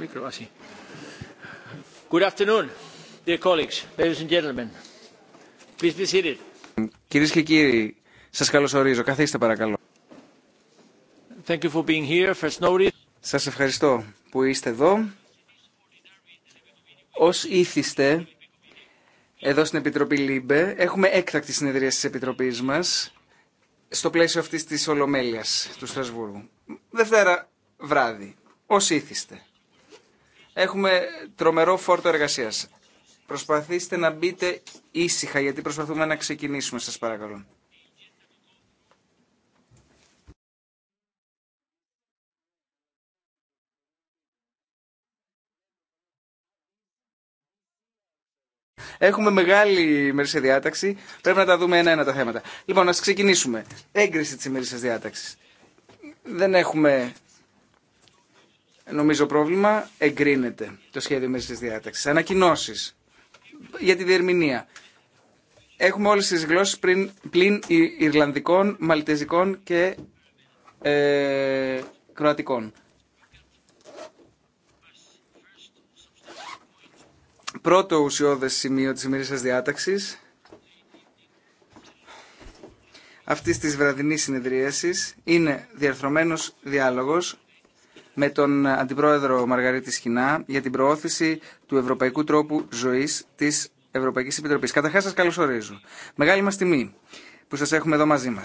Good Κυρίες και κύριοι, σας καλωσορίζω. Καθίστε παρακαλώ. Thank σας ευχαριστώ που είστε εδώ. Ως ήθιστε, εδώ στην Επιτροπή ΛΥΜΠΕ, έχουμε έκτακτη συνεδρία της Επιτροπής μας, στο πλαίσιο αυτής της Ολομέλειας του Στρασβούργου. Δευτέρα βράδυ, ως ήθιστε έχουμε τρομερό φόρτο εργασίας. Προσπαθήστε να μπείτε ήσυχα γιατί προσπαθούμε να ξεκινήσουμε σας παρακαλώ. Έχουμε μεγάλη ημερήσια διάταξη. Πρέπει να τα δούμε ένα-ένα τα θέματα. Λοιπόν, α ξεκινήσουμε. Έγκριση τη ημερήσια διάταξη. Δεν έχουμε νομίζω πρόβλημα, εγκρίνεται το σχέδιο μέσα της διάταξης. Ανακοινώσεις για τη διερμηνία. Έχουμε όλες τις γλώσσες πριν, πλην Ιρλανδικών, Μαλτεζικών και ε, Κροατικών. Πρώτο ουσιώδες σημείο της ημερής σας διάταξης αυτής της βραδινής συνεδρίασης είναι διαρθρωμένος διάλογος με τον Αντιπρόεδρο Μαργαρίτη Σχοινά για την προώθηση του Ευρωπαϊκού Τρόπου ζωή της Ευρωπαϊκής Επιτροπής. Καταρχά σα καλωσορίζω. Μεγάλη μας τιμή που σας έχουμε εδώ μαζί μα.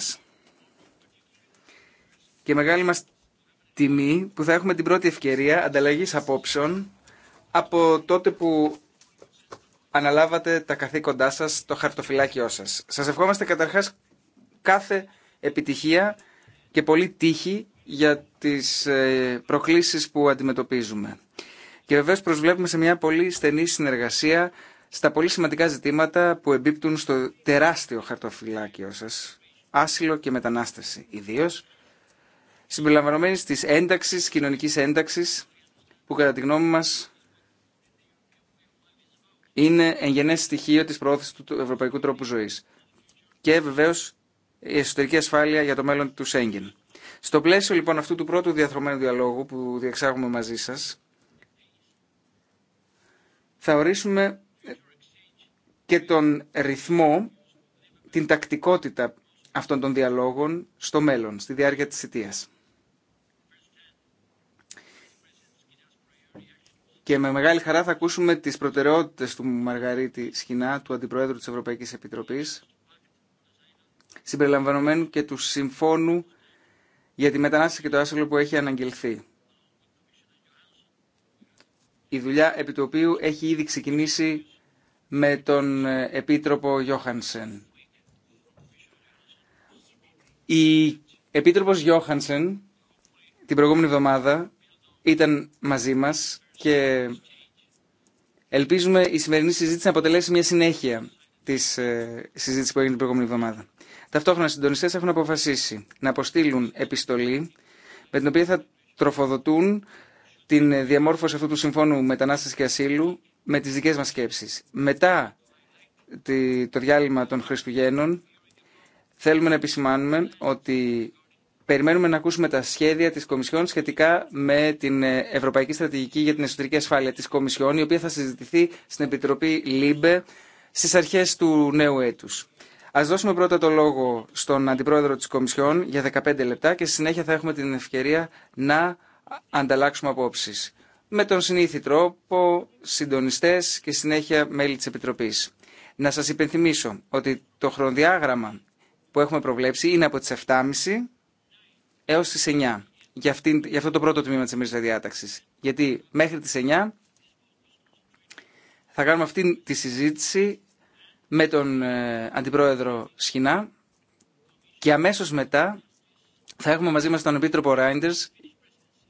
Και μεγάλη μας τιμή που θα έχουμε την πρώτη ευκαιρία ανταλλαγή απόψεων από τότε που αναλάβατε τα καθήκοντά σας, το χαρτοφυλάκιό σα. Σα ευχόμαστε καταρχά κάθε επιτυχία και πολύ τύχη για τις ε, προκλήσεις που αντιμετωπίζουμε. Και βεβαίω προσβλέπουμε σε μια πολύ στενή συνεργασία στα πολύ σημαντικά ζητήματα που εμπίπτουν στο τεράστιο χαρτοφυλάκιο σας, άσυλο και μετανάστευση ιδίως, συμπεριλαμβανομένης της ένταξης, κοινωνικής ένταξης, που κατά τη γνώμη μας είναι εγγενές στοιχείο της προώθησης του ευρωπαϊκού τρόπου ζωής. Και βεβαίως η εσωτερική ασφάλεια για το μέλλον του Σέγγεν. Στο πλαίσιο λοιπόν αυτού του πρώτου διαθρωμένου διαλόγου που διεξάγουμε μαζί σας, θα ορίσουμε και τον ρυθμό, την τακτικότητα αυτών των διαλόγων στο μέλλον, στη διάρκεια της θητείας. Και με μεγάλη χαρά θα ακούσουμε τις προτεραιότητες του Μαργαρίτη Σχοινά, του Αντιπροέδρου της Ευρωπαϊκής Επιτροπής, συμπεριλαμβανομένου και του Συμφώνου για τη μετανάστευση και το άσυλο που έχει αναγγελθεί. Η δουλειά επί του οποίου έχει ήδη ξεκινήσει με τον ε, Επίτροπο Γιώχανσεν. Η Επίτροπος Γιώχανσεν την προηγούμενη εβδομάδα ήταν μαζί μας και ελπίζουμε η σημερινή συζήτηση να αποτελέσει μια συνέχεια της ε, συζήτησης που έγινε την προηγούμενη εβδομάδα. Ταυτόχρονα, οι συντονιστέ έχουν αποφασίσει να αποστείλουν επιστολή με την οποία θα τροφοδοτούν τη διαμόρφωση αυτού του Συμφώνου Μετανάστευση και Ασύλου με τι δικέ μα σκέψει. Μετά το διάλειμμα των Χριστουγέννων, θέλουμε να επισημάνουμε ότι περιμένουμε να ακούσουμε τα σχέδια της Κομισιόν σχετικά με την Ευρωπαϊκή Στρατηγική για την Εσωτερική Ασφάλεια της Κομισιόν, η οποία θα συζητηθεί στην Επιτροπή ΛΥΜΠΕ στις αρχές του νέου έτους. Ας δώσουμε πρώτα το λόγο στον Αντιπρόεδρο της Κομισιόν για 15 λεπτά και στη συνέχεια θα έχουμε την ευκαιρία να ανταλλάξουμε απόψεις. Με τον συνήθι τρόπο, συντονιστές και συνέχεια μέλη της Επιτροπής. Να σας υπενθυμίσω ότι το χρονοδιάγραμμα που έχουμε προβλέψει είναι από τις 7.30 έως τις 9 για, αυτό το πρώτο τμήμα της εμείς διάταξης. Γιατί μέχρι τις 9 θα κάνουμε αυτή τη συζήτηση με τον ε, Αντιπρόεδρο Σχοινά και αμέσως μετά θα έχουμε μαζί μας τον Επίτροπο Ράιντερς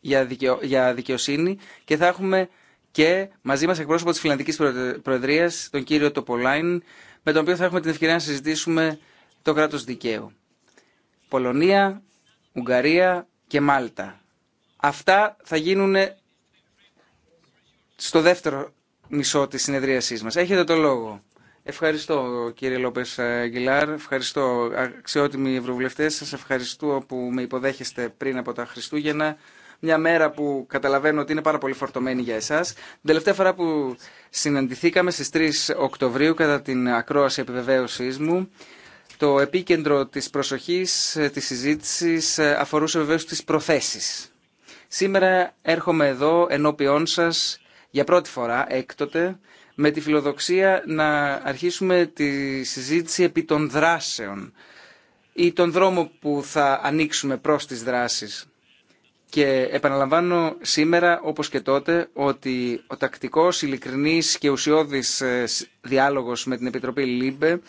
για, για δικαιοσύνη και θα έχουμε και μαζί μας εκπρόσωπο της Φιλανδικής Προεδρίας, τον κύριο Τοπολάιν, με τον οποίο θα έχουμε την ευκαιρία να συζητήσουμε το κράτος δικαίου. Πολωνία, Ουγγαρία και Μάλτα. Αυτά θα γίνουν στο δεύτερο μισό της συνεδρίασής μας. Έχετε το λόγο. Ευχαριστώ κύριε Λόπες Αγγιλάρ, ευχαριστώ αξιότιμοι ευρωβουλευτέ. σας ευχαριστώ που με υποδέχεστε πριν από τα Χριστούγεννα. Μια μέρα που καταλαβαίνω ότι είναι πάρα πολύ φορτωμένη για εσάς. Την τελευταία φορά που συναντηθήκαμε στις 3 Οκτωβρίου κατά την ακρόαση επιβεβαίωσής μου, το επίκεντρο της προσοχής τη συζήτηση αφορούσε βεβαίω τι προθέσει. Σήμερα έρχομαι εδώ ενώπιόν σα, για πρώτη φορά έκτοτε με τη φιλοδοξία να αρχίσουμε τη συζήτηση επί των δράσεων ή τον δρόμο που θα ανοίξουμε προς τις δράσεις. Και επαναλαμβάνω σήμερα, όπως και τότε, ότι ο τακτικός, ειλικρινής και ουσιώδης ε, διάλογος με την Επιτροπή ΛΥΜΠΕ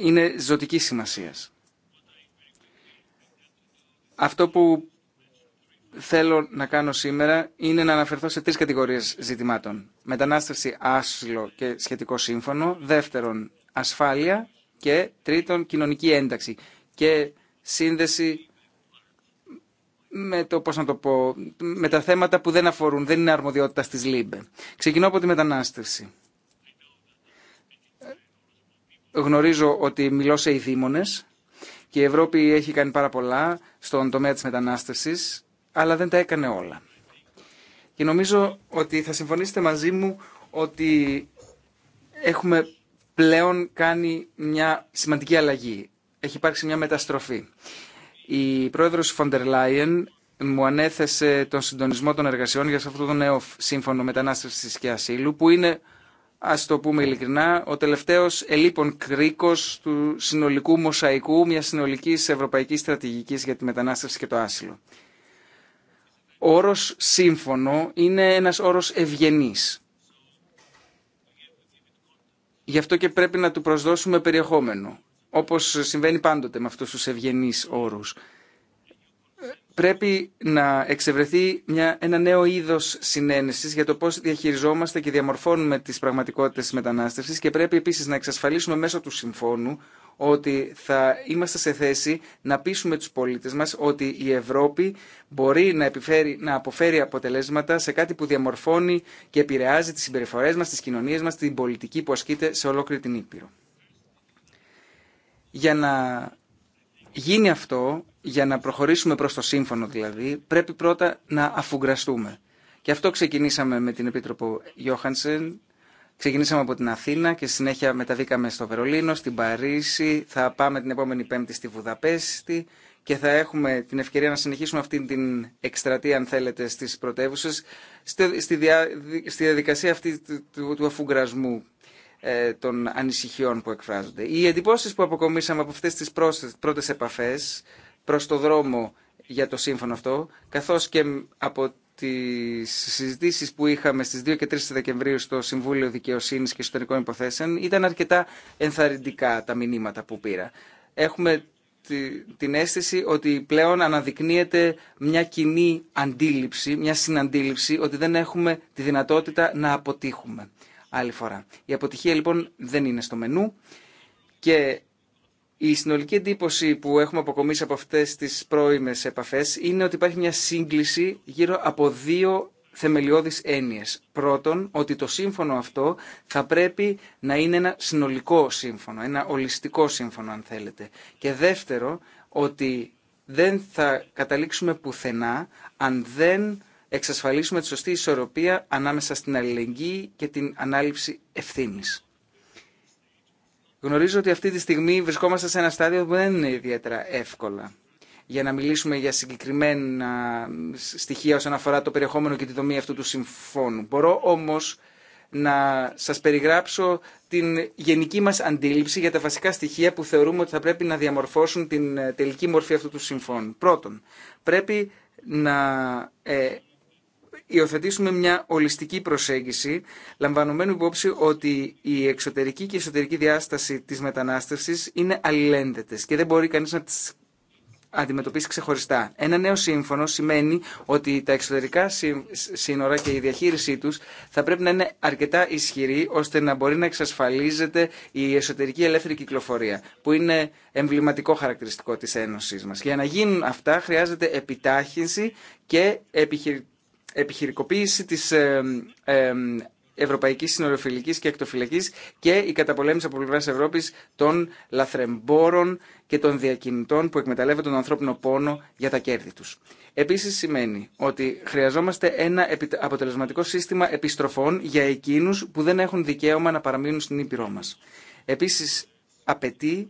είναι ζωτική σημασίας. Αυτό που θέλω να κάνω σήμερα είναι να αναφερθώ σε τρεις κατηγορίες ζητημάτων. Μετανάστευση, άσυλο και σχετικό σύμφωνο. Δεύτερον, ασφάλεια. Και τρίτον, κοινωνική ένταξη. Και σύνδεση με το, πώς να το πω, τα θέματα που δεν αφορούν, δεν είναι αρμοδιότητα στις ΛΥΜΠΕ. Ξεκινώ από τη μετανάστευση. Γνωρίζω ότι μιλώ σε ειδήμονες και η Ευρώπη έχει κάνει πάρα πολλά στον τομέα της μετανάστευσης αλλά δεν τα έκανε όλα. Και νομίζω ότι θα συμφωνήσετε μαζί μου ότι έχουμε πλέον κάνει μια σημαντική αλλαγή. Έχει υπάρξει μια μεταστροφή. Η πρόεδρος Φοντερ Λάιεν μου ανέθεσε τον συντονισμό των εργασιών για αυτό το νέο σύμφωνο μετανάστευσης και ασύλου που είναι, ας το πούμε ειλικρινά, ο τελευταίος ελίπων κρίκος του συνολικού μοσαϊκού μιας συνολικής ευρωπαϊκής στρατηγικής για τη μετανάστευση και το άσυλο. Ο όρος σύμφωνο είναι ένας όρος ευγενής. Γι' αυτό και πρέπει να του προσδώσουμε περιεχόμενο, όπως συμβαίνει πάντοτε με αυτούς τους ευγενείς όρους πρέπει να εξευρεθεί μια, ένα νέο είδο συνένεση για το πώς διαχειριζόμαστε και διαμορφώνουμε τις πραγματικότητες τη μετανάστευσης και πρέπει επίσης να εξασφαλίσουμε μέσω του συμφώνου ότι θα είμαστε σε θέση να πείσουμε τους πολίτες μας ότι η Ευρώπη μπορεί να, επιφέρει, να αποφέρει αποτελέσματα σε κάτι που διαμορφώνει και επηρεάζει τις συμπεριφορές μας, τις κοινωνίες μας, την πολιτική που ασκείται σε ολόκληρη την Ήπειρο. Για να γίνει αυτό, για να προχωρήσουμε προς το σύμφωνο δηλαδή, πρέπει πρώτα να αφουγκραστούμε. Και αυτό ξεκινήσαμε με την Επίτροπο Γιώχανσεν, ξεκινήσαμε από την Αθήνα και συνέχεια μεταβήκαμε στο Βερολίνο, στην Παρίσι, θα πάμε την επόμενη Πέμπτη στη Βουδαπέστη και θα έχουμε την ευκαιρία να συνεχίσουμε αυτή την εκστρατεία, αν θέλετε, στις πρωτεύουσες, στη διαδικασία αυτή του αφουγκρασμού ε, των ανησυχιών που εκφράζονται. Οι εντυπώσεις που αποκομίσαμε από αυτές τις πρώτες επαφές προς το δρόμο για το σύμφωνο αυτό, καθώς και από τις συζητήσεις που είχαμε στις 2 και 3 Δεκεμβρίου στο Συμβούλιο Δικαιοσύνης και Ιστορικών Υποθέσεων, ήταν αρκετά ενθαρρυντικά τα μηνύματα που πήρα. Έχουμε την αίσθηση ότι πλέον αναδεικνύεται μια κοινή αντίληψη, μια συναντήληψη ότι δεν έχουμε τη δυνατότητα να αποτύχουμε άλλη φορά. Η αποτυχία λοιπόν δεν είναι στο μενού και η συνολική εντύπωση που έχουμε αποκομίσει από αυτές τις πρώιμες επαφές είναι ότι υπάρχει μια σύγκληση γύρω από δύο θεμελιώδεις έννοιες. Πρώτον, ότι το σύμφωνο αυτό θα πρέπει να είναι ένα συνολικό σύμφωνο, ένα ολιστικό σύμφωνο αν θέλετε. Και δεύτερο, ότι δεν θα καταλήξουμε πουθενά αν δεν εξασφαλίσουμε τη σωστή ισορροπία ανάμεσα στην αλληλεγγύη και την ανάληψη ευθύνη. Γνωρίζω ότι αυτή τη στιγμή βρισκόμαστε σε ένα στάδιο που δεν είναι ιδιαίτερα εύκολα. Για να μιλήσουμε για συγκεκριμένα στοιχεία όσον αφορά το περιεχόμενο και τη δομή αυτού του συμφώνου. Μπορώ όμως να σας περιγράψω την γενική μα αντίληψη για τα βασικά στοιχεία που θεωρούμε ότι θα πρέπει να διαμορφώσουν την ε, τελική μορφή αυτού του συμφώνου. Πρώτον, πρέπει να ε, υιοθετήσουμε μια ολιστική προσέγγιση, λαμβανωμένου υπόψη ότι η εξωτερική και η εσωτερική διάσταση της μετανάστευσης είναι αλληλένδετες και δεν μπορεί κανείς να τις αντιμετωπίσει ξεχωριστά. Ένα νέο σύμφωνο σημαίνει ότι τα εξωτερικά σύνορα και η διαχείρισή τους θα πρέπει να είναι αρκετά ισχυρή ώστε να μπορεί να εξασφαλίζεται η εσωτερική ελεύθερη κυκλοφορία που είναι εμβληματικό χαρακτηριστικό της Ένωσης μας. Για να γίνουν αυτά χρειάζεται επιτάχυνση και επιχειρη επιχειρικοποίηση της Ευρωπαϊκή συνοριοφιλικής και εκτοφυλακή και η καταπολέμηση από πλευρά Ευρώπη των λαθρεμπόρων και των διακινητών που εκμεταλλεύονται τον ανθρώπινο πόνο για τα κέρδη του. Επίση σημαίνει ότι χρειαζόμαστε ένα αποτελεσματικό σύστημα επιστροφών για εκείνους που δεν έχουν δικαίωμα να παραμείνουν στην Ήπειρό μα. Επίση, απαιτεί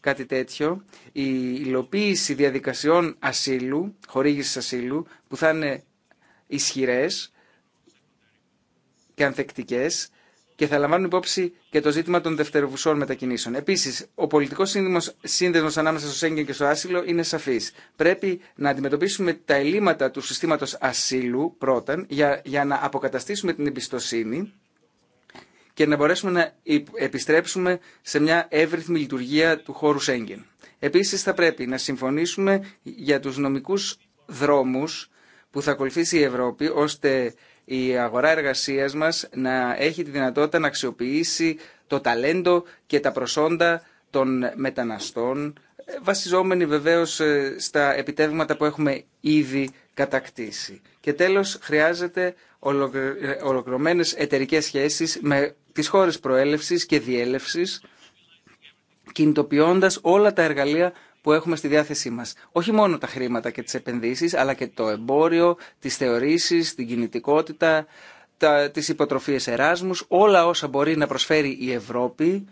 κάτι τέτοιο, η υλοποίηση διαδικασιών ασύλου, χορήγηση ασύλου, που θα είναι ισχυρές και ανθεκτικές και θα λαμβάνουν υπόψη και το ζήτημα των δευτεροβουσών μετακινήσεων. Επίση, ο πολιτικό σύνδεσμο ανάμεσα στο Σέγγεν και στο άσυλο είναι σαφή. Πρέπει να αντιμετωπίσουμε τα ελλείμματα του συστήματο ασύλου πρώτα, για, για να αποκαταστήσουμε την εμπιστοσύνη και να μπορέσουμε να επιστρέψουμε σε μια εύρυθμη λειτουργία του χώρου Σέγγεν. Επίση, θα πρέπει να συμφωνήσουμε για του νομικού δρόμου που θα ακολουθήσει η Ευρώπη ώστε η αγορά εργασίας μας να έχει τη δυνατότητα να αξιοποιήσει το ταλέντο και τα προσόντα των μεταναστών βασιζόμενοι βεβαίως ε, στα επιτεύγματα που έχουμε ήδη κατακτήσει. Και τέλος χρειάζεται ε, ολοκληρωμένες εταιρικές σχέσεις με τις χώρες προέλευσης και διέλευσης κινητοποιώντας όλα τα εργαλεία που έχουμε στη διάθεσή μας. Όχι μόνο τα χρήματα και τις επενδύσεις, αλλά και το εμπόριο, τις θεωρήσεις, την κινητικότητα, τα, τις υποτροφίες Εράσμους, όλα όσα μπορεί να προσφέρει η Ευρώπη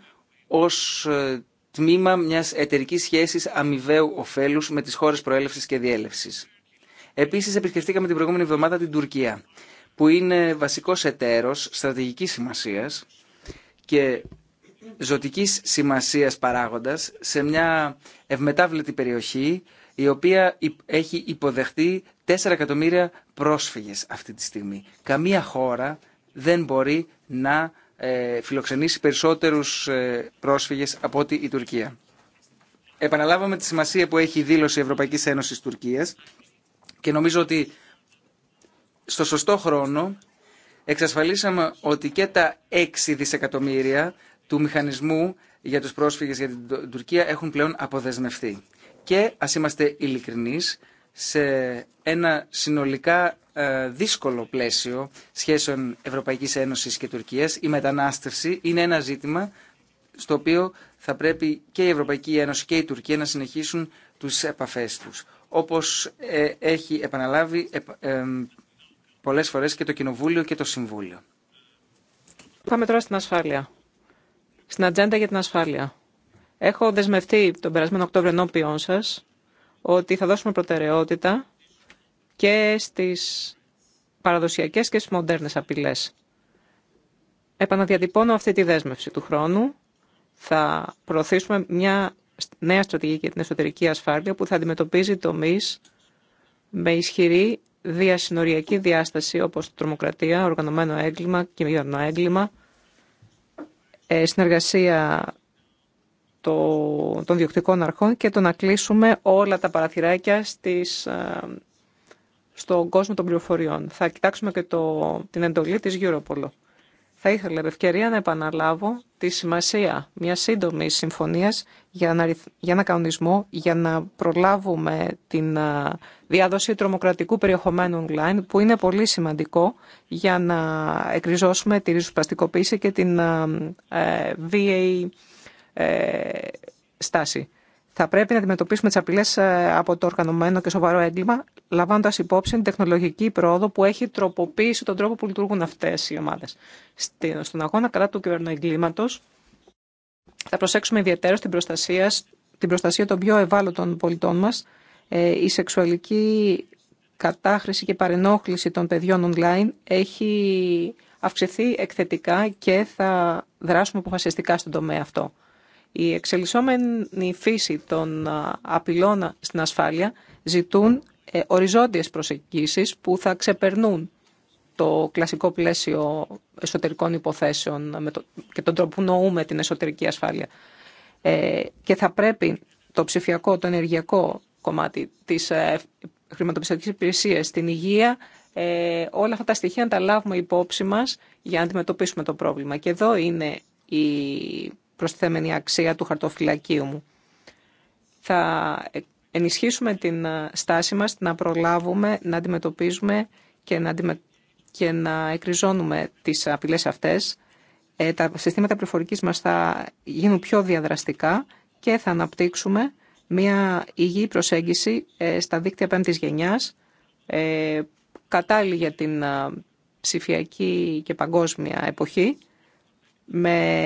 ως ε, τμήμα μιας εταιρικής σχέσης αμοιβαίου ωφέλους με τις χώρες προέλευσης και διέλευσης. Επίσης επισκεφτήκαμε την προηγούμενη εβδομάδα την Τουρκία, που είναι βασικός εταίρος στρατηγικής σημασίας και ζωτικής σημασίας παράγοντας σε μια ευμετάβλητη περιοχή η οποία έχει υποδεχτεί 4 εκατομμύρια πρόσφυγες αυτή τη στιγμή. Καμία χώρα δεν μπορεί να ε, φιλοξενήσει περισσότερους ε, πρόσφυγες από ότι η Τουρκία. Επαναλάβαμε τη σημασία που έχει η δήλωση Ευρωπαϊκής Ένωσης Τουρκίας και νομίζω ότι στο σωστό χρόνο εξασφαλίσαμε ότι και τα 6 δισεκατομμύρια του μηχανισμού για τους πρόσφυγες για την Τουρκία έχουν πλέον αποδεσμευτεί. Και ας είμαστε ειλικρινεί σε ένα συνολικά ε, δύσκολο πλαίσιο σχέσεων Ευρωπαϊκής Ένωσης και Τουρκίας, η μετανάστευση είναι ένα ζήτημα στο οποίο θα πρέπει και η Ευρωπαϊκή Ένωση και η Τουρκία να συνεχίσουν τους επαφές τους. Όπως ε, έχει επαναλάβει ε, πολλές φορές και το Κοινοβούλιο και το Συμβούλιο. Πάμε τώρα στην ασφάλεια στην ατζέντα για την ασφάλεια. Έχω δεσμευτεί τον περασμένο Οκτώβριο ενώπιον σα ότι θα δώσουμε προτεραιότητα και στι παραδοσιακέ και στις μοντέρνες απειλέ. Επαναδιατυπώνω αυτή τη δέσμευση του χρόνου. Θα προωθήσουμε μια νέα στρατηγική για την εσωτερική ασφάλεια που θα αντιμετωπίζει τομεί με ισχυρή διασυνοριακή διάσταση όπως τρομοκρατία, οργανωμένο έγκλημα, κοιμιωμένο έγκλημα, ε, συνεργασία των διοκτικών αρχών και το να κλείσουμε όλα τα παραθυράκια στις, ε, στον κόσμο των πληροφοριών. Θα κοιτάξουμε και το, την εντολή της Europol. Θα ήθελα με ευκαιρία να επαναλάβω τη σημασία μια σύντομη συμφωνία για, ένα κανονισμό για να προλάβουμε την διάδοση τρομοκρατικού περιεχομένου online, που είναι πολύ σημαντικό για να εκριζώσουμε τη ριζοσπαστικοποίηση και την ε, βίαιη ε, στάση. Θα πρέπει να αντιμετωπίσουμε τι απειλέ ε, από το οργανωμένο και σοβαρό έγκλημα, λαμβάνοντα υπόψη την τεχνολογική πρόοδο που έχει τροποποιήσει τον τρόπο που λειτουργούν αυτέ οι ομάδε. Στον αγώνα κατά του κυβερνοεγκλήματο, θα προσέξουμε ιδιαίτερα την προστασία, την προστασία των πιο ευάλωτων πολιτών μα, ε, η σεξουαλική κατάχρηση και παρενόχληση των παιδιών online έχει αυξηθεί εκθετικά και θα δράσουμε αποφασιστικά στον τομέα αυτό. Η εξελισσόμενη φύση των απειλών στην ασφάλεια ζητούν ε, οριζόντιες προσεγγίσεις που θα ξεπερνούν το κλασικό πλαίσιο εσωτερικών υποθέσεων και τον τρόπο που νοούμε την εσωτερική ασφάλεια. Ε, και θα πρέπει το ψηφιακό, το ενεργειακό κομμάτι, της ε, χρηματοπιστωτικής υπηρεσία στην υγεία, όλα αυτά τα στοιχεία να τα λάβουμε υπόψη μας για να αντιμετωπίσουμε το πρόβλημα. Και εδώ είναι η προσθέμενη αξία του χαρτοφυλακίου μου. Θα ενισχύσουμε την ε, στάση μας να προλάβουμε, να αντιμετωπίζουμε και να, αντιμε... και να εκριζώνουμε τις απειλές αυτές. Ε, τα συστήματα πληροφορικής μας θα γίνουν πιο διαδραστικά και θα αναπτύξουμε μια υγιή προσέγγιση ε, στα δίκτυα πέμπτης γενιάς, ε, κατάλληλη για την ψηφιακή και παγκόσμια εποχή, με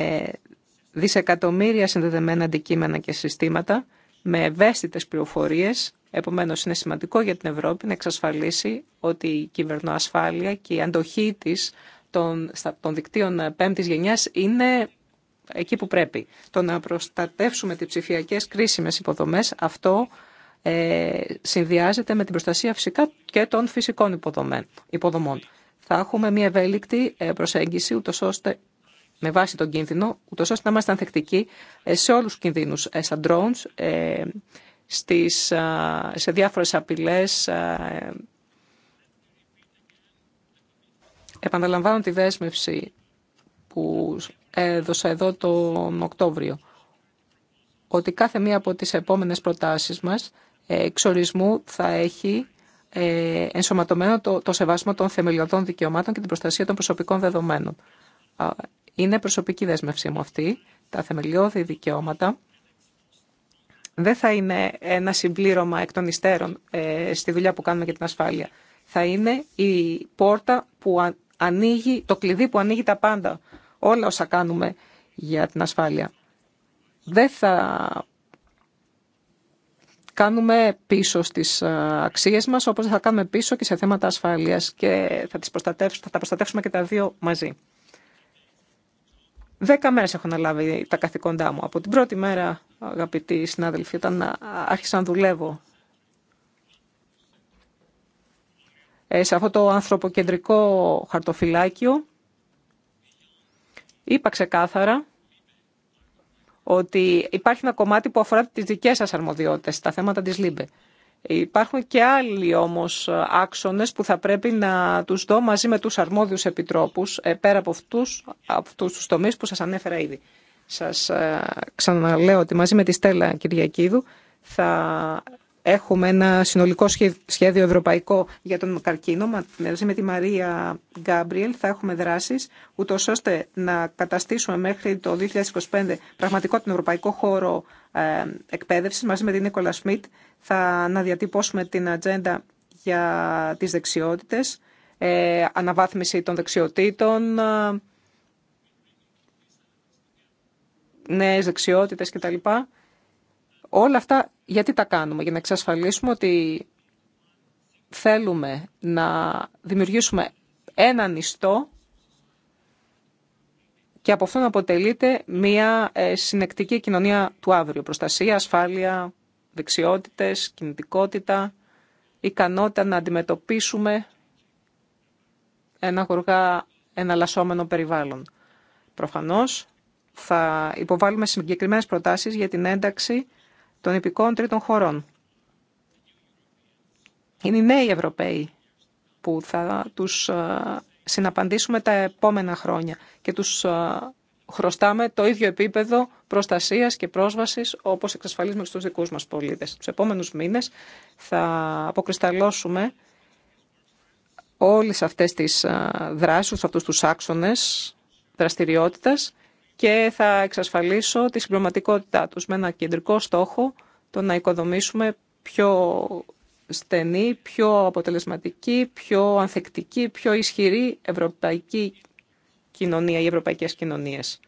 δισεκατομμύρια συνδεδεμένα αντικείμενα και συστήματα με ευαίσθητες πληροφορίες. Επομένως, είναι σημαντικό για την Ευρώπη να εξασφαλίσει ότι η κυβερνοασφάλεια και η αντοχή της των, των δικτύων πέμπτης γενιάς είναι εκεί που πρέπει. Το να προστατεύσουμε τις ψηφιακές κρίσιμες υποδομές, αυτό ε, συνδυάζεται με την προστασία φυσικά και των φυσικών υποδομών. Θα έχουμε μια ευέλικτη ε, προσέγγιση, ούτω ώστε με βάση τον κίνδυνο, ούτω ώστε να είμαστε ανθεκτικοί ε, σε όλους του κινδύνους, ε, στα drones, ε, στις, σε διάφορες απειλέ. Επαναλαμβάνω τη δέσμευση που έδωσα εδώ τον Οκτώβριο, ότι κάθε μία από τις επόμενες προτάσεις μας εξορισμού θα έχει ενσωματωμένο το, το σεβασμό των θεμελιωδών δικαιωμάτων και την προστασία των προσωπικών δεδομένων. Είναι προσωπική δέσμευσή μου αυτή. Τα θεμελιώδη δικαιώματα δεν θα είναι ένα συμπλήρωμα εκ των υστέρων ε, στη δουλειά που κάνουμε για την ασφάλεια. Θα είναι η πόρτα που ανοίγει, το κλειδί που ανοίγει τα πάντα, όλα όσα κάνουμε για την ασφάλεια. Δεν θα κάνουμε πίσω στις ε, αξίες μας, όπως θα κάνουμε πίσω και σε θέματα ασφάλειας και θα, τις προστατεύσουμε, θα τα προστατεύσουμε και τα δύο μαζί. Δέκα μέρε έχω αναλάβει τα καθηκόντά μου. Από την πρώτη μέρα, αγαπητοί συνάδελφοι, όταν άρχισα να δουλεύω ε, σε αυτό το ανθρωποκεντρικό χαρτοφυλάκιο, είπα ξεκάθαρα ότι υπάρχει ένα κομμάτι που αφορά τις δικές σας αρμοδιότητες, τα θέματα της ΛΥΜΠΕ. Υπάρχουν και άλλοι όμως άξονες που θα πρέπει να τους δω μαζί με τους αρμόδιους επιτρόπους, ε, πέρα από αυτούς, αυτούς τους τομείς που σας ανέφερα ήδη. Σας ε, ξαναλέω ότι μαζί με τη Στέλλα Κυριακίδου θα Έχουμε ένα συνολικό σχέδιο ευρωπαϊκό για τον καρκίνο. Μαζί με τη Μαρία Γκάμπριελ θα έχουμε δράσεις, ούτω ώστε να καταστήσουμε μέχρι το 2025 πραγματικό τον ευρωπαϊκό χώρο ε, εκπαίδευσης. Μαζί με την Νίκολα Σμιτ θα αναδιατυπώσουμε την ατζέντα για τις δεξιότητες, ε, αναβάθμιση των δεξιοτήτων, ε, νέες δεξιότητες κτλ. Όλα αυτά γιατί τα κάνουμε, για να εξασφαλίσουμε ότι θέλουμε να δημιουργήσουμε έναν ιστό και από αυτό να αποτελείται μια ε, συνεκτική κοινωνία του αύριο. Προστασία, ασφάλεια, δεξιότητες, κινητικότητα, ικανότητα να αντιμετωπίσουμε ένα γοργά εναλλασσόμενο περιβάλλον. Προφανώς θα υποβάλουμε συγκεκριμένες προτάσεις για την ένταξη των υπηκών τρίτων χωρών. Είναι οι νέοι Ευρωπαίοι που θα τους ε, συναπαντήσουμε τα επόμενα χρόνια και τους ε, χρωστάμε το ίδιο επίπεδο προστασίας και πρόσβασης όπως εξασφαλίζουμε στους δικούς μας πολίτες. Τους επόμενους μήνες θα αποκρισταλώσουμε όλες αυτές τις ε, δράσεις, αυτούς τους άξονες δραστηριότητας και θα εξασφαλίσω τη συμπληρωματικότητά τους με ένα κεντρικό στόχο το να οικοδομήσουμε πιο στενή, πιο αποτελεσματική, πιο ανθεκτική, πιο ισχυρή ευρωπαϊκή κοινωνία ή ευρωπαϊκές κοινωνίες.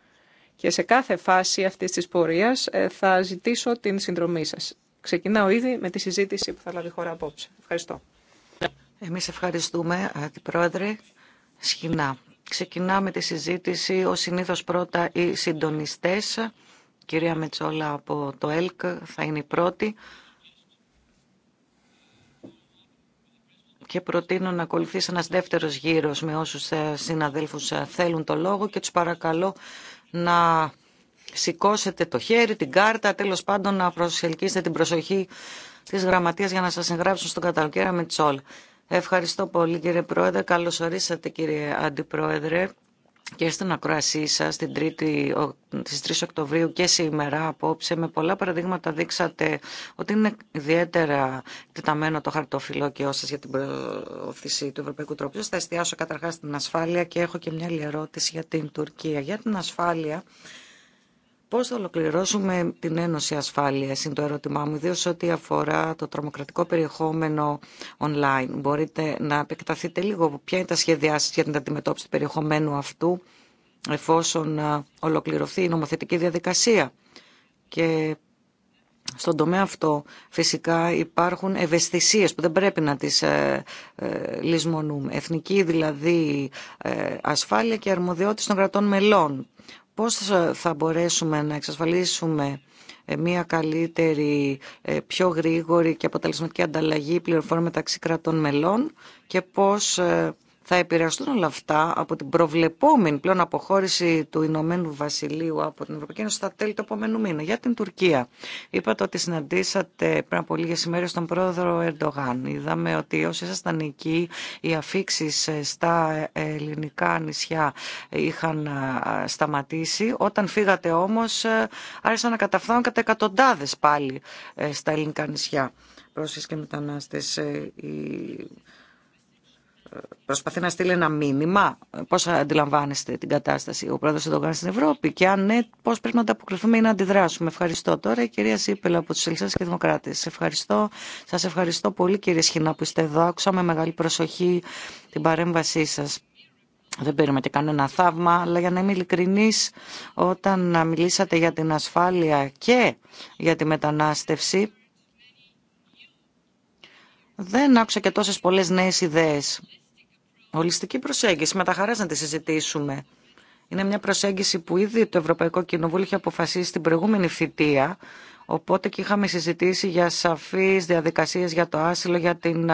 Και σε κάθε φάση αυτής της πορείας ε, θα ζητήσω την συνδρομή σας. Ξεκινάω ήδη με τη συζήτηση που θα λάβει η χώρα απόψε. Ευχαριστώ. Εμείς ευχαριστούμε, ε, πρόεδρε Σχοινά. Ξεκινάμε τη συζήτηση, ο συνήθως πρώτα οι συντονιστές. Κυρία Μετσόλα από το ΕΛΚ θα είναι η πρώτη. Και προτείνω να ακολουθήσει ένας δεύτερος γύρος με όσους ε, συναδέλφους ε, θέλουν το λόγο και τους παρακαλώ να σηκώσετε το χέρι, την κάρτα, τέλος πάντων να προσελκύσετε την προσοχή της γραμματείας για να σας εγγράψουν στον καταλοκέρα Μετσόλα. Ευχαριστώ πολύ κύριε Πρόεδρε. Καλώς ορίσατε κύριε Αντιπρόεδρε και στην ακροασή σα την 3η, Οκτωβρίου και σήμερα απόψε με πολλά παραδείγματα δείξατε ότι είναι ιδιαίτερα τεταμένο το χαρτοφυλόκιό σα για την προώθηση του Ευρωπαϊκού Τρόπου. Θα εστιάσω καταρχάς στην ασφάλεια και έχω και μια άλλη ερώτηση για την Τουρκία. Για την ασφάλεια Πώς θα ολοκληρώσουμε την Ένωση Ασφάλειας είναι το ερώτημά μου, ιδίως ό,τι αφορά το τρομοκρατικό περιεχόμενο online. Μπορείτε να επεκταθείτε λίγο ποια είναι τα σχέδιά σας για την αντιμετώπιση του περιεχομένου αυτού εφόσον ολοκληρωθεί η νομοθετική διαδικασία. Και στον τομέα αυτό φυσικά υπάρχουν ευαισθησίες που δεν πρέπει να τις ε, ε λησμονούμε. Εθνική δηλαδή ε, ασφάλεια και αρμοδιότητα των κρατών μελών πώς θα μπορέσουμε να εξασφαλίσουμε ε, μια καλύτερη, ε, πιο γρήγορη και αποτελεσματική ανταλλαγή πληροφόρων μεταξύ κρατών μελών και πώς ε, θα επηρεαστούν όλα αυτά από την προβλεπόμενη πλέον αποχώρηση του Ηνωμένου Βασιλείου από την Ευρωπαϊκή Ένωση στα τέλη του επόμενου μήνα. Για την Τουρκία. Είπατε ότι συναντήσατε πριν από λίγε ημέρε τον πρόεδρο Ερντογάν. Είδαμε ότι όσοι ήσασταν εκεί, οι αφήξει στα ελληνικά νησιά είχαν ε, σταματήσει. Όταν φύγατε όμω, ε, άρχισαν να καταφθάνουν κατά εκατοντάδε πάλι ε, στα ελληνικά νησιά Πρόσφυγε και μετανάστες. Η προσπαθεί να στείλει ένα μήνυμα. πώ αντιλαμβάνεστε την κατάσταση ο πρόεδρος Ερντογάν στην Ευρώπη και αν ναι, πώς πρέπει να ανταποκριθούμε ή να αντιδράσουμε. Ευχαριστώ τώρα η κυρία Σίπελα από τους Ελληνικέ και δημοκράτε. Ευχαριστώ. Σας ευχαριστώ πολύ κύριε Σχοινά που είστε εδώ. Άκουσα με μεγάλη προσοχή την παρέμβασή σα. Δεν παίρνουμε και κανένα θαύμα, αλλά για να είμαι ειλικρινή, όταν μιλήσατε για την ασφάλεια και για τη μετανάστευση, δεν άκουσα και τόσες πολλές νέες ιδέες Ολιστική προσέγγιση, με τα χαρά να τη συζητήσουμε. Είναι μια προσέγγιση που ήδη το Ευρωπαϊκό Κοινοβούλιο είχε αποφασίσει στην προηγούμενη θητεία, οπότε και είχαμε συζητήσει για σαφείς διαδικασίες για το άσυλο, για την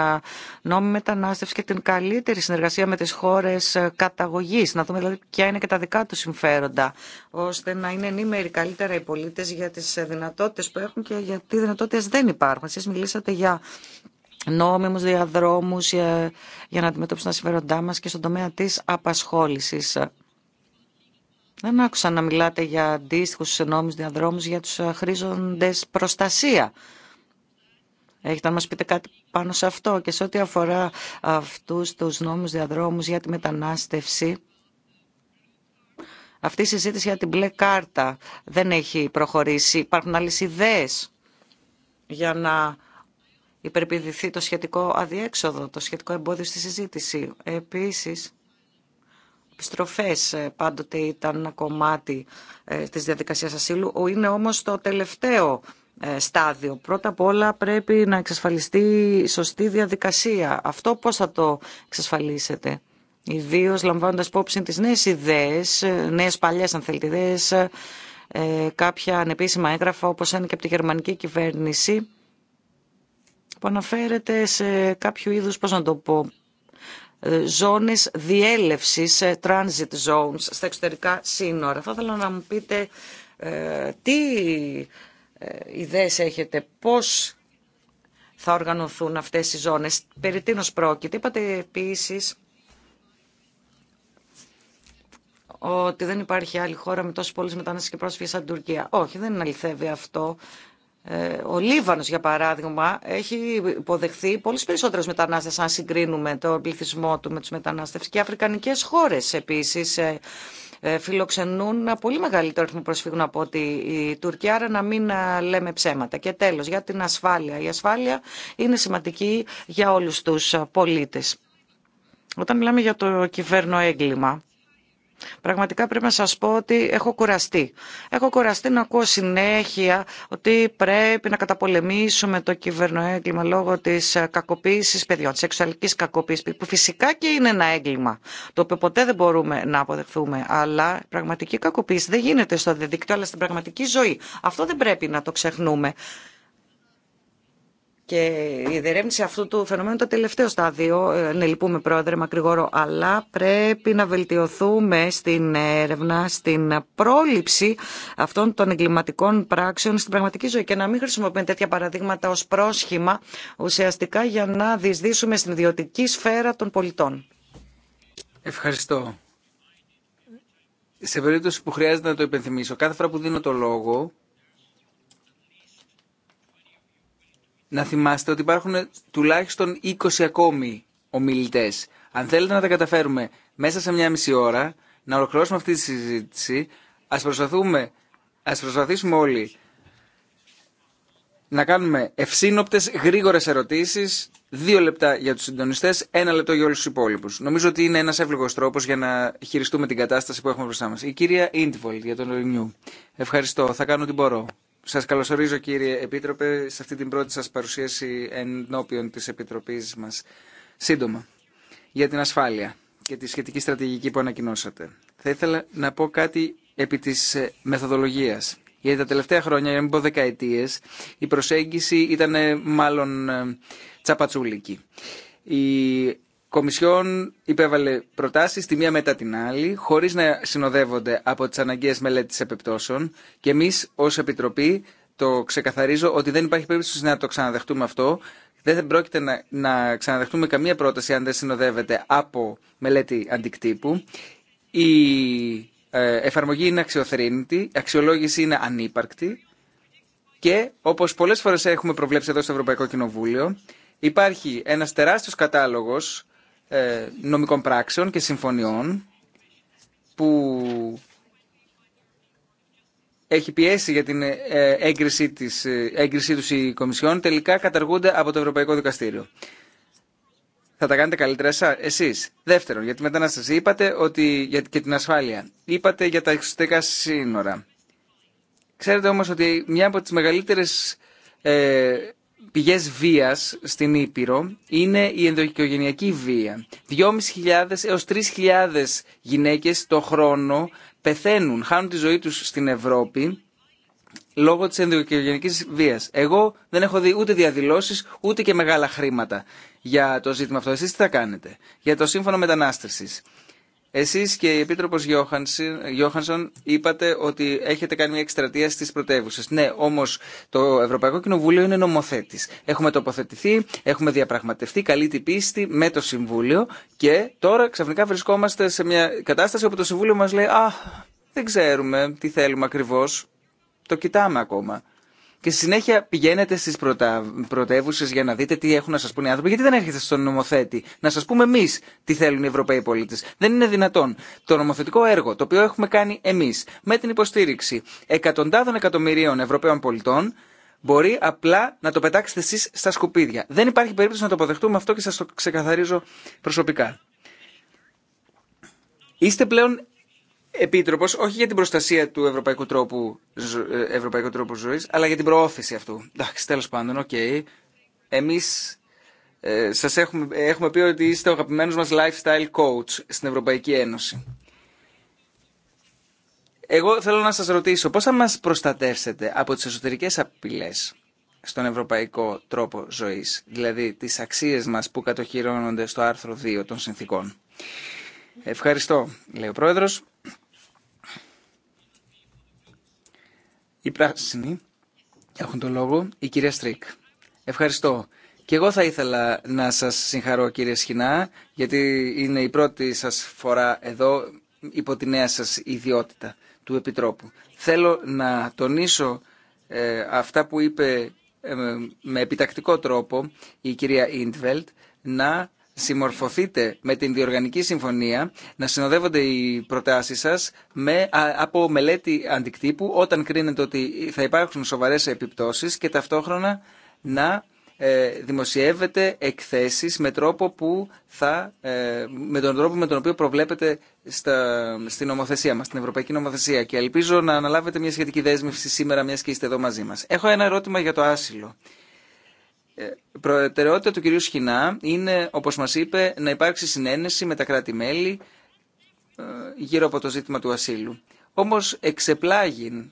νόμιμη μετανάστευση και την καλύτερη συνεργασία με τις χώρες καταγωγής. Να δούμε δηλαδή ποια είναι και τα δικά του συμφέροντα, ώστε να είναι ενήμεροι καλύτερα οι πολίτες για τις ε, δυνατότητες που έχουν και γιατί τι δεν υπάρχουν. Εσεί μιλήσατε για νόμιμους διαδρόμους για, για να αντιμετωπίσουν τα συμφέροντά μας και στον τομέα της απασχόλησης. Δεν άκουσα να μιλάτε για αντίστοιχου νόμους διαδρόμους για τους χρήζοντες προστασία. Έχετε να μας πείτε κάτι πάνω σε αυτό και σε ό,τι αφορά αυτούς τους νόμους διαδρόμους για τη μετανάστευση. Αυτή η συζήτηση για την μπλε κάρτα δεν έχει προχωρήσει. Υπάρχουν άλλες ιδέες για να υπερπηδηθεί το σχετικό αδιέξοδο, το σχετικό εμπόδιο στη συζήτηση. Επίσης, επιστροφές ε, πάντοτε ήταν ένα κομμάτι ε, της διαδικασίας ασύλου, είναι όμως το τελευταίο ε, στάδιο. Πρώτα απ' όλα πρέπει να εξασφαλιστεί σωστή διαδικασία. Αυτό πώς θα το εξασφαλίσετε. Ιδίω λαμβάνοντα υπόψη τι νέε ιδέε, νέε παλιέ αν θέλετε ιδέες, κάποια ανεπίσημα έγγραφα όπω είναι και από τη γερμανική κυβέρνηση που αναφέρεται σε κάποιο είδους, πώς να το πω, ε, ζώνες διέλευσης, ε, transit zones, στα εξωτερικά σύνορα. Θα ήθελα να μου πείτε ε, τι ιδέες έχετε, πώς θα οργανωθούν αυτές οι ζώνες, περί τίνος πρόκειται. Είπατε επίσης ότι δεν υπάρχει άλλη χώρα με τόσε πολλές μετανάστες και πρόσφυγες σαν Τουρκία. Όχι, δεν αληθεύει αυτό. Ε, ο Λίβανος, για παράδειγμα, έχει υποδεχθεί πολλού περισσότερους μετανάστες αν συγκρίνουμε τον πληθυσμό του με τους μετανάστες και οι αφρικανικές χώρες επίσης ε, ε, φιλοξενούν πολύ μεγαλύτερο αριθμό προσφύγων από ότι η Τουρκία, άρα να μην λέμε ψέματα. Και τέλος, για την ασφάλεια. Η ασφάλεια είναι σημαντική για όλους τους πολίτες. Όταν μιλάμε για το κυβέρνο έγκλημα, Πραγματικά πρέπει να σας πω ότι έχω κουραστεί. Έχω κουραστεί να ακούω συνέχεια ότι πρέπει να καταπολεμήσουμε το κυβερνοέγκλημα λόγω της ε, κακοποίησης παιδιών, της σεξουαλικής κακοποίησης, που φυσικά και είναι ένα έγκλημα, το οποίο ποτέ δεν μπορούμε να αποδεχθούμε. Αλλά πραγματική κακοποίηση δεν γίνεται στο διαδίκτυο, αλλά στην πραγματική ζωή. Αυτό δεν πρέπει να το ξεχνούμε και η διερεύνηση αυτού του φαινομένου το τελευταίο στάδιο, ε, ναι λυπούμε πρόεδρε μακρηγόρο, αλλά πρέπει να βελτιωθούμε στην έρευνα, στην πρόληψη αυτών των εγκληματικών πράξεων στην πραγματική ζωή και να μην χρησιμοποιούμε τέτοια παραδείγματα ω πρόσχημα ουσιαστικά για να διεισδύσουμε στην ιδιωτική σφαίρα των πολιτών. Ευχαριστώ. Σε περίπτωση που χρειάζεται να το υπενθυμίσω, κάθε φορά που δίνω το λόγο, να θυμάστε ότι υπάρχουν τουλάχιστον 20 ακόμη ομιλητέ. Αν θέλετε να τα καταφέρουμε μέσα σε μια μισή ώρα, να ολοκληρώσουμε αυτή τη συζήτηση, α προσπαθούμε, ας προσπαθήσουμε όλοι να κάνουμε ευσύνοπτε, γρήγορε ερωτήσει, δύο λεπτά για του συντονιστέ, ένα λεπτό για όλου του υπόλοιπου. Νομίζω ότι είναι ένα εύλογο τρόπο για να χειριστούμε την κατάσταση που έχουμε μπροστά μα. Η κυρία Ίντβολτ για τον Ρινιού. Ευχαριστώ, θα κάνω ό,τι μπορώ. Σας καλωσορίζω κύριε Επίτροπε σε αυτή την πρώτη σας παρουσίαση ενώπιον της Επιτροπής μας. Σύντομα, για την ασφάλεια και τη σχετική στρατηγική που ανακοινώσατε. Θα ήθελα να πω κάτι επί της ε, μεθοδολογίας. Γιατί τα τελευταία χρόνια, για να μην πω δεκαετίες, η προσέγγιση ήταν ε, μάλλον ε, τσαπατσούλικη. Η Κομισιόν υπέβαλε προτάσει τη μία μετά την άλλη, χωρί να συνοδεύονται από τι αναγκαίε μελέτες επιπτώσεων και εμεί, ω Επιτροπή το ξεκαθαρίζω ότι δεν υπάρχει περίπτωση να το ξαναδεχτούμε αυτό. Δεν πρόκειται να, να ξαναδεχτούμε καμία πρόταση αν δεν συνοδεύεται από μελέτη αντικτύπου. Η ε, εφαρμογή είναι αξιοθρύνητη, αξιολόγηση είναι ανύπαρκτη και όπως πολλές φορές έχουμε προβλέψει εδώ στο Ευρωπαϊκό Κοινοβούλιο υπάρχει ένας τεράστιος κατάλογος ε, νομικών πράξεων και συμφωνιών που έχει πιέσει για την ε, έγκριση, της, ε, έγκριση τους η Κομισιόν τελικά καταργούνται από το Ευρωπαϊκό Δικαστήριο. Θα τα κάνετε καλύτερα εσεί. Δεύτερον, για τη μετανάστευση. Είπατε ότι, για, και την ασφάλεια. Είπατε για τα εξωτερικά σύνορα. Ξέρετε όμως ότι μια από τις μεγαλύτερες Πηγέ βίας στην Ήπειρο είναι η ενδοοικογενειακή βία. 2.500 έως 3.000 γυναίκες το χρόνο πεθαίνουν, χάνουν τη ζωή τους στην Ευρώπη λόγω της ενδοοικογενειακή βίας. Εγώ δεν έχω δει ούτε διαδηλώσει ούτε και μεγάλα χρήματα για το ζήτημα αυτό. Εσείς τι θα κάνετε για το σύμφωνο μετανάστευση. Εσείς και η Επίτροπος Γιώχανσον είπατε ότι έχετε κάνει μια εκστρατεία στις πρωτεύουσε. Ναι, όμως το Ευρωπαϊκό Κοινοβούλιο είναι νομοθέτης. Έχουμε τοποθετηθεί, έχουμε διαπραγματευτεί καλή την πίστη με το Συμβούλιο και τώρα ξαφνικά βρισκόμαστε σε μια κατάσταση όπου το Συμβούλιο μας λέει «Α, δεν ξέρουμε τι θέλουμε ακριβώς, το κοιτάμε ακόμα» και στη συνέχεια πηγαίνετε στι πρωτα... πρωτεύουσε για να δείτε τι έχουν να σα πούνε οι άνθρωποι. Γιατί δεν έρχεστε στον νομοθέτη να σα πούμε εμεί τι θέλουν οι Ευρωπαίοι πολίτε. Δεν είναι δυνατόν. Το νομοθετικό έργο το οποίο έχουμε κάνει εμεί με την υποστήριξη εκατοντάδων εκατομμυρίων Ευρωπαίων πολιτών μπορεί απλά να το πετάξετε εσεί στα σκουπίδια. Δεν υπάρχει περίπτωση να το αποδεχτούμε αυτό και σα το ξεκαθαρίζω προσωπικά. Είστε πλέον Επίτροπο, όχι για την προστασία του ευρωπαϊκού τρόπου, ε, ευρωπαϊκού τρόπου ζωής, αλλά για την προώθηση αυτού. Εντάξει, τέλος πάντων, οκ. Okay. Εμείς ε, σας έχουμε, έχουμε πει ότι είστε ο αγαπημένος μας lifestyle coach στην Ευρωπαϊκή Ένωση. Εγώ θέλω να σας ρωτήσω πώς θα μας προστατεύσετε από τις εσωτερικές απειλές στον ευρωπαϊκό τρόπο ζωής, δηλαδή τις αξίες μας που κατοχυρώνονται στο άρθρο 2 των συνθήκων. Ευχαριστώ, λέει ο Πρόεδρος. Οι πράσινοι έχουν το λόγο. Η κυρία Στρίκ. Ευχαριστώ. Και εγώ θα ήθελα να σας συγχαρώ κύριε Σχοινά, γιατί είναι η πρώτη σας φορά εδώ υπό τη νέα σας ιδιότητα του Επιτρόπου. Θέλω να τονίσω ε, αυτά που είπε ε, με επιτακτικό τρόπο η κυρία Ιντβελτ, να συμμορφωθείτε με την διοργανική συμφωνία, να συνοδεύονται οι προτάσεις σας με, από μελέτη αντικτύπου όταν κρίνετε ότι θα υπάρχουν σοβαρές επιπτώσεις και ταυτόχρονα να ε, δημοσιεύετε εκθέσεις με, τρόπο που θα, ε, με τον τρόπο με τον οποίο προβλέπετε στα, στην ομοθέσια μας, στην Ευρωπαϊκή Νομοθεσία και ελπίζω να αναλάβετε μια σχετική δέσμευση σήμερα μιας και είστε εδώ μαζί μας. Έχω ένα ερώτημα για το άσυλο. Ε, προτεραιότητα του κυρίου Σχοινά είναι, όπως μας είπε, να υπάρξει συνένεση με τα κράτη-μέλη ε, γύρω από το ζήτημα του ασύλου. Όμως εξεπλάγει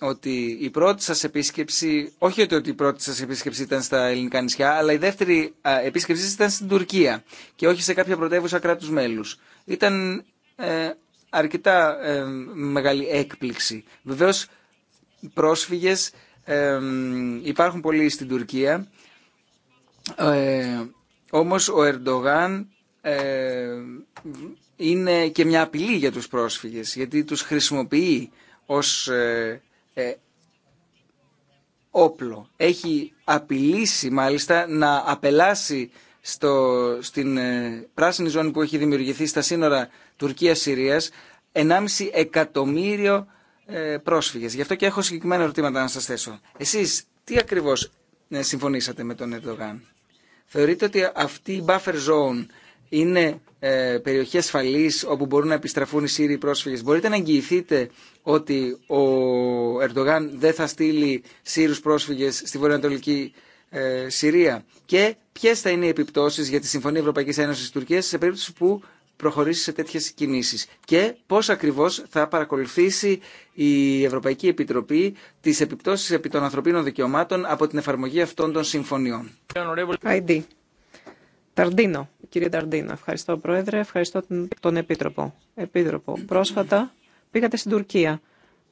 ότι η πρώτη σας επίσκεψη, όχι ότι η πρώτη σας επίσκεψη ήταν στα ελληνικά νησιά, αλλά η δεύτερη επίσκεψη ήταν στην Τουρκία και όχι σε κάποια πρωτεύουσα κράτους μέλους. Ήταν ε, αρκετά μεγάλη έκπληξη. Βεβαίως, οι πρόσφυγες υπάρχουν πολλοί στην Τουρκία. Ε, όμως ο Ερντογάν ε, είναι και μια απειλή για τους πρόσφυγες γιατί τους χρησιμοποιεί ως ε, ε, όπλο. Έχει απειλήσει μάλιστα να απελάσει στο, στην πράσινη ζώνη που έχει δημιουργηθεί στα σύνορα Τουρκίας-Συρίας 1,5 εκατομμύριο ε, πρόσφυγε. Γι' αυτό και έχω συγκεκριμένα ερωτήματα να σα θέσω. Εσεί τι ακριβώς ε, συμφωνήσατε με τον Ερντογάν. Θεωρείτε ότι αυτή η buffer zone είναι ε, περιοχή ασφαλή όπου μπορούν να επιστραφούν οι Σύριοι πρόσφυγες. Μπορείτε να εγγυηθείτε ότι ο Ερντογάν δεν θα στείλει Σύριου πρόσφυγε στη βορειοανατολική ε, Συρία. Και ποιε θα είναι οι επιπτώσει για τη Συμφωνία Ευρωπαϊκή Ένωση Τουρκία σε περίπτωση που προχωρήσει σε τέτοιες κινήσεις και πώς ακριβώς θα παρακολουθήσει η Ευρωπαϊκή Επιτροπή τις επιπτώσεις επί των ανθρωπίνων δικαιωμάτων από την εφαρμογή αυτών των συμφωνιών. Ταρντίνο. Κύριε Ταρντίνο, ευχαριστώ Πρόεδρε, ευχαριστώ τον Επίτροπο. Επίτροπο, πρόσφατα πήγατε στην Τουρκία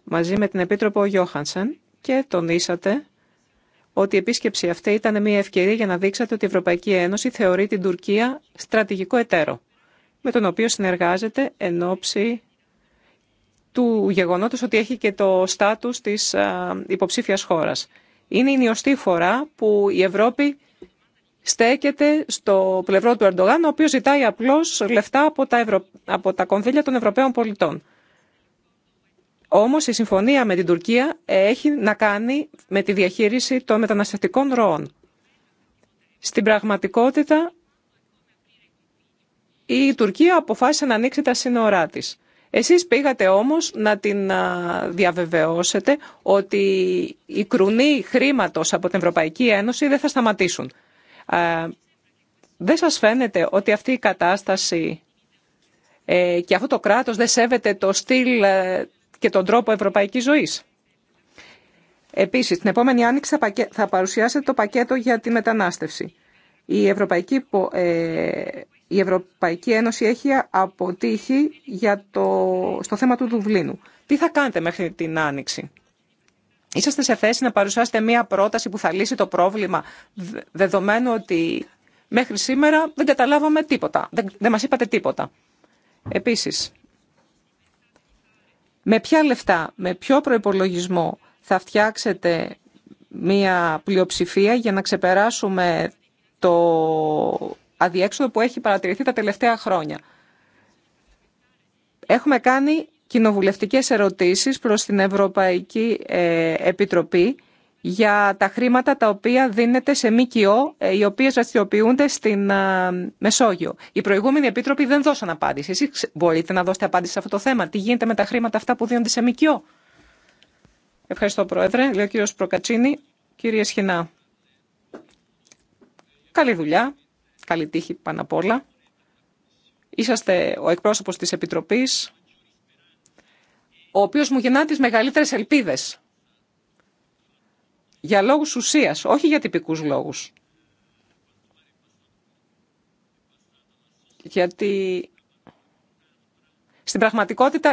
μαζί με την Επίτροπο Γιώχανσεν και τονίσατε ότι η επίσκεψη αυτή ήταν μια ευκαιρία για να δείξατε ότι η Ευρωπαϊκή Ένωση θεωρεί την Τουρκία στρατηγικό εταίρο με τον οποίο συνεργάζεται εν ώψη του γεγονότος ότι έχει και το στάτους της υποψήφιας χώρας. Είναι η νιωστή φορά που η Ευρώπη στέκεται στο πλευρό του Ερντογάν, ο οποίος ζητάει απλώς λεφτά από τα, από τα κονδύλια των Ευρωπαίων πολιτών. Όμως η συμφωνία με την Τουρκία έχει να κάνει με τη διαχείριση των μεταναστευτικών ροών. Στην πραγματικότητα η Τουρκία αποφάσισε να ανοίξει τα σύνορά της. Εσείς πήγατε όμως να την διαβεβαιώσετε ότι οι κρουνοί χρήματος από την Ευρωπαϊκή Ένωση δεν θα σταματήσουν. Δεν σας φαίνεται ότι αυτή η κατάσταση ε, και αυτό το κράτος δεν σέβεται το στυλ ε, και τον τρόπο ευρωπαϊκής ζωής. Επίσης, την επόμενη άνοιξη θα παρουσιάσετε το πακέτο για τη μετανάστευση. Η Ευρωπαϊκή ε, η Ευρωπαϊκή Ένωση έχει αποτύχει για το, στο θέμα του Δουβλίνου. Τι θα κάνετε μέχρι την Άνοιξη. Είσαστε σε θέση να παρουσιάσετε μία πρόταση που θα λύσει το πρόβλημα, δεδομένου ότι μέχρι σήμερα δεν καταλάβαμε τίποτα, δεν, δεν μας είπατε τίποτα. Επίσης, με ποια λεφτά, με ποιο προϋπολογισμό θα φτιάξετε μία πλειοψηφία για να ξεπεράσουμε το αδιέξοδο που έχει παρατηρηθεί τα τελευταία χρόνια. Έχουμε κάνει κοινοβουλευτικές ερωτήσεις προς την Ευρωπαϊκή ε, Επιτροπή για τα χρήματα τα οποία δίνεται σε ΜΚΟ ε, οι οποίες δραστηριοποιούνται στην ε, Μεσόγειο. Οι προηγούμενοι επίτροποι δεν δώσαν απάντηση. Εσείς μπορείτε να δώσετε απάντηση σε αυτό το θέμα. Τι γίνεται με τα χρήματα αυτά που δίνονται σε ΜΚΟ. Ευχαριστώ Πρόεδρε. Λέω κύριος Προκατσίνη. Κύριε Σχοινά. Καλή δουλειά καλή τύχη πάνω απ' όλα. Είσαστε ο εκπρόσωπος της Επιτροπής, ο οποίος μου γεννά τις μεγαλύτερες ελπίδες. Για λόγους ουσίας, όχι για τυπικούς λόγους. Γιατί στην πραγματικότητα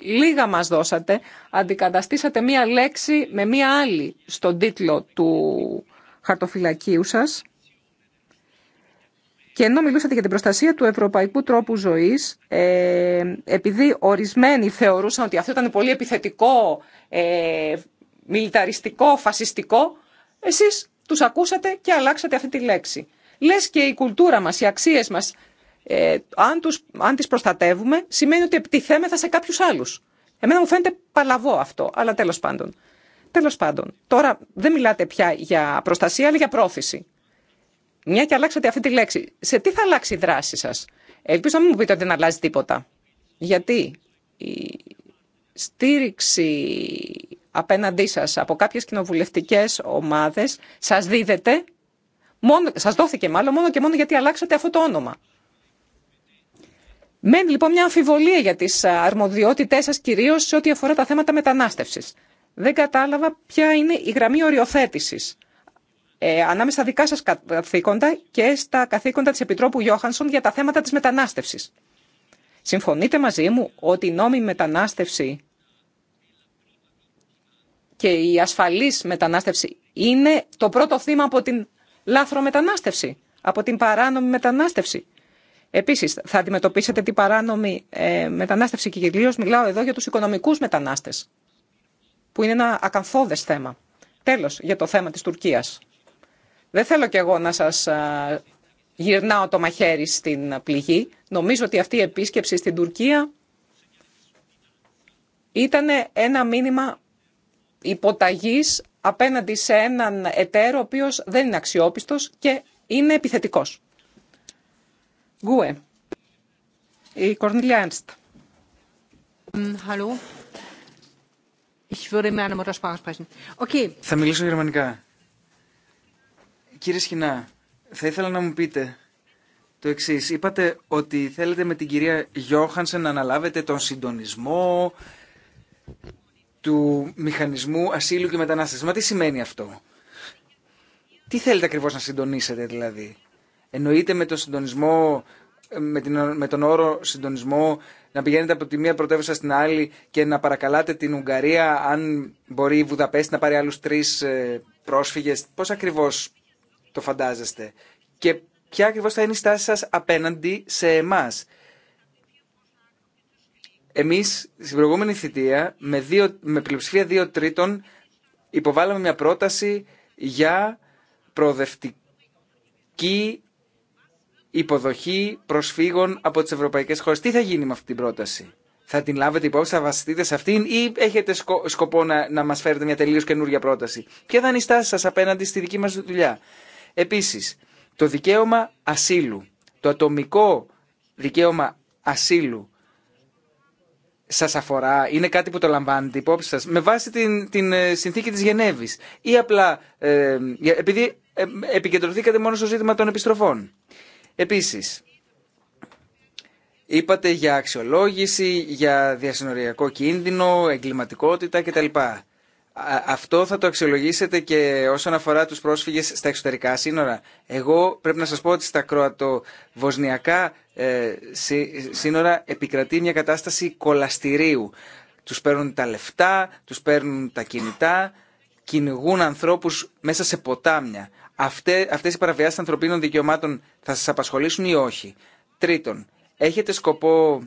λίγα μας δώσατε, αντικαταστήσατε μία λέξη με μία άλλη στον τίτλο του χαρτοφυλακίου σας. Και ενώ μιλούσατε για την προστασία του ευρωπαϊκού τρόπου ζωής, ε, επειδή ορισμένοι θεωρούσαν ότι αυτό ήταν πολύ επιθετικό, ε, μιλιταριστικό, φασιστικό, εσείς τους ακούσατε και αλλάξατε αυτή τη λέξη. Λες και η κουλτούρα μας, οι αξίες μας, ε, αν, αν τις προστατεύουμε, σημαίνει ότι επιτιθέμεθα σε κάποιου άλλου. Εμένα μου φαίνεται παλαβό αυτό, αλλά τέλο πάντων. Τέλος πάντων, τώρα δεν μιλάτε πια για προστασία, αλλά για πρόθεση. Μια και αλλάξατε αυτή τη λέξη. Σε τι θα αλλάξει η δράση σας. Ελπίζω να μην μου πείτε ότι δεν αλλάζει τίποτα. Γιατί η στήριξη απέναντί σα από κάποιες κοινοβουλευτικέ ομάδες σας δίδεται, σα σας δόθηκε μάλλον μόνο και μόνο γιατί αλλάξατε αυτό το όνομα. Μένει λοιπόν μια αμφιβολία για τις αρμοδιότητές σα κυρίως σε ό,τι αφορά τα θέματα μετανάστευση. Δεν κατάλαβα ποια είναι η γραμμή οριοθέτηση. Ε, ανάμεσα στα δικά σας καθήκοντα και στα καθήκοντα της Επιτρόπου Γιώχανσον για τα θέματα της μετανάστευσης. Συμφωνείτε μαζί μου ότι η νόμιμη μετανάστευση και η ασφαλής μετανάστευση είναι το πρώτο θύμα από την λάθρο μετανάστευση, από την παράνομη μετανάστευση. Επίσης, θα αντιμετωπίσετε την παράνομη ε, μετανάστευση και κυρίως μιλάω εδώ για τους οικονομικούς μετανάστες, που είναι ένα ακαθόδες θέμα. Τέλος, για το θέμα της Τουρκίας. Δεν θέλω κι εγώ να σας γυρνάω το μαχαίρι στην πληγή. Νομίζω ότι αυτή η επίσκεψη στην Τουρκία ήταν ένα μήνυμα υποταγής απέναντι σε έναν εταίρο ο οποίος δεν είναι αξιόπιστος και είναι επιθετικός. Γκουε. Η Κορνιλιά Ένστ. Θα μιλήσω γερμανικά. Κύριε Σχοινά, θα ήθελα να μου πείτε το εξή. Είπατε ότι θέλετε με την κυρία Γιώχανσεν να αναλάβετε τον συντονισμό του μηχανισμού ασύλου και μετανάστευση. Μα τι σημαίνει αυτό. Τι θέλετε ακριβώς να συντονίσετε δηλαδή. Εννοείται με τον συντονισμό, με, την, με τον όρο συντονισμό να πηγαίνετε από τη μία πρωτεύουσα στην άλλη και να παρακαλάτε την Ουγγαρία αν μπορεί η Βουδαπέστη να πάρει άλλου τρει ε, πρόσφυγες. Πώς ακριβώς το φαντάζεστε και ποια ακριβώ θα είναι η στάση σα απέναντι σε εμά. Εμεί, στην προηγούμενη θητεία με, δύο, με πλειοψηφία δύο τρίτων υποβάλαμε μια πρόταση για προοδευτική υποδοχή προσφύγων από τι ευρωπαϊκέ χώρε. Τι θα γίνει με αυτή την πρόταση. Θα την λάβετε υπόψη, θα βασιστείτε σε αυτήν ή έχετε σκοπό να, να μας φέρετε μια τελείως καινούργια πρόταση. Ποια θα είναι η στάση σας απέναντι στη δική μας δουλειά. Επίσης, το δικαίωμα ασύλου, το ατομικό δικαίωμα ασύλου σας αφορά, είναι κάτι που το λαμβάνετε υπόψη σας, με βάση την, την ε, συνθήκη της Γενέβης ή απλά ε, επειδή ε, επικεντρωθήκατε μόνο στο ζήτημα των επιστροφών. Επίσης, είπατε για αξιολόγηση, για διασυνοριακό κίνδυνο, εγκληματικότητα κτλ αυτό θα το αξιολογήσετε και όσον αφορά τους πρόσφυγες στα εξωτερικά σύνορα. Εγώ πρέπει να σας πω ότι στα κροατοβοσνιακά ε, σύνορα επικρατεί μια κατάσταση κολαστηρίου. Τους παίρνουν τα λεφτά, τους παίρνουν τα κινητά, κυνηγούν ανθρώπους μέσα σε ποτάμια. Αυτέ, αυτές οι παραβιάσεις ανθρωπίνων δικαιωμάτων θα σας απασχολήσουν ή όχι. Τρίτον, έχετε σκοπό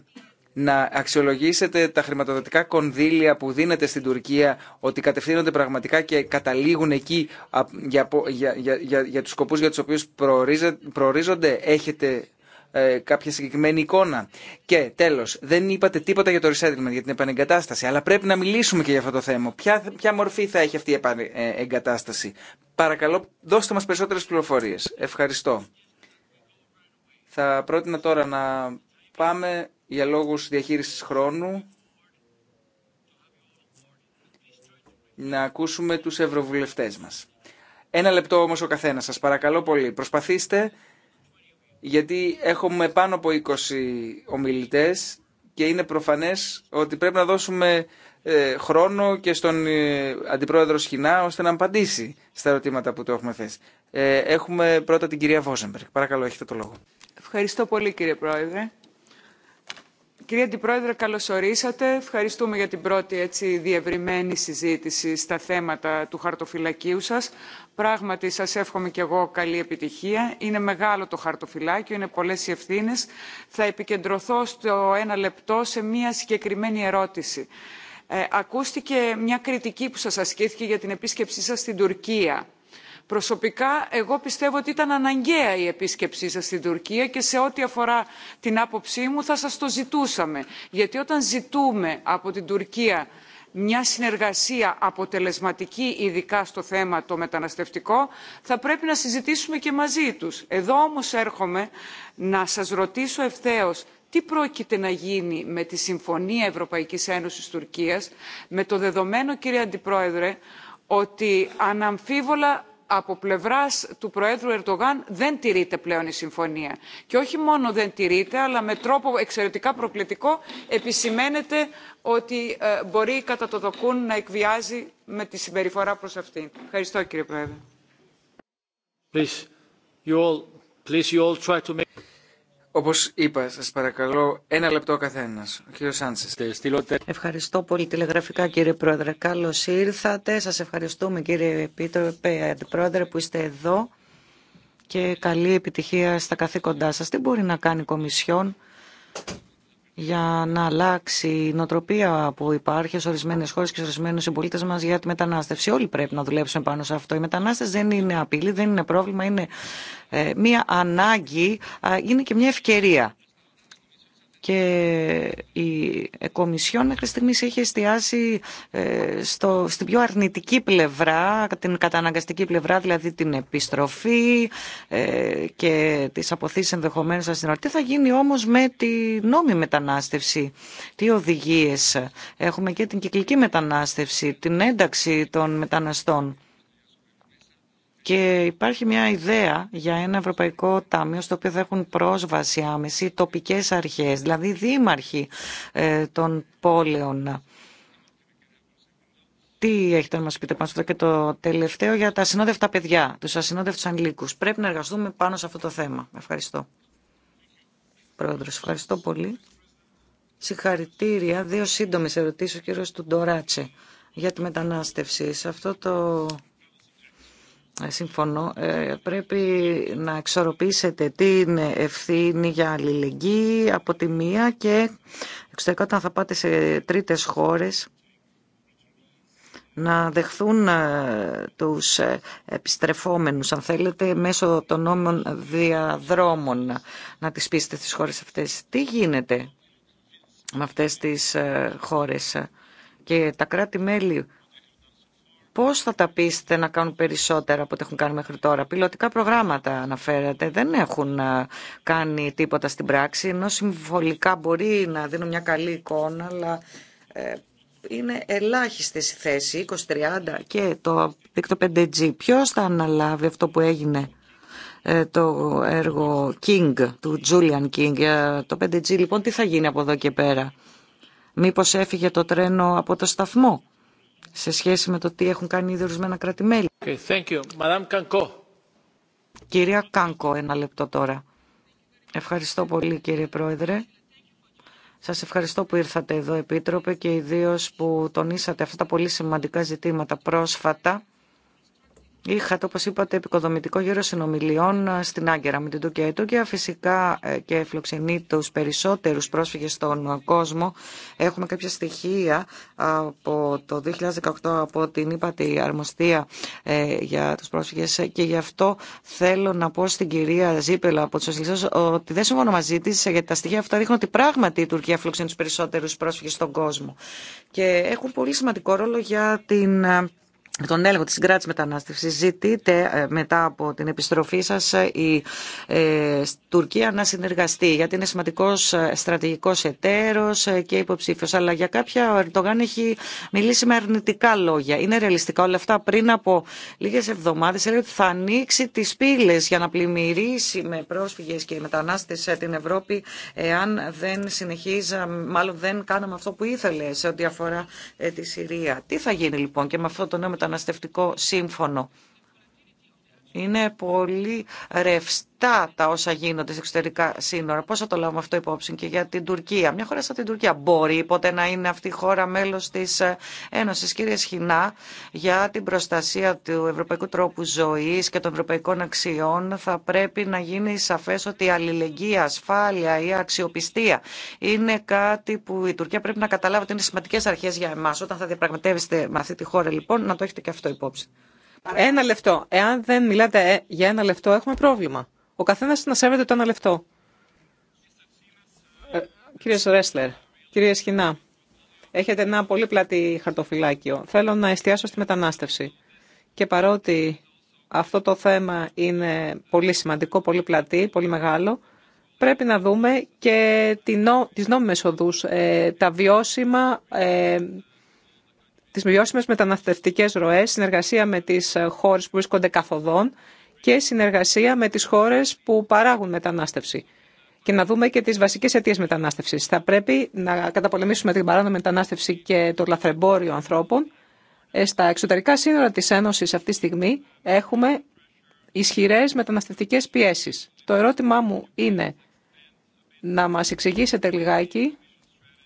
να αξιολογήσετε τα χρηματοδοτικά κονδύλια που δίνετε στην Τουρκία ότι κατευθύνονται πραγματικά και καταλήγουν εκεί για, για, για, για, για τους σκοπούς για τους οποίους προορίζονται. Έχετε ε, κάποια συγκεκριμένη εικόνα. Και τέλος, δεν είπατε τίποτα για το resettlement, για την επανεγκατάσταση, αλλά πρέπει να μιλήσουμε και για αυτό το θέμα. Ποια, ποια μορφή θα έχει αυτή η επανεγκατάσταση. Ε, Παρακαλώ, δώστε μας περισσότερες πληροφορίες. Ευχαριστώ. Θα πρότεινα τώρα να πάμε για λόγους διαχείρισης χρόνου να ακούσουμε τους ευρωβουλευτές μας. Ένα λεπτό όμως ο καθένας, σας παρακαλώ πολύ. Προσπαθήστε, γιατί έχουμε πάνω από 20 ομιλητές και είναι προφανές ότι πρέπει να δώσουμε ε, χρόνο και στον ε, Αντιπρόεδρο Σχοινά ώστε να απαντήσει στα ερωτήματα που του έχουμε θέσει. Ε, έχουμε πρώτα την κυρία Βόζεμπερκ. Παρακαλώ, έχετε το λόγο. Ευχαριστώ πολύ κύριε Πρόεδρε. Κυρία Αντιπρόεδρε, καλώς ορίσατε. Ευχαριστούμε για την πρώτη έτσι διευρυμένη συζήτηση στα θέματα του χαρτοφυλακίου σας. Πράγματι, σας εύχομαι και εγώ καλή επιτυχία. Είναι μεγάλο το χαρτοφυλάκιο, είναι πολλές οι ευθύνες. Θα επικεντρωθώ στο ένα λεπτό σε μία συγκεκριμένη ερώτηση. Ε, ακούστηκε μια συγκεκριμενη ερωτηση ακουστηκε μια κριτικη που σας ασκήθηκε για την επίσκεψή σας στην Τουρκία προσωπικά εγώ πιστεύω ότι ήταν αναγκαία η επίσκεψή σας στην τουρκία και σε ό,τι αφορά την άποψή μου θα σας το ζητούσαμε γιατί όταν ζητούμε από την τουρκία μια συνεργασία αποτελεσματική ειδικά στο θέμα το μεταναστευτικό θα πρέπει να συζητήσουμε και μαζί τους. εδώ όμως έρχομαι να σας ρωτήσω ευθέως τι πρόκειται να γίνει με τη συμφωνία ευρωπαϊκής ένωσης τουρκίας με το δεδομένο κύριε αντιπρόεδρε ότι αναμφίβολα από πλευράς του Προέδρου Ερντογάν δεν τηρείται πλέον η συμφωνία. Και όχι μόνο δεν τηρείται, αλλά με τρόπο εξαιρετικά προκλητικό επισημαίνεται ότι ε, μπορεί κατά το δοκούν να εκβιάζει με τη συμπεριφορά προς αυτήν. Ευχαριστώ κύριε Πρόεδρε. Όπως είπα, σας παρακαλώ, ένα λεπτό καθένα. καθένας. Ο Ευχαριστώ πολύ τηλεγραφικά κύριε Πρόεδρε. Καλώς ήρθατε. Σας ευχαριστούμε κύριε Επίτροπε, Αντιπρόεδρε που είστε εδώ και καλή επιτυχία στα καθήκοντά σας. Τι μπορεί να κάνει η Κομισιόν για να αλλάξει η νοοτροπία που υπάρχει σε ορισμένε χώρε και σε ορισμένου συμπολίτε μα για τη μετανάστευση. Όλοι πρέπει να δουλέψουμε πάνω σε αυτό. Οι μετανάστε δεν είναι απειλή, δεν είναι πρόβλημα, είναι ε, μία ανάγκη, είναι και μια ευκαιρία και η Κομισιόν μέχρι στιγμής έχει εστιάσει ε, στο, στην πιο αρνητική πλευρά, την καταναγκαστική πλευρά, δηλαδή την επιστροφή ε, και τις αποθήσεις ενδεχομένως στην Τι θα γίνει όμως με τη νόμιμη μετανάστευση, τι οδηγίες έχουμε και την κυκλική μετανάστευση, την ένταξη των μεταναστών. Και υπάρχει μια ιδέα για ένα ευρωπαϊκό ταμείο στο οποίο θα έχουν πρόσβαση άμεση τοπικές αρχές, δηλαδή δήμαρχοι ε, των πόλεων. Τι έχετε να μας πείτε πάνω αυτό και το τελευταίο για τα ασυνόδευτα παιδιά, τους ασυνόδευτους ανηλίκους. Πρέπει να εργαστούμε πάνω σε αυτό το θέμα. Ευχαριστώ. Πρόεδρος, ευχαριστώ πολύ. Συγχαρητήρια. Δύο σύντομες ερωτήσεις ο κύριος Τουντοράτσε για τη μετανάστευση. Σε αυτό το ε, συμφωνώ. Ε, πρέπει να εξορροπήσετε την ευθύνη για αλληλεγγύη από τη μία και εξωτερικά όταν θα πάτε σε τρίτες χώρες να δεχθούν ε, τους επιστρεφόμενους, αν θέλετε, μέσω των νόμων διαδρόμων να τις πείσετε στις χώρες αυτές. Τι γίνεται με αυτές τις χώρες και τα κράτη-μέλη Πώ θα τα πείστε να κάνουν περισσότερα από ό,τι έχουν κάνει μέχρι τώρα. Πιλωτικά προγράμματα αναφέρατε. Δεν έχουν ε, κάνει τίποτα στην πράξη, ενώ συμβολικά μπορεί να δίνουν μια καλή εικόνα, αλλά ε, είναι ελάχιστε οι θέση, 20-30 και το 5 5G. Ποιο θα αναλάβει αυτό που έγινε ε, το έργο King, του Julian King. Το 5G λοιπόν τι θα γίνει από εδώ και πέρα. Μήπως έφυγε το τρένο από το σταθμό σε σχέση με το τι έχουν οι ήδη ορισμένα κράτη-μέλη. Κυρία Κάνκο, ένα λεπτό τώρα. Ευχαριστώ πολύ κύριε Πρόεδρε. Σας ευχαριστώ που ήρθατε εδώ Επίτροπε και ιδίως που τονίσατε αυτά τα πολύ σημαντικά ζητήματα πρόσφατα Είχατε, όπω είπατε, επικοδομητικό γύρο συνομιλιών ε, στην Άγκερα με την Τουρκία. Η Τουρκία φυσικά ε, και φιλοξενεί του περισσότερου πρόσφυγες στον κόσμο. Έχουμε κάποια στοιχεία από το 2018 από την ύπατη αρμοστία ε, για του πρόσφυγε. και γι' αυτό θέλω να πω στην κυρία Ζήπελα από του Ασυλιστέ ότι δεν συμφωνώ μαζί τη γιατί τα στοιχεία αυτά δείχνουν ότι πράγματι η Τουρκία φιλοξενεί του περισσότερου πρόσφυγες στον κόσμο. Και έχουν πολύ σημαντικό ρόλο για την τον έλεγχο της συγκράτησης μετανάστευσης ζητείτε ε, μετά από την επιστροφή σας ε, η ε, Τουρκία να συνεργαστεί γιατί είναι σημαντικός στρατηγικός εταίρος και υποψήφιος αλλά για κάποια ο Ερντογάν έχει μιλήσει με αρνητικά λόγια. Είναι ρεαλιστικά όλα αυτά πριν από λίγες εβδομάδες έλεγε ότι θα ανοίξει τις πύλες για να πλημμυρίσει με πρόσφυγες και μετανάστες την Ευρώπη εάν δεν συνεχίζα, μάλλον δεν κάναμε αυτό που ήθελε σε ό,τι αφορά τη Συρία. Τι θα γίνει λοιπόν και με αυτό το νέο μεταναστευτικό σύμφωνο είναι πολύ ρευστά τα όσα γίνονται σε εξωτερικά σύνορα. Πώς θα το λάβουμε αυτό υπόψη και για την Τουρκία. Μια χώρα σαν την Τουρκία μπορεί ποτέ να είναι αυτή η χώρα μέλος της Ένωσης. Κύριε Σχοινά, για την προστασία του ευρωπαϊκού τρόπου ζωής και των ευρωπαϊκών αξιών θα πρέπει να γίνει σαφές ότι η αλληλεγγύη, ασφάλεια ή αξιοπιστία είναι κάτι που η Τουρκία πρέπει να καταλάβει ότι είναι σημαντικές αρχές για εμάς. Όταν θα διαπραγματεύεστε με αυτή τη χώρα λοιπόν να το έχετε και αυτό υπόψη. Ένα λεπτό. Εάν δεν μιλάτε ε, για ένα λεπτό, έχουμε πρόβλημα. Ο καθένας να σέβεται το ένα λεπτό. Ε, κύριε Ρέσλερ, κύριε Σχοινά, έχετε ένα πολύ πλατή χαρτοφυλάκιο. Θέλω να εστιάσω στη μετανάστευση. Και παρότι αυτό το θέμα είναι πολύ σημαντικό, πολύ πλατή, πολύ μεγάλο, πρέπει να δούμε και τις νόμιμες οδούς, ε, τα βιώσιμα ε, τι βιώσιμες μεταναστευτικέ ροές, συνεργασία με τις χώρε που βρίσκονται καθοδόν και συνεργασία με τις χώρε που παράγουν μετανάστευση. Και να δούμε και τις βασικές αιτίες μετανάστευσης. Θα πρέπει να καταπολεμήσουμε την παράνομη μετανάστευση και το λαθρεμπόριο ανθρώπων. Ε, στα εξωτερικά σύνορα της Ένωσης αυτή τη στιγμή έχουμε ισχυρέ μεταναστευτικέ πιέσει. Το ερώτημά μου είναι να μας εξηγήσετε λιγάκι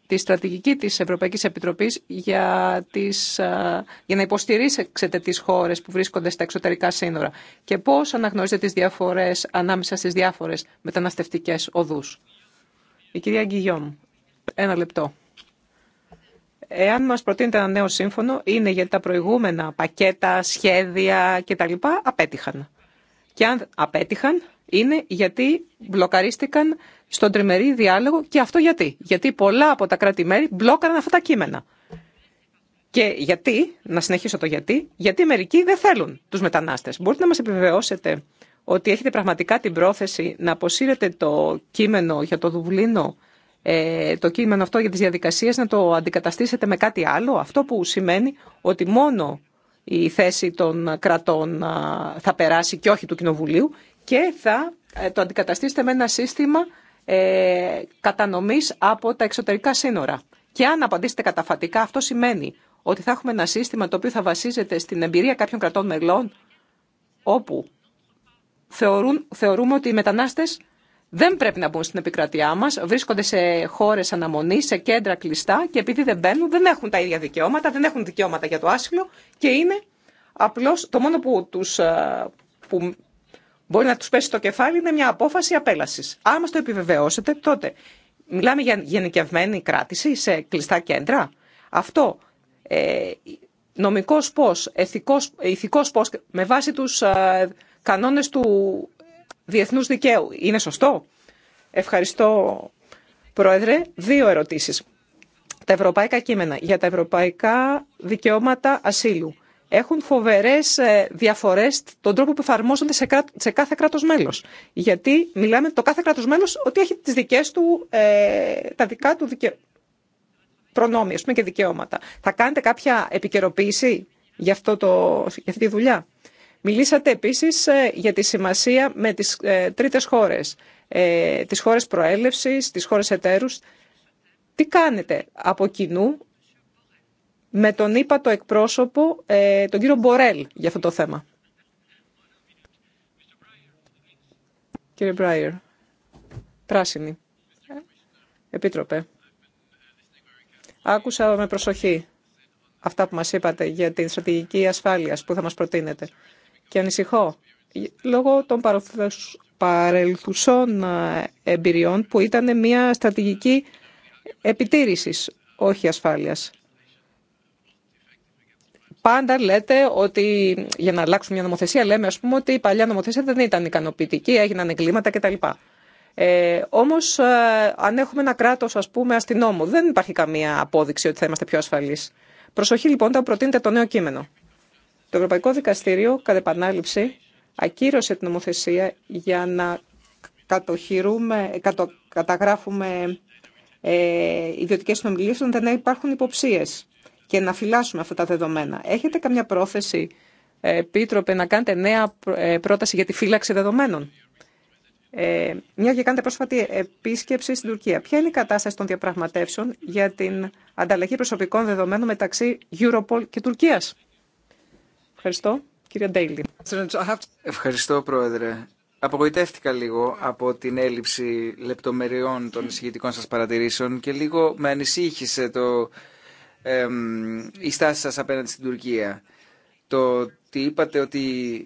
τη στρατηγική της Ευρωπαϊκής Επιτροπής για, για να υποστηρίξετε τις χώρες που βρίσκονται στα εξωτερικά σύνορα και πώς αναγνωρίζετε τις διαφορές ανάμεσα στις διάφορες μεταναστευτικές οδούς. Η κυρία Γκυγιόμ, ένα λεπτό. Εάν μας προτείνετε ένα νέο σύμφωνο, είναι γιατί τα προηγούμενα πακέτα, σχέδια κτλ. απέτυχαν. Και αν απέτυχαν, είναι γιατί μπλοκαρίστηκαν στον τριμερή διάλογο και αυτό γιατί. Γιατί πολλά από τα κράτη-μέρη μπλόκαραν αυτά τα κείμενα. Και γιατί, να συνεχίσω το γιατί, γιατί μερικοί δεν θέλουν τους μετανάστες. Μπορείτε να μας επιβεβαιώσετε ότι έχετε πραγματικά την πρόθεση να αποσύρετε το κείμενο για το Δουβλίνο, ε, το κείμενο αυτό για τις διαδικασίες, να το αντικαταστήσετε με κάτι άλλο, αυτό που σημαίνει ότι μόνο η θέση των κρατών θα περάσει και όχι του Κοινοβουλίου και θα ε, το αντικαταστήσετε με ένα σύστημα ε, κατανομής από τα εξωτερικά σύνορα. Και αν απαντήσετε καταφατικά, αυτό σημαίνει ότι θα έχουμε ένα σύστημα το οποίο θα βασίζεται στην εμπειρία κάποιων κρατών μελών, όπου θεωρούν, θεωρούμε ότι οι μετανάστες δεν πρέπει να μπουν στην επικρατειά μας, βρίσκονται σε χώρες αναμονής, σε κέντρα κλειστά και επειδή δεν μπαίνουν δεν έχουν τα ίδια δικαιώματα, δεν έχουν δικαιώματα για το άσυλο και είναι απλώς το μόνο που, τους, ε, που μπορεί να του πέσει το κεφάλι με μια απόφαση απέλαση. Άμα το επιβεβαιώσετε, τότε μιλάμε για γενικευμένη κράτηση σε κλειστά κέντρα. Αυτό ε, νομικός πώς, εθικός, πώ με βάση τους ε, κανόνες του διεθνού δικαίου, είναι σωστό. Ευχαριστώ, Πρόεδρε. Δύο ερωτήσει. Τα ευρωπαϊκά κείμενα για τα ευρωπαϊκά δικαιώματα ασύλου έχουν φοβερές ε, διαφορές τον τρόπο που εφαρμόζονται σε κάθε κράτος μέλος. Γιατί μιλάμε το κάθε κρατό μέλο ότι έχει τις δικές του, ε, τα δικά του δικαι... προνόμια και δικαιώματα. Θα κάνετε κάποια επικαιροποίηση για, αυτό το, για αυτή τη δουλειά. Μιλήσατε επίσης ε, για τη σημασία με τις τρίτες χώρες, τις χώρε προέλευση, τι χώρες εταίρου. Τι κάνετε από κοινού με τον είπα το εκπρόσωπο, ε, τον κύριο Μπορέλ, για αυτό το θέμα. Κύριε Μπράιερ, πράσινη. Επίτροπε, άκουσα με προσοχή αυτά που μας είπατε για την στρατηγική ασφάλειας που θα μας προτείνετε. Και ανησυχώ, λόγω των παρελθουσών ε, εμπειριών που ήταν μια στρατηγική επιτήρησης, όχι ασφάλειας πάντα λέτε ότι για να αλλάξουμε μια νομοθεσία λέμε ας πούμε ότι η παλιά νομοθεσία δεν ήταν ικανοποιητική, έγιναν εγκλήματα κτλ. Ε, Όμω, ε, αν έχουμε ένα κράτο, α πούμε, αστυνόμου, δεν υπάρχει καμία απόδειξη ότι θα είμαστε πιο ασφαλεί. Προσοχή λοιπόν όταν προτείνετε το νέο κείμενο. Το Ευρωπαϊκό Δικαστήριο, κατά επανάληψη, ακύρωσε την νομοθεσία για να κατο, καταγράφουμε ε, ιδιωτικέ συνομιλίε όταν δεν υπάρχουν υποψίε και να φυλάσσουμε αυτά τα δεδομένα. Έχετε καμιά πρόθεση, ε, Επίτροπε, να κάνετε νέα ε, πρόταση για τη φύλαξη δεδομένων. Ε, μια και κάνετε πρόσφατη επίσκεψη στην Τουρκία. Ποια είναι η κατάσταση των διαπραγματεύσεων για την ανταλλαγή προσωπικών δεδομένων μεταξύ Europol και Τουρκίας. Ευχαριστώ. Κύριε Ντέιλι. Ευχαριστώ, Πρόεδρε. Απογοητεύτηκα λίγο από την έλλειψη λεπτομεριών των εισηγητικών σας παρατηρήσεων και λίγο με ανησύχησε το η στάση σας απέναντι στην Τουρκία. Το ότι είπατε ότι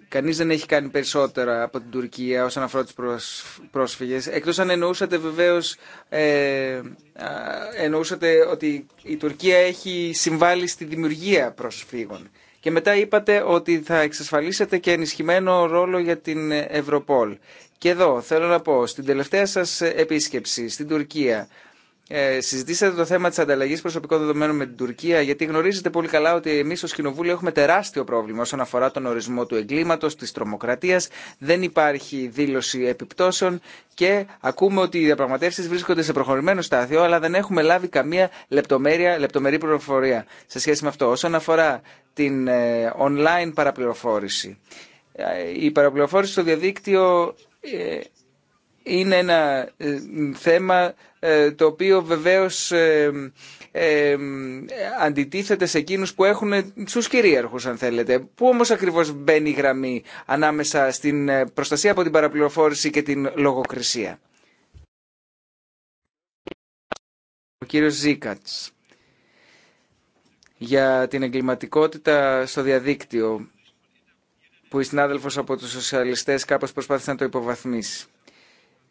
κανείς δεν έχει κάνει περισσότερα από την Τουρκία όσον αφορά τους πρόσφυγες, εκτός αν εννοούσατε βεβαίως ε, εννοούσατε ότι η Τουρκία έχει συμβάλει στη δημιουργία προσφύγων. Και μετά είπατε ότι θα εξασφαλίσετε και ενισχυμένο ρόλο για την Ευρωπόλ. Και εδώ θέλω να πω, στην τελευταία σας επίσκεψη στην Τουρκία, ε, συζητήσατε το θέμα τη ανταλλαγή προσωπικών δεδομένων με την Τουρκία, γιατί γνωρίζετε πολύ καλά ότι εμεί ω Κοινοβούλιο έχουμε τεράστιο πρόβλημα όσον αφορά τον ορισμό του εγκλήματο, τη τρομοκρατία. Δεν υπάρχει δήλωση επιπτώσεων και ακούμε ότι οι διαπραγματεύσει βρίσκονται σε προχωρημένο στάδιο, αλλά δεν έχουμε λάβει καμία λεπτομέρεια, λεπτομερή πληροφορία σε σχέση με αυτό. Όσον αφορά την ε, online παραπληροφόρηση, ε, η παραπληροφόρηση στο διαδίκτυο ε, είναι ένα ε, θέμα ε, το οποίο βεβαίως ε, αντιτίθεται σε εκείνους που έχουν τους κυρίαρχους αν θέλετε. Πού όμως ακριβώς μπαίνει η γραμμή ανάμεσα στην προστασία από την παραπληροφόρηση και την λογοκρισία. Ο κύριος Ζήκατς για την εγκληματικότητα στο διαδίκτυο που η συνάδελφος από τους σοσιαλιστές κάπως προσπάθησε να το υποβαθμίσει.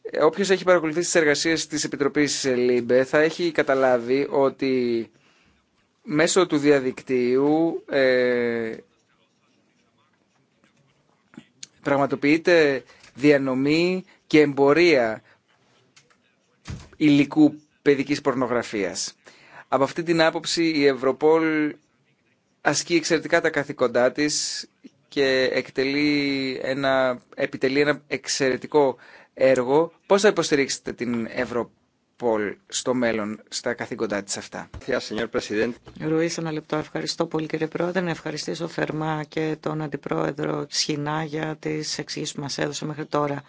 Ε, όποιος έχει παρακολουθήσει τις εργασίες της Επιτροπής ΛΥΜΠΕ θα έχει καταλάβει ότι μέσω του διαδικτύου ε, πραγματοποιείται διανομή και εμπορία υλικού παιδικής πορνογραφίας. Από αυτή την άποψη η Ευρωπόλ ασκεί εξαιρετικά τα καθήκοντά της και εκτελεί ένα, επιτελεί ένα εξαιρετικό έργο. Πώς θα υποστηρίξετε την Ευρωπόλ στο μέλλον, στα καθήκοντά τη αυτά. Ρουίς, ένα λεπτό. Ευχαριστώ πολύ κύριε Πρόεδρε. Να ευχαριστήσω θερμά και τον Αντιπρόεδρο Σχοινά για τι εξηγήσεις που μα έδωσε μέχρι τώρα.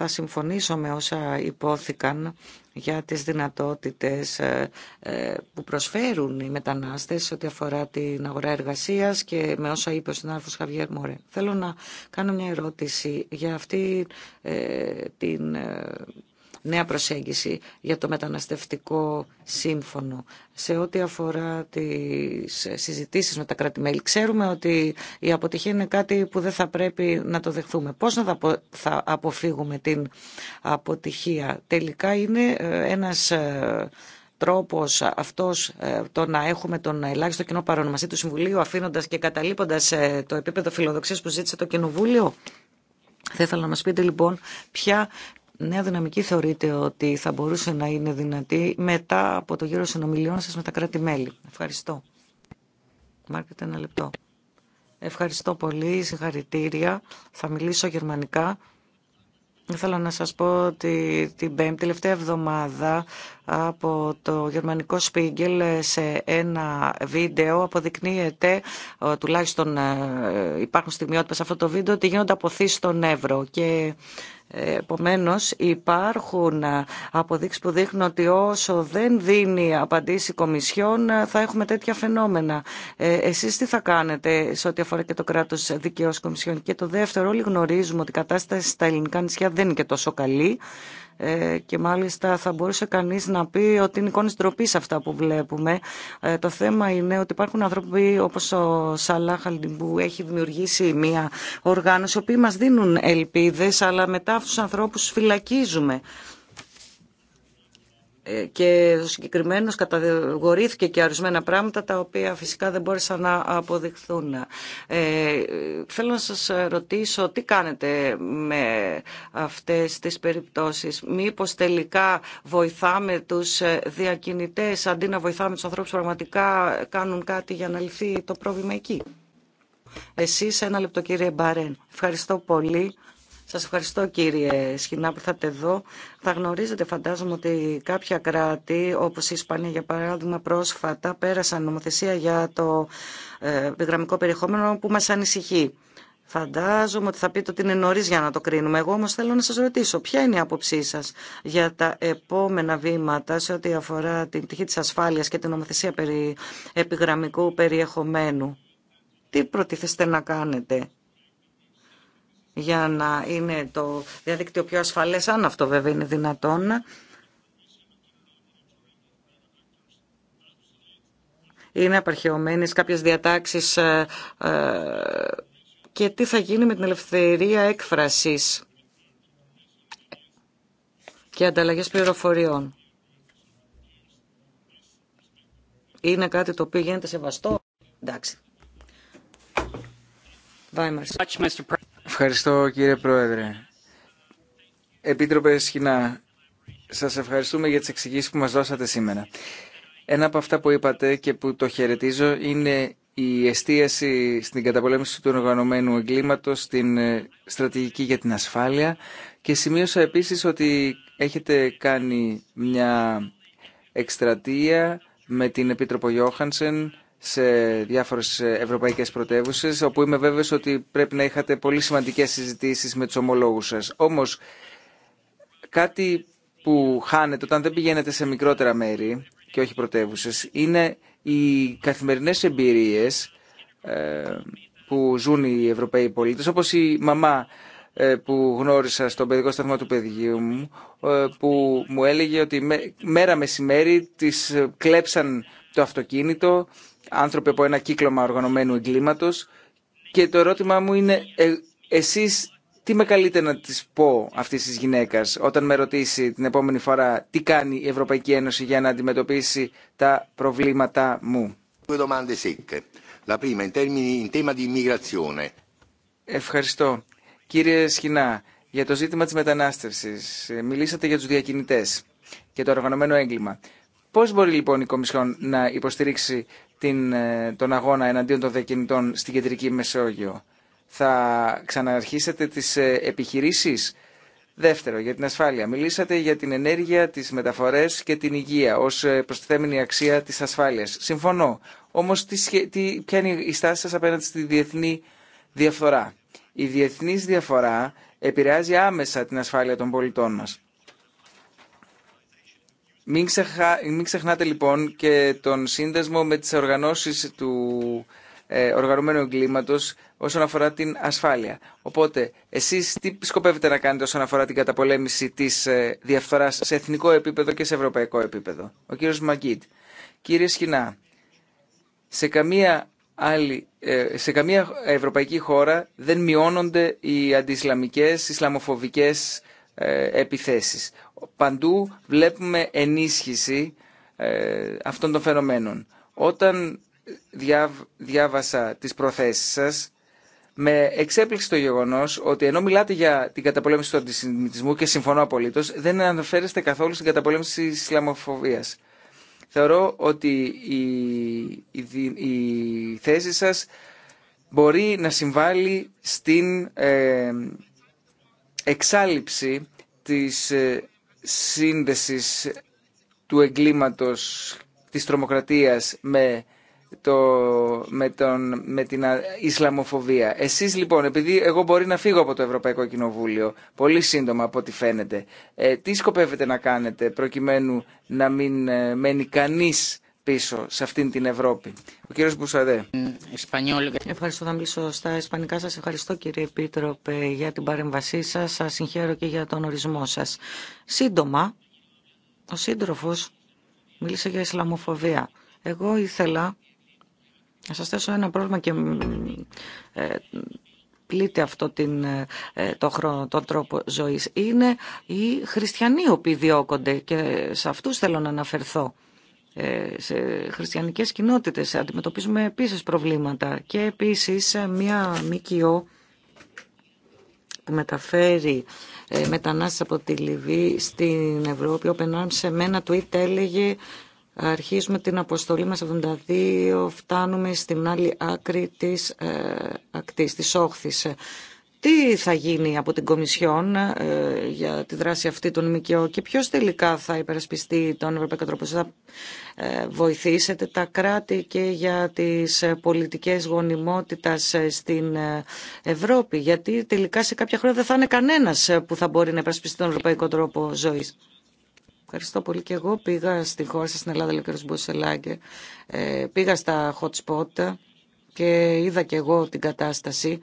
Θα συμφωνήσω με όσα υπόθηκαν για τις δυνατότητες ε, ε, που προσφέρουν οι μετανάστες ό,τι αφορά την αγορά εργασίας και με όσα είπε ο συνάδελφος Χαβιέρ Μωρέ. Θέλω να κάνω μια ερώτηση για αυτή ε, την νέα προσέγγιση για το μεταναστευτικό σύμφωνο. Σε ό,τι αφορά τις συζητήσεις με τα κράτη-μέλη, ξέρουμε ότι η αποτυχία είναι κάτι που δεν θα πρέπει να το δεχθούμε. Πώς να θα αποφύγουμε την αποτυχία. Τελικά είναι ε, ένας ε, τρόπος αυτός ε, το να έχουμε τον ελάχιστο κοινό παρονομαστή του Συμβουλίου αφήνοντας και καταλείποντας το επίπεδο φιλοδοξίας που ζήτησε το Κοινοβούλιο. Θα ήθελα να μας πείτε λοιπόν ποια νέα δυναμική θεωρείτε ότι θα μπορούσε να είναι δυνατή μετά από το γύρο συνομιλιών σας με τα κράτη-μέλη. Ευχαριστώ. Μάρκετε ένα λεπτό. Ευχαριστώ πολύ, συγχαρητήρια. Θα μιλήσω γερμανικά. Θέλω να σας πω ότι την πέμπτη τελευταία εβδομάδα από το γερμανικό Spiegel σε ένα βίντεο αποδεικνύεται, τουλάχιστον ε, υπάρχουν στιγμιότυπες σε αυτό το βίντεο, ότι γίνονται αποθήσεις στον Εύρο και ε, Επομένω, υπάρχουν ε, αποδείξεις που δείχνουν ότι όσο δεν δίνει απαντήσει η Κομισιόν ε, θα έχουμε τέτοια φαινόμενα. Ε, εσείς τι θα κάνετε σε ό,τι αφορά και το κράτος δικαίω Κομισιόν. Και το δεύτερο, όλοι γνωρίζουμε ότι η κατάσταση στα ελληνικά νησιά δεν είναι και τόσο καλή. Ε, και μάλιστα θα μπορούσε κανείς να πει ότι είναι εικόνες ντροπή αυτά που βλέπουμε. Ε, το θέμα είναι ότι υπάρχουν άνθρωποι όπως ο Σαλάχ που έχει δημιουργήσει μια οργάνωση, οι οποίοι μας δίνουν ελπίδες, αλλά μετά αυτούς τους ανθρώπους φυλακίζουμε. Ε, και ο συγκεκριμένος καταγορήθηκε και ορισμένα πράγματα τα οποία φυσικά δεν μπόρεσαν να αποδειχθούν. Ε, θέλω να σας ρωτήσω τι κάνετε με αυτές τις περιπτώσεις. Μήπως τελικά βοηθάμε τους διακινητές αντί να βοηθάμε τους ανθρώπους που πραγματικά κάνουν κάτι για να λυθεί το πρόβλημα εκεί. Εσείς ένα λεπτό κύριε Μπαρέν. Ευχαριστώ πολύ. Σας ευχαριστώ κύριε Σχοινά που ήρθατε εδώ. Θα γνωρίζετε φαντάζομαι ότι κάποια κράτη όπως η Ισπανία για παράδειγμα πρόσφατα πέρασαν νομοθεσία για το ε, επιγραμμικό περιεχόμενο που μας ανησυχεί. Φαντάζομαι ότι θα πείτε ότι είναι νωρί για να το κρίνουμε. Εγώ όμω θέλω να σα ρωτήσω, ποια είναι η άποψή σα για τα επόμενα βήματα σε ό,τι αφορά την τυχή τη ασφάλεια και την νομοθεσία περί επιγραμμικού περιεχομένου. Τι προτίθεστε να κάνετε για να είναι το διαδίκτυο πιο ασφαλές, αν αυτό βέβαια είναι δυνατόν. Είναι απαρχαιωμένες κάποιες διατάξεις ε, ε, και τι θα γίνει με την ελευθερία έκφρασης και ανταλλαγές πληροφοριών. Είναι κάτι το οποίο γίνεται σεβαστό. Εντάξει. Ευχαριστώ κύριε Πρόεδρε. Επίτροπε Σχοινά, σας ευχαριστούμε για τις εξηγήσεις που μας δώσατε σήμερα. Ένα από αυτά που είπατε και που το χαιρετίζω είναι η εστίαση στην καταπολέμηση του οργανωμένου εγκλήματος, στην ε, στρατηγική για την ασφάλεια και σημείωσα επίσης ότι έχετε κάνει μια εκστρατεία με την Επίτροπο Γιώχανσεν σε διάφορες ευρωπαϊκές πρωτεύουσε, όπου είμαι βέβαιος ότι πρέπει να είχατε πολύ σημαντικές συζητήσεις με τους ομολόγους σας. Όμως, κάτι που χάνεται όταν δεν πηγαίνετε σε μικρότερα μέρη και όχι πρωτεύουσε, είναι οι καθημερινές εμπειρίες ε, που ζουν οι Ευρωπαίοι πολίτε, όπως η μαμά ε, που γνώρισα στον παιδικό σταθμό του παιδιού μου, ε, που μου έλεγε ότι μέρα μεσημέρι της κλέψαν το αυτοκίνητο, άνθρωποι από ένα κύκλωμα οργανωμένου εγκλήματος και το ερώτημά μου είναι ε, εσείς τι με καλείτε να της πω αυτής της γυναίκας όταν με ρωτήσει την επόμενη φορά τι κάνει η Ευρωπαϊκή Ένωση για να αντιμετωπίσει τα προβλήματά μου. Ευχαριστώ. Κύριε Σχοινά, για το ζήτημα της μετανάστευσης ε, μιλήσατε για τους διακινητές και το οργανωμένο έγκλημα. Πώς μπορεί λοιπόν η Κομισιόν να υποστηρίξει την, ε, τον αγώνα εναντίον των διακινητών στην Κεντρική Μεσόγειο. Θα ξαναρχίσετε τις ε, επιχειρήσεις. Δεύτερο, για την ασφάλεια. Μιλήσατε για την ενέργεια, τις μεταφορές και την υγεία ως ε, προστιθέμενη αξία της ασφάλειας. Συμφωνώ. Όμως τι, τι, ποια είναι η στάση σας απέναντι στη διεθνή διαφθορά. Η διεθνής διαφορά επηρεάζει άμεσα την ασφάλεια των πολιτών μας. Μην, ξεχνάτε λοιπόν και τον σύνδεσμο με τις οργανώσεις του ε, οργανωμένου εγκλήματος όσον αφορά την ασφάλεια. Οπότε, εσείς τι σκοπεύετε να κάνετε όσον αφορά την καταπολέμηση της ε, διαφθοράς σε εθνικό επίπεδο και σε ευρωπαϊκό επίπεδο. Ο κύριος Μαγκίτ. Κύριε Σχοινά, σε καμία, άλλη, ε, σε καμία ευρωπαϊκή χώρα δεν μειώνονται οι αντισλαμικές, ισλαμοφοβικές ε, επιθέσεις παντού βλέπουμε ενίσχυση ε, αυτών των φαινομένων. Όταν διάβασα τις προθέσεις σας, με εξέπληξε το γεγονό ότι ενώ μιλάτε για την καταπολέμηση του αντισημιτισμού και συμφωνώ απολύτω, δεν αναφέρεστε καθόλου στην καταπολέμηση τη Ισλαμοφοβία. Θεωρώ ότι η, η, η θέση σα μπορεί να συμβάλλει στην ε, εξάλληψη της ε, σύνδεσης του εγκλήματος της τρομοκρατίας με, το, με, τον, με την Ισλαμοφοβία. Εσείς λοιπόν, επειδή εγώ μπορεί να φύγω από το Ευρωπαϊκό Κοινοβούλιο, πολύ σύντομα από ό,τι φαίνεται, ε, τι σκοπεύετε να κάνετε προκειμένου να μην ε, μένει κανείς πίσω σε αυτήν την Ευρώπη. Ο κύριος Μπουσαδέ. Ευχαριστώ να μιλήσω στα ισπανικά σας. Ευχαριστώ κύριε Επίτροπε για την παρέμβασή σας. Σας συγχαίρω και για τον ορισμό σας. Σύντομα, ο σύντροφος μίλησε για Ισλαμοφοβία. Εγώ ήθελα να σας θέσω ένα πρόβλημα και ε, πλήττει αυτό ε, τον τρόπο ζωής. Είναι οι χριστιανοί οι οποίοι διώκονται και σε αυτούς θέλω να αναφερθώ. Ε, σε χριστιανικές κοινότητες αντιμετωπίζουμε επίσης προβλήματα και επίσης μια ΜΚΟ που μεταφέρει ε, μετανάστες από τη Λιβύη στην Ευρώπη. Ο Πενάν σε μένα tweet έλεγε αρχίζουμε την αποστολή μας 72, φτάνουμε στην άλλη άκρη της ε, ακτής, της όχθης τι θα γίνει από την Κομισιόν ε, για τη δράση αυτή των ΜΚΟ και ποιος τελικά θα υπερασπιστεί τον Ευρωπαϊκό Τρόπο. Θα ε, βοηθήσετε τα κράτη και για τις ε, πολιτικές γονιμότητας στην Ευρώπη. Γιατί τελικά σε κάποια χρόνια δεν θα είναι κανένας που θα μπορεί να υπερασπιστεί τον Ευρωπαϊκό Τρόπο ζωής. Ευχαριστώ πολύ και εγώ. Πήγα στη χώρα σας, στην Ελλάδα, λέει ο Μποσελάγκε. πήγα στα hot spot και είδα και εγώ την κατάσταση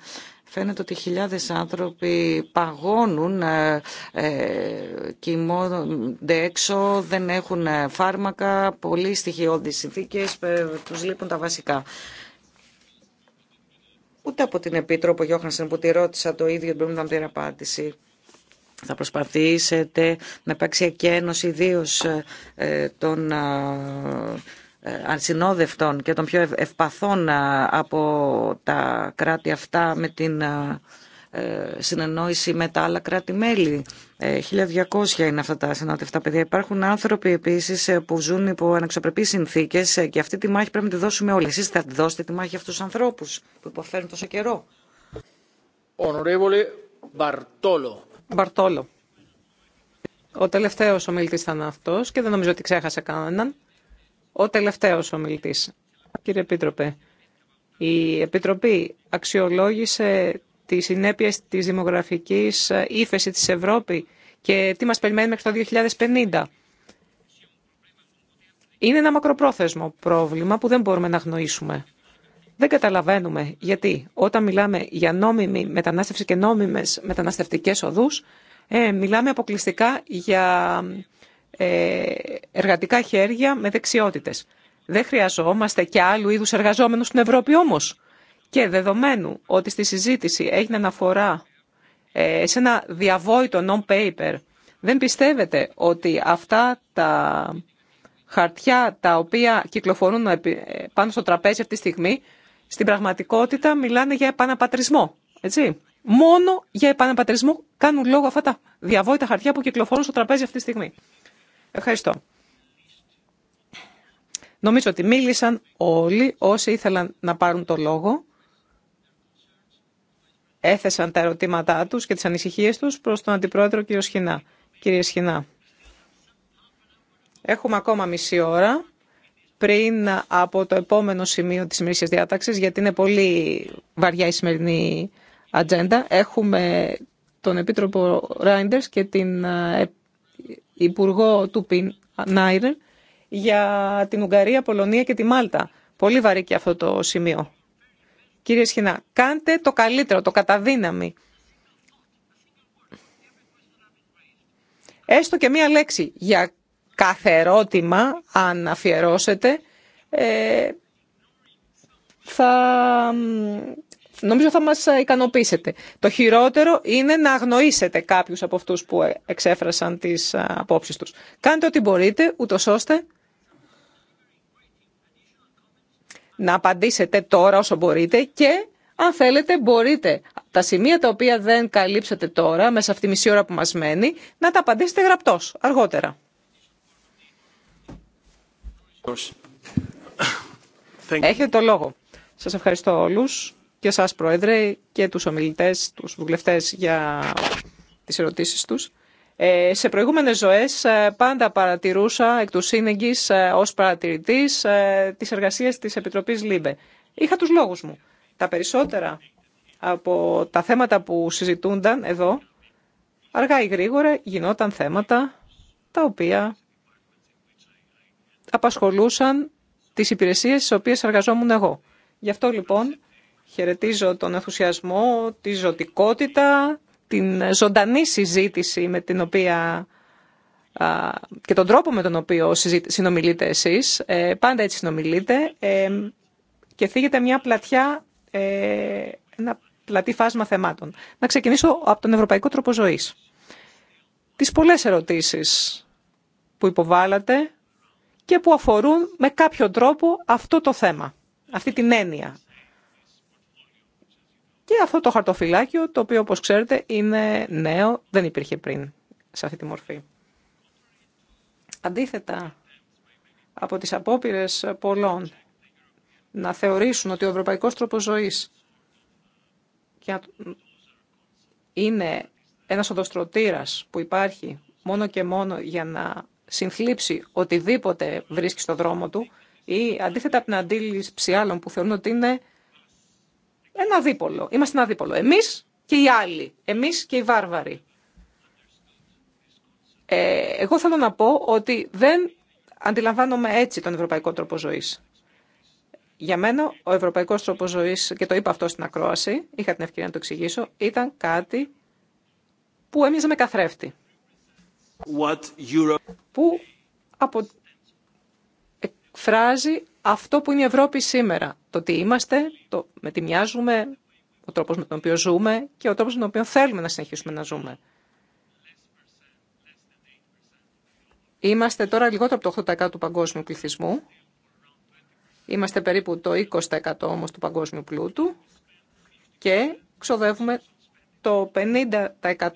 Φαίνεται ότι χιλιάδες άνθρωποι παγώνουν, ε, ε, κοιμώνται έξω, δεν έχουν ε, φάρμακα, πολύ στοιχειώδεις συνθήκες, τους λείπουν τα βασικά. Ούτε από την Επίτροπο Γιώχανσεν που τη ρώτησα το ίδιο, δεν να την απάντηση. Θα προσπαθήσετε να υπάρξει εκένωση ιδίω των ε, ανσυνόδευτων και των πιο ευπαθών ε, από τα κράτη αυτά με την ε, συνεννόηση με τα άλλα κράτη-μέλη. 1.200 είναι αυτά τα συνόδευτα παιδιά. Υπάρχουν άνθρωποι επίση που ζουν υπό αναξιοπρεπεί συνθήκε και αυτή τη μάχη πρέπει να τη δώσουμε όλοι. Εσεί θα τη δώσετε τη μάχη αυτού του ανθρώπου που υποφέρουν τόσο καιρό. Μπαρτόλο. Μπαρτόλο. Ο τελευταίο ομιλητή ήταν αυτό και δεν νομίζω ότι ξέχασε κανέναν ο τελευταίος ομιλητής. Κύριε Επίτροπε, η Επιτροπή αξιολόγησε τις συνέπειε τη δημογραφική ύφεση τη Ευρώπη και τι μα περιμένει μέχρι το 2050. Είναι ένα μακροπρόθεσμο πρόβλημα που δεν μπορούμε να γνωρίσουμε. Δεν καταλαβαίνουμε γιατί όταν μιλάμε για νόμιμη μετανάστευση και νόμιμες μεταναστευτικές οδούς, ε, μιλάμε αποκλειστικά για ε, εργατικά χέρια με δεξιότητες. Δεν χρειαζόμαστε και άλλου είδους εργαζόμενους στην Ευρώπη όμως. Και δεδομένου ότι στη συζήτηση έγινε αναφορά ε, σε ένα διαβόητο non-paper, δεν πιστεύετε ότι αυτά τα χαρτιά τα οποία κυκλοφορούν ε, πάνω στο τραπέζι αυτή τη στιγμή, στην πραγματικότητα μιλάνε για επαναπατρισμό, έτσι. Μόνο για επαναπατρισμό κάνουν λόγο αυτά τα διαβόητα χαρτιά που κυκλοφορούν στο τραπέζι αυτή τη στιγμή. Ευχαριστώ. Νομίζω ότι μίλησαν όλοι όσοι ήθελαν να πάρουν το λόγο. Έθεσαν τα ερωτήματά τους και τις ανησυχίες τους προς τον Αντιπρόεδρο κύριο Σχοινά. Κύριε Σχοινά, έχουμε ακόμα μισή ώρα πριν από το επόμενο σημείο της σημερινής διάταξης, γιατί είναι πολύ βαριά η σημερινή ατζέντα. Έχουμε τον Επίτροπο Ράιντερς και την ε, Υπουργό του Πινάιρ για την Ουγγαρία, Πολωνία και τη Μάλτα. Πολύ βαρύ και αυτό το σημείο. Κύριε Σχοινά, κάντε το καλύτερο, το καταδύναμη. Έστω και μία λέξη για κάθε ερώτημα, αν αφιερώσετε, ε, θα νομίζω θα μας ε, ικανοποιήσετε. Το χειρότερο είναι να αγνοήσετε κάποιους από αυτούς που ε, εξέφρασαν τις ε, απόψεις τους. Κάντε ό,τι μπορείτε, ούτω ώστε να απαντήσετε τώρα όσο μπορείτε και αν θέλετε μπορείτε τα σημεία τα οποία δεν καλύψατε τώρα, μέσα αυτή τη μισή ώρα που μας μένει, να τα απαντήσετε γραπτός, αργότερα. Έχετε το λόγο. Σας ευχαριστώ όλους και σας Πρόεδρε και τους ομιλητές, τους βουλευτές για τις ερωτήσεις τους. Ε, σε προηγούμενες ζωές ε, πάντα παρατηρούσα εκ του σύνεγγυς ε, ως παρατηρητής τις εργασίες της Επιτροπής ΛΥΜΠΕ. Είχα τους λόγους μου. Τα περισσότερα από τα θέματα που συζητούνταν εδώ, αργά ή γρήγορα γινόταν θέματα τα οποία απασχολούσαν τις υπηρεσίες στις οποίες εργαζόμουν εγώ. Γι' αυτό λοιπόν Χαιρετίζω τον ενθουσιασμό, τη ζωτικότητα, την ζωντανή συζήτηση με την οποία και τον τρόπο με τον οποίο συνομιλείτε εσείς. Ε, πάντα έτσι συνομιλείτε ε, και θίγεται μια πλατιά, ε, ένα πλατή φάσμα θεμάτων. Να ξεκινήσω από τον ευρωπαϊκό τρόπο ζωής. Τις πολλές ερωτήσεις που υποβάλατε και που αφορούν με κάποιο τρόπο αυτό το θέμα, αυτή την έννοια και αυτό το χαρτοφυλάκιο, το οποίο όπως ξέρετε είναι νέο, δεν υπήρχε πριν σε αυτή τη μορφή. Αντίθετα από τις απόπειρες πολλών να θεωρήσουν ότι ο ευρωπαϊκός τρόπος ζωής είναι ένας οδοστρωτήρας που υπάρχει μόνο και μόνο για να συνθλίψει οτιδήποτε βρίσκει στο δρόμο του ή αντίθετα από την αντίληψη άλλων που θεωρούν ότι είναι ένα δίπολο. Είμαστε ένα δίπολο. Εμείς και οι άλλοι. Εμείς και οι βάρβαροι. Ε, εγώ θέλω να πω ότι δεν αντιλαμβάνομαι έτσι τον ευρωπαϊκό τρόπο ζωής. Για μένα ο ευρωπαϊκός τρόπο ζωής, και το είπα αυτό στην ακρόαση, είχα την ευκαιρία να το εξηγήσω, ήταν κάτι που έμοιαζε με καθρέφτη. Που από... εκφράζει αυτό που είναι η Ευρώπη σήμερα. Το τι είμαστε, το με τι μοιάζουμε, ο τρόπος με τον οποίο ζούμε και ο τρόπος με τον οποίο θέλουμε να συνεχίσουμε να ζούμε. Είμαστε τώρα λιγότερο από το 8% του παγκόσμιου πληθυσμού. Είμαστε περίπου το 20% όμως του παγκόσμιου πλούτου και ξοδεύουμε το 50%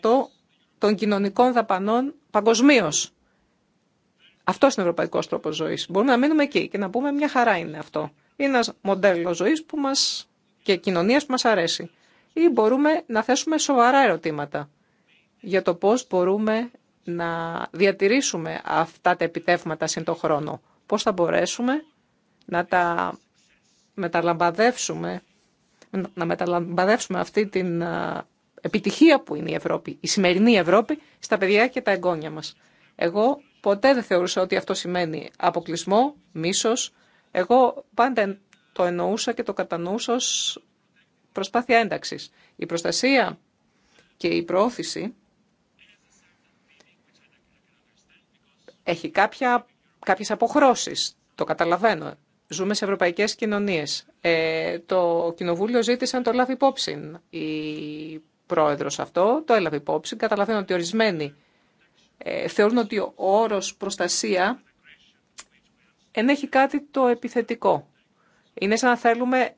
των κοινωνικών δαπανών παγκοσμίως. Αυτό είναι ο ευρωπαϊκό τρόπο ζωή. Μπορούμε να μείνουμε εκεί και να πούμε μια χαρά είναι αυτό. Είναι ένα μοντέλο ζωή που μα και κοινωνία που μα αρέσει. Ή μπορούμε να θέσουμε σοβαρά ερωτήματα για το πώ μπορούμε να διατηρήσουμε αυτά τα επιτεύγματα σύν το χρόνο. Πώ θα μπορέσουμε να τα μεταλαμπαδεύσουμε, να μεταλαμπαδεύσουμε αυτή την επιτυχία που είναι η Ευρώπη, η σημερινή Ευρώπη, στα παιδιά και τα εγγόνια μας. Εγώ ποτέ δεν θεωρούσα ότι αυτό σημαίνει αποκλεισμό, μίσος. Εγώ πάντα το εννοούσα και το κατανοούσα ως προσπάθεια ένταξης. Η προστασία και η προώθηση έχει κάποια, κάποιες αποχρώσεις. Το καταλαβαίνω. Ζούμε σε ευρωπαϊκές κοινωνίες. Ε, το κοινοβούλιο ζήτησε να το λάβει υπόψη. Η πρόεδρος αυτό το έλαβε υπόψη. Καταλαβαίνω ότι ορισμένοι ε, θεωρούν ότι ο όρος προστασία ενέχει κάτι το επιθετικό. Είναι σαν να θέλουμε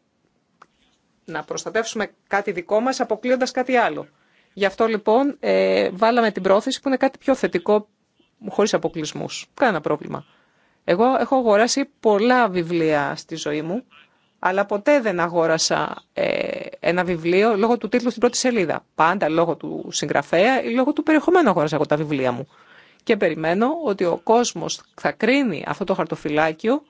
να προστατεύσουμε κάτι δικό μας αποκλείοντας κάτι άλλο. Γι' αυτό λοιπόν ε, βάλαμε την πρόθεση που είναι κάτι πιο θετικό χωρίς αποκλεισμούς. Κάνα πρόβλημα. Εγώ έχω αγοράσει πολλά βιβλία στη ζωή μου αλλά ποτέ δεν αγόρασα ε, ένα βιβλίο λόγω του τίτλου στην πρώτη σελίδα. Πάντα λόγω του συγγραφέα ή λόγω του περιεχομένου αγόρασα εγώ τα βιβλία μου. Και περιμένω ότι ο κόσμος θα κρίνει αυτό το χαρτοφυλάκιο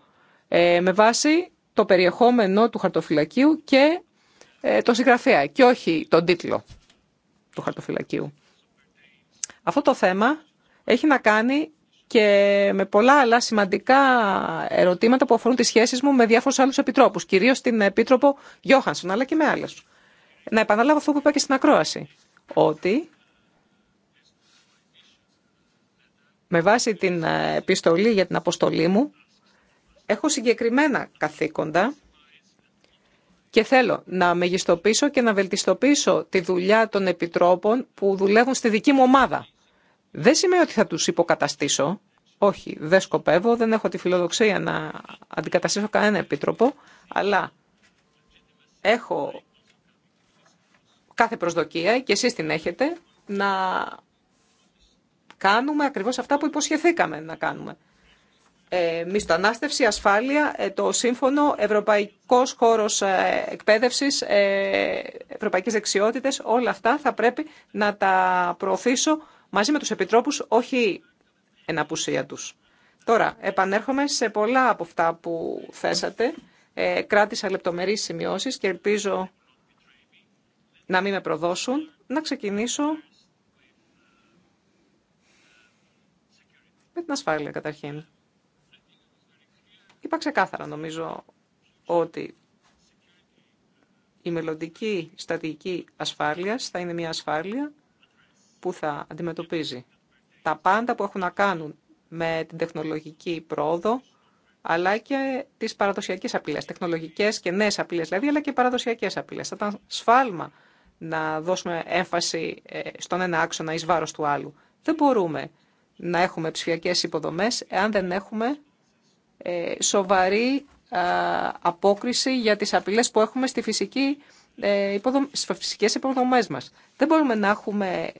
ε, με βάση το περιεχόμενο του χαρτοφυλακίου και ε, τον συγγραφέα και όχι τον τίτλο του χαρτοφυλακίου. Αυτό το θέμα έχει να κάνει και με πολλά άλλα σημαντικά ερωτήματα που αφορούν τις σχέσεις μου με διάφορους άλλους επιτρόπους, κυρίως την Επίτροπο Γιώχανσον, αλλά και με άλλους. Να επαναλάβω αυτό που είπα και στην ακρόαση, ότι με βάση την επιστολή για την αποστολή μου, έχω συγκεκριμένα καθήκοντα και θέλω να μεγιστοποιήσω και να βελτιστοποιήσω τη δουλειά των επιτρόπων που δουλεύουν στη δική μου ομάδα. Δεν σημαίνει ότι θα τους υποκαταστήσω. Όχι, δεν σκοπεύω, δεν έχω τη φιλοδοξία να αντικαταστήσω κανένα επίτροπο, αλλά έχω κάθε προσδοκία και εσείς την έχετε να κάνουμε ακριβώς αυτά που υποσχεθήκαμε να κάνουμε. Ε, μισθοανάστευση, ασφάλεια, ε, το σύμφωνο, ευρωπαϊκός χώρος ε, εκπαίδευσης, ε, ευρωπαϊκές δεξιότητες, όλα αυτά θα πρέπει να τα προωθήσω μαζί με τους επιτρόπους, όχι εν απουσία τους. Τώρα, επανέρχομαι σε πολλά από αυτά που θέσατε. Ε, κράτησα λεπτομερείς σημειώσεις και ελπίζω να μην με προδώσουν. Να ξεκινήσω με την ασφάλεια καταρχήν. Είπα ξεκάθαρα νομίζω ότι η μελλοντική στατική ασφάλειας θα είναι μια ασφάλεια που θα αντιμετωπίζει. Τα πάντα που έχουν να κάνουν με την τεχνολογική πρόοδο, αλλά και τις παραδοσιακές απειλέ, τεχνολογικές και νέες απειλέ δηλαδή, αλλά και παραδοσιακές απειλέ. Θα ήταν σφάλμα να δώσουμε έμφαση ε, στον ένα άξονα ει βάρος του άλλου. Δεν μπορούμε να έχουμε ψηφιακέ υποδομές εάν δεν έχουμε ε, σοβαρή απόκριση για τι απειλέ που έχουμε στη ε, φυσικέ υποδομέ μα. Δεν μπορούμε να έχουμε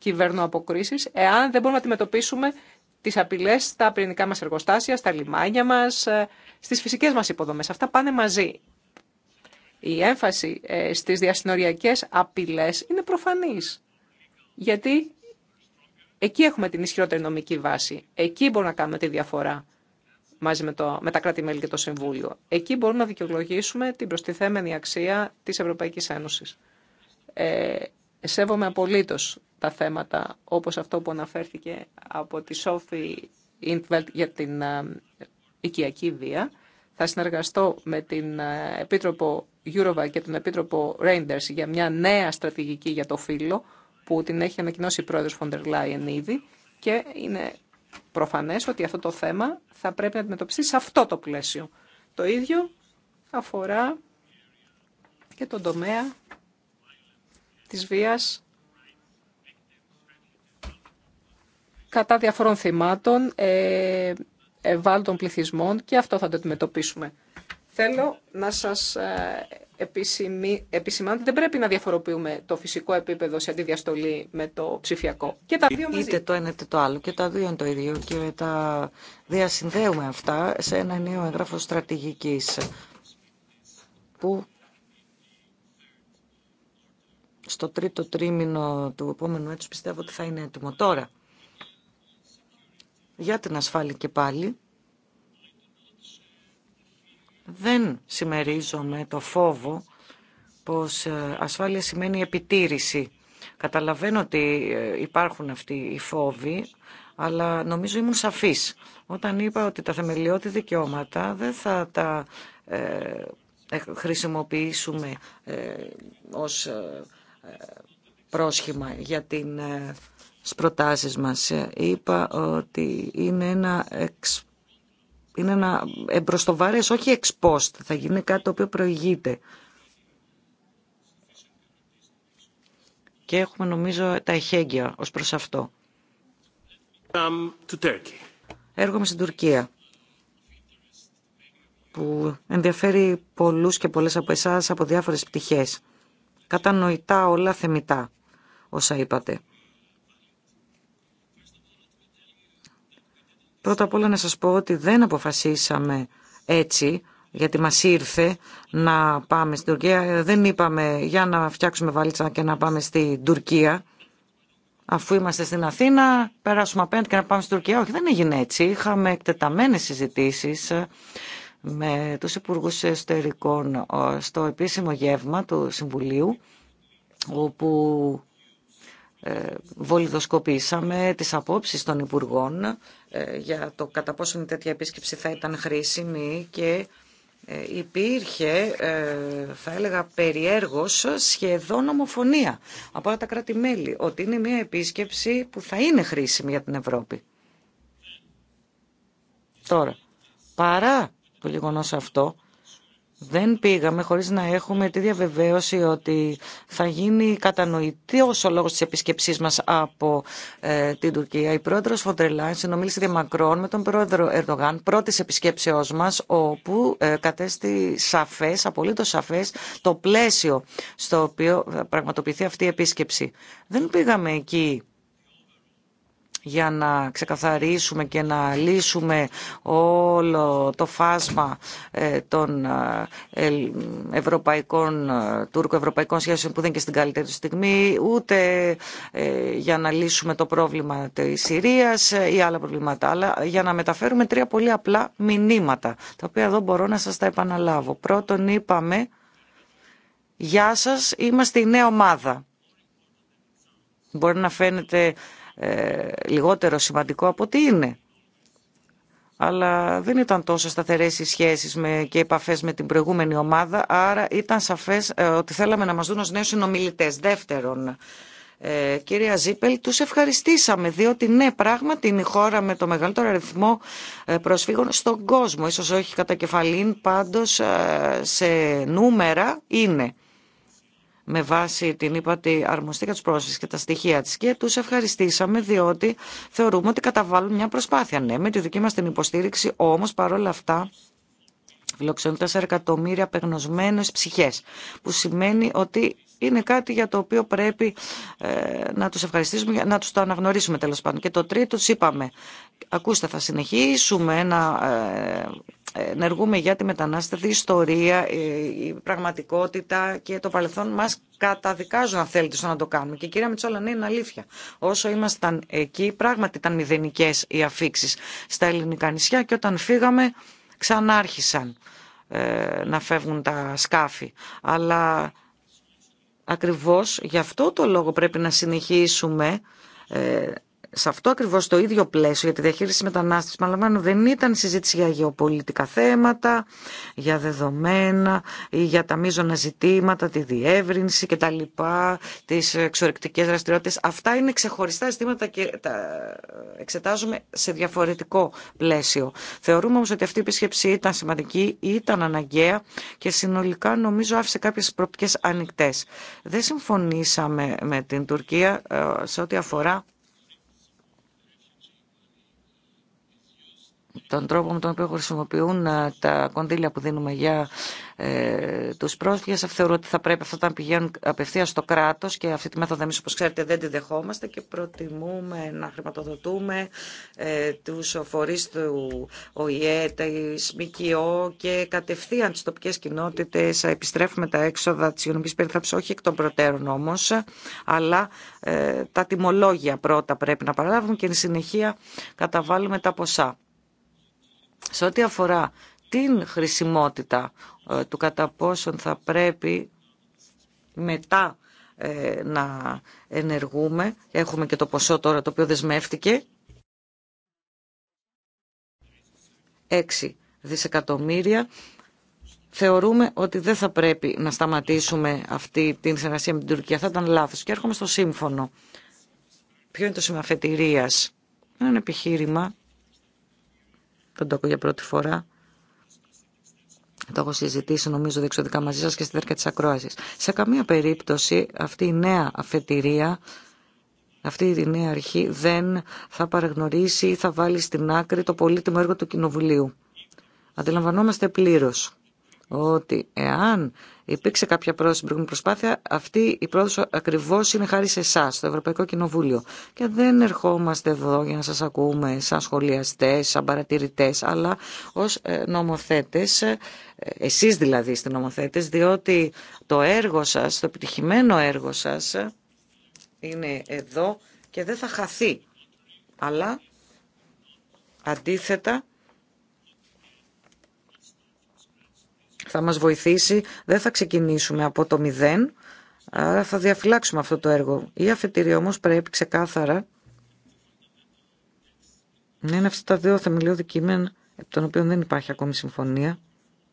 κυβερνοαποκρίσεις εάν δεν μπορούμε να αντιμετωπίσουμε τις απειλές στα πυρηνικά μας εργοστάσια, στα λιμάνια μας, ε, στις φυσικές μας υποδομές. Αυτά πάνε μαζί. Η έμφαση ε, στις διασυνοριακές απειλές είναι προφανής. Γιατί εκεί έχουμε την ισχυρότερη νομική βάση. Εκεί μπορούμε να κάνουμε τη διαφορά μαζί με, το, τα κράτη-μέλη και το Συμβούλιο. Εκεί μπορούμε να δικαιολογήσουμε την προστιθέμενη αξία της Ευρωπαϊκής Ένωσης. Ε, ε, σέβομαι απολύτως τα θέματα όπως αυτό που αναφέρθηκε από τη Σόφη Ιντβελτ για την ε, οικιακή βία. Θα συνεργαστώ με την ε, Επίτροπο Γιούροβα και τον Επίτροπο Reinders για μια νέα στρατηγική για το φύλλο που την έχει ανακοινώσει η πρόεδρος Φοντερ Λάιεν ήδη και είναι προφανές ότι αυτό το θέμα θα πρέπει να αντιμετωπιστεί σε αυτό το πλαίσιο. Το ίδιο αφορά και τον τομέα της βίας κατά διαφορών θυμάτων, ε, ευάλωτων πληθυσμών και αυτό θα το αντιμετωπίσουμε. Θέλω να σας ε, επισημάνω ότι δεν πρέπει να διαφοροποιούμε το φυσικό επίπεδο σε αντιδιαστολή με το ψηφιακό. Και τα δύο μαζί. Είτε το ένα είτε το άλλο και τα δύο είναι το ίδιο και τα διασυνδέουμε αυτά σε ένα νέο έγγραφο στρατηγικής που στο τρίτο τρίμηνο του επόμενου έτους πιστεύω ότι θα είναι έτοιμο τώρα. Για την ασφάλεια και πάλι. Δεν συμμερίζομαι το φόβο πως ε, ασφάλεια σημαίνει επιτήρηση. Καταλαβαίνω ότι ε, υπάρχουν αυτοί οι φόβοι, αλλά νομίζω ήμουν σαφής όταν είπα ότι τα θεμελιώδη δικαιώματα δεν θα τα ε, ε χρησιμοποιήσουμε ε, ως πρόσχημα για την ε, προτάσεις μας. Είπα ότι είναι ένα, εξ, είναι ένα εμπροστοβάρες, όχι εξπόστ. Θα γίνει κάτι το οποίο προηγείται. Και έχουμε νομίζω τα εχέγγυα ως προς αυτό. Έρχομαι στην Τουρκία που ενδιαφέρει πολλούς και πολλές από εσάς από διάφορες πτυχές κατανοητά όλα θεμητά όσα είπατε. Πρώτα απ' όλα να σας πω ότι δεν αποφασίσαμε έτσι, γιατί μας ήρθε να πάμε στην Τουρκία. Δεν είπαμε για να φτιάξουμε βαλίτσα και να πάμε στην Τουρκία. Αφού είμαστε στην Αθήνα, περάσουμε απέναντι και να πάμε στην Τουρκία. Όχι, δεν έγινε έτσι. Είχαμε εκτεταμένες συζητήσεις με τους Υπουργούς Εσωτερικών ε, στο επίσημο γεύμα του Συμβουλίου, όπου ε, βολιδοσκοπήσαμε τις απόψεις των Υπουργών ε, για το κατά πόσο η τέτοια επίσκεψη θα ήταν χρήσιμη και υπήρχε, θα έλεγα περιέργως, σχεδόν ομοφωνία από τα κράτη-μέλη ότι είναι μια επίσκεψη που θα είναι χρήσιμη για την Ευρώπη. Τώρα, παρά το αυτό. Δεν πήγαμε χωρίς να έχουμε τη διαβεβαίωση ότι θα γίνει κατανοητή ο λόγος της επισκεψής μας από ε, την Τουρκία. Η πρόεδρος Φοντρελάιν συνομίλησε μακρόν με τον πρόεδρο Ερντογάν πρώτης επισκέψεώς μας όπου ε, κατέστη σαφές, απολύτως σαφές το πλαίσιο στο οποίο θα πραγματοποιηθεί αυτή η επίσκεψη. Δεν πήγαμε εκεί για να ξεκαθαρίσουμε και να λύσουμε όλο το φάσμα ε, των ε, ευρωπαϊκών, ε, τουρκο-ευρωπαϊκών σχέσεων που δεν και στην καλύτερη στιγμή, ούτε για να λύσουμε το πρόβλημα της Συρίας ή άλλα προβλήματα, αλλά για να μεταφέρουμε τρία πολύ απλά μηνύματα, τα οποία εδώ μπορώ να σας τα επαναλάβω. Πρώτον είπαμε, γεια σας, είμαστε η νέα ομάδα. Μπορεί να φαίνεται ε, λιγότερο σημαντικό από ότι είναι. Αλλά δεν ήταν τόσο σταθερές οι σχέσεις με, και οι επαφές με την προηγούμενη ομάδα, άρα ήταν σαφές ε, ότι θέλαμε να μας δουν ως νέους συνομιλητές. Δεύτερον, ε, κυρία Ζήπελ, τους ευχαριστήσαμε διότι ναι πράγματι είναι η χώρα με το μεγαλύτερο αριθμό προσφύγων στον κόσμο. Ίσως όχι κατά κεφαλήν, πάντως σε νούμερα είναι με βάση την είπατε αρμοστή για τους πρόσφυγες και τα στοιχεία της και τους ευχαριστήσαμε διότι θεωρούμε ότι καταβάλουν μια προσπάθεια. Ναι, με τη δική μας την υποστήριξη όμως παρόλα αυτά φιλοξενούν 4 εκατομμύρια απεγνωσμένες ψυχές που σημαίνει ότι είναι κάτι για το οποίο πρέπει ε, να τους ευχαριστήσουμε, να τους το αναγνωρίσουμε τέλος πάντων. Και το τρίτο, τους είπαμε, ακούστε θα συνεχίσουμε να ε, ενεργούμε για τη μετανάστευση, η ιστορία, η πραγματικότητα και το παρελθόν μας καταδικάζουν αν θέλετε στο να το κάνουμε. Και κυρία Μητσόλα, ναι, είναι αλήθεια. Όσο ήμασταν εκεί, πράγματι ήταν μηδενικέ οι αφήξει στα ελληνικά νησιά και όταν φύγαμε ξανάρχισαν ε, να φεύγουν τα σκάφη. Αλλά Ακριβώς γι' αυτό το λόγο πρέπει να συνεχίσουμε ε, σε αυτό ακριβώς το ίδιο πλαίσιο για τη διαχείριση μετανάστευσης μάλλον δεν ήταν συζήτηση για γεωπολιτικά θέματα, για δεδομένα ή για τα μείζωνα ζητήματα, τη διεύρυνση και τα λοιπά, τις εξορρυκτικέ δραστηριότητε. Αυτά είναι ξεχωριστά ζητήματα και τα εξετάζουμε σε διαφορετικό πλαίσιο. Θεωρούμε όμω ότι αυτή η επίσκεψη ήταν σημαντική, ήταν αναγκαία και συνολικά νομίζω άφησε κάποιε προπτικές ανοιχτέ. Δεν συμφωνήσαμε με την Τουρκία ε, σε ό,τι αφορά τον τρόπο με τον οποίο χρησιμοποιούν ε, τα κονδύλια που δίνουμε για ε, τους πρόσφυγες. Θεωρώ ότι θα πρέπει αυτά να πηγαίνουν απευθεία στο κράτος και αυτή τη μέθοδο εμείς όπως ξέρετε δεν τη δεχόμαστε και προτιμούμε να χρηματοδοτούμε ε, τους φορείς του ΟΗΕ, της ΜΚΟ και κατευθείαν τις τοπικές κοινότητες επιστρέφουμε τα έξοδα της υγειονομικής περίθαψης όχι εκ των προτέρων όμως αλλά ε, τα τιμολόγια πρώτα πρέπει να παραλάβουμε και εν συνεχεία καταβάλουμε τα ποσά. Σε ό,τι αφορά την χρησιμότητα ε, του κατά πόσον θα πρέπει μετά ε, να ενεργούμε, έχουμε και το ποσό τώρα το οποίο δεσμεύτηκε, 6 δισεκατομμύρια, θεωρούμε ότι δεν θα πρέπει να σταματήσουμε αυτή την συνεργασία με την Τουρκία. Θα ήταν λάθος. Και έρχομαι στο σύμφωνο. Ποιο είναι το σημείο Ένα επιχείρημα δεν το για πρώτη φορά. Το έχω συζητήσει νομίζω διεξοδικά μαζί σας και στη διάρκεια της ακρόασης. Σε καμία περίπτωση αυτή η νέα αφετηρία, αυτή η νέα αρχή δεν θα παραγνωρίσει ή θα βάλει στην άκρη το πολύτιμο έργο του Κοινοβουλίου. Αντιλαμβανόμαστε πλήρως ότι εάν Υπήρξε κάποια πρόοδο στην προηγούμενη προσπάθεια. Αυτή η πρόοδο ακριβώ είναι χάρη σε εσά, στο Ευρωπαϊκό Κοινοβούλιο. Και δεν ερχόμαστε εδώ για να σα ακούμε σαν σχολιαστέ, σαν παρατηρητέ, αλλά ω ε, νομοθέτε, ε, εσεί δηλαδή είστε νομοθέτε, διότι το έργο σα, το επιτυχημένο έργο σα, ε, είναι εδώ και δεν θα χαθεί. Αλλά αντίθετα θα μας βοηθήσει. Δεν θα ξεκινήσουμε από το μηδέν, άρα θα διαφυλάξουμε αυτό το έργο. Η αφετηρία όμως πρέπει ξεκάθαρα να είναι αυτά τα δύο θεμελιώδη κείμενα, από των οποίων δεν υπάρχει ακόμη συμφωνία.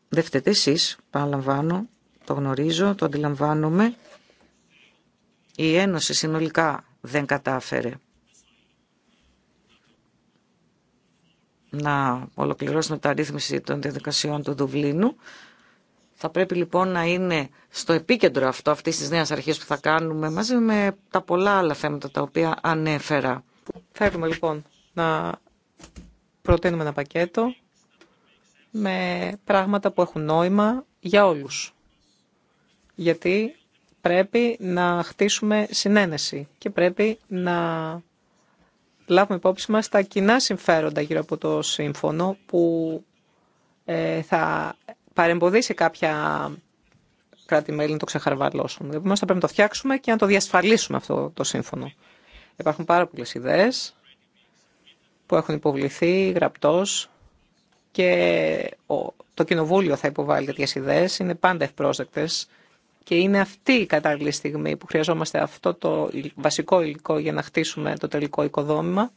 Δεν φταίτε εσείς, παραλαμβάνω, το γνωρίζω, το αντιλαμβάνομαι. Η Ένωση συνολικά δεν κατάφερε να ολοκληρώσει μεταρρύθμιση των διαδικασιών του Δουβλίνου. Θα πρέπει λοιπόν να είναι στο επίκεντρο αυτό αυτής της νέας αρχής που θα κάνουμε μαζί με τα πολλά άλλα θέματα τα οποία ανέφερα. Θέλουμε λοιπόν να προτείνουμε ένα πακέτο με πράγματα που έχουν νόημα για όλους. Γιατί πρέπει να χτίσουμε συνένεση και πρέπει να λάβουμε υπόψη μας τα κοινά συμφέροντα γύρω από το σύμφωνο που ε, θα παρεμποδίσει κάποια κράτη-μέλη να το ξεχαρβαλώσουν. Επομένω, θα πρέπει να το φτιάξουμε και να το διασφαλίσουμε αυτό το σύμφωνο. Υπάρχουν πάρα πολλέ ιδέε που έχουν υποβληθεί γραπτώς και το Κοινοβούλιο θα υποβάλει τέτοιε ιδέες. Είναι πάντα ευπρόσδεκτες και είναι αυτή η κατάλληλη στιγμή που χρειαζόμαστε αυτό το βασικό υλικό για να χτίσουμε το τελικό οικοδόμημα.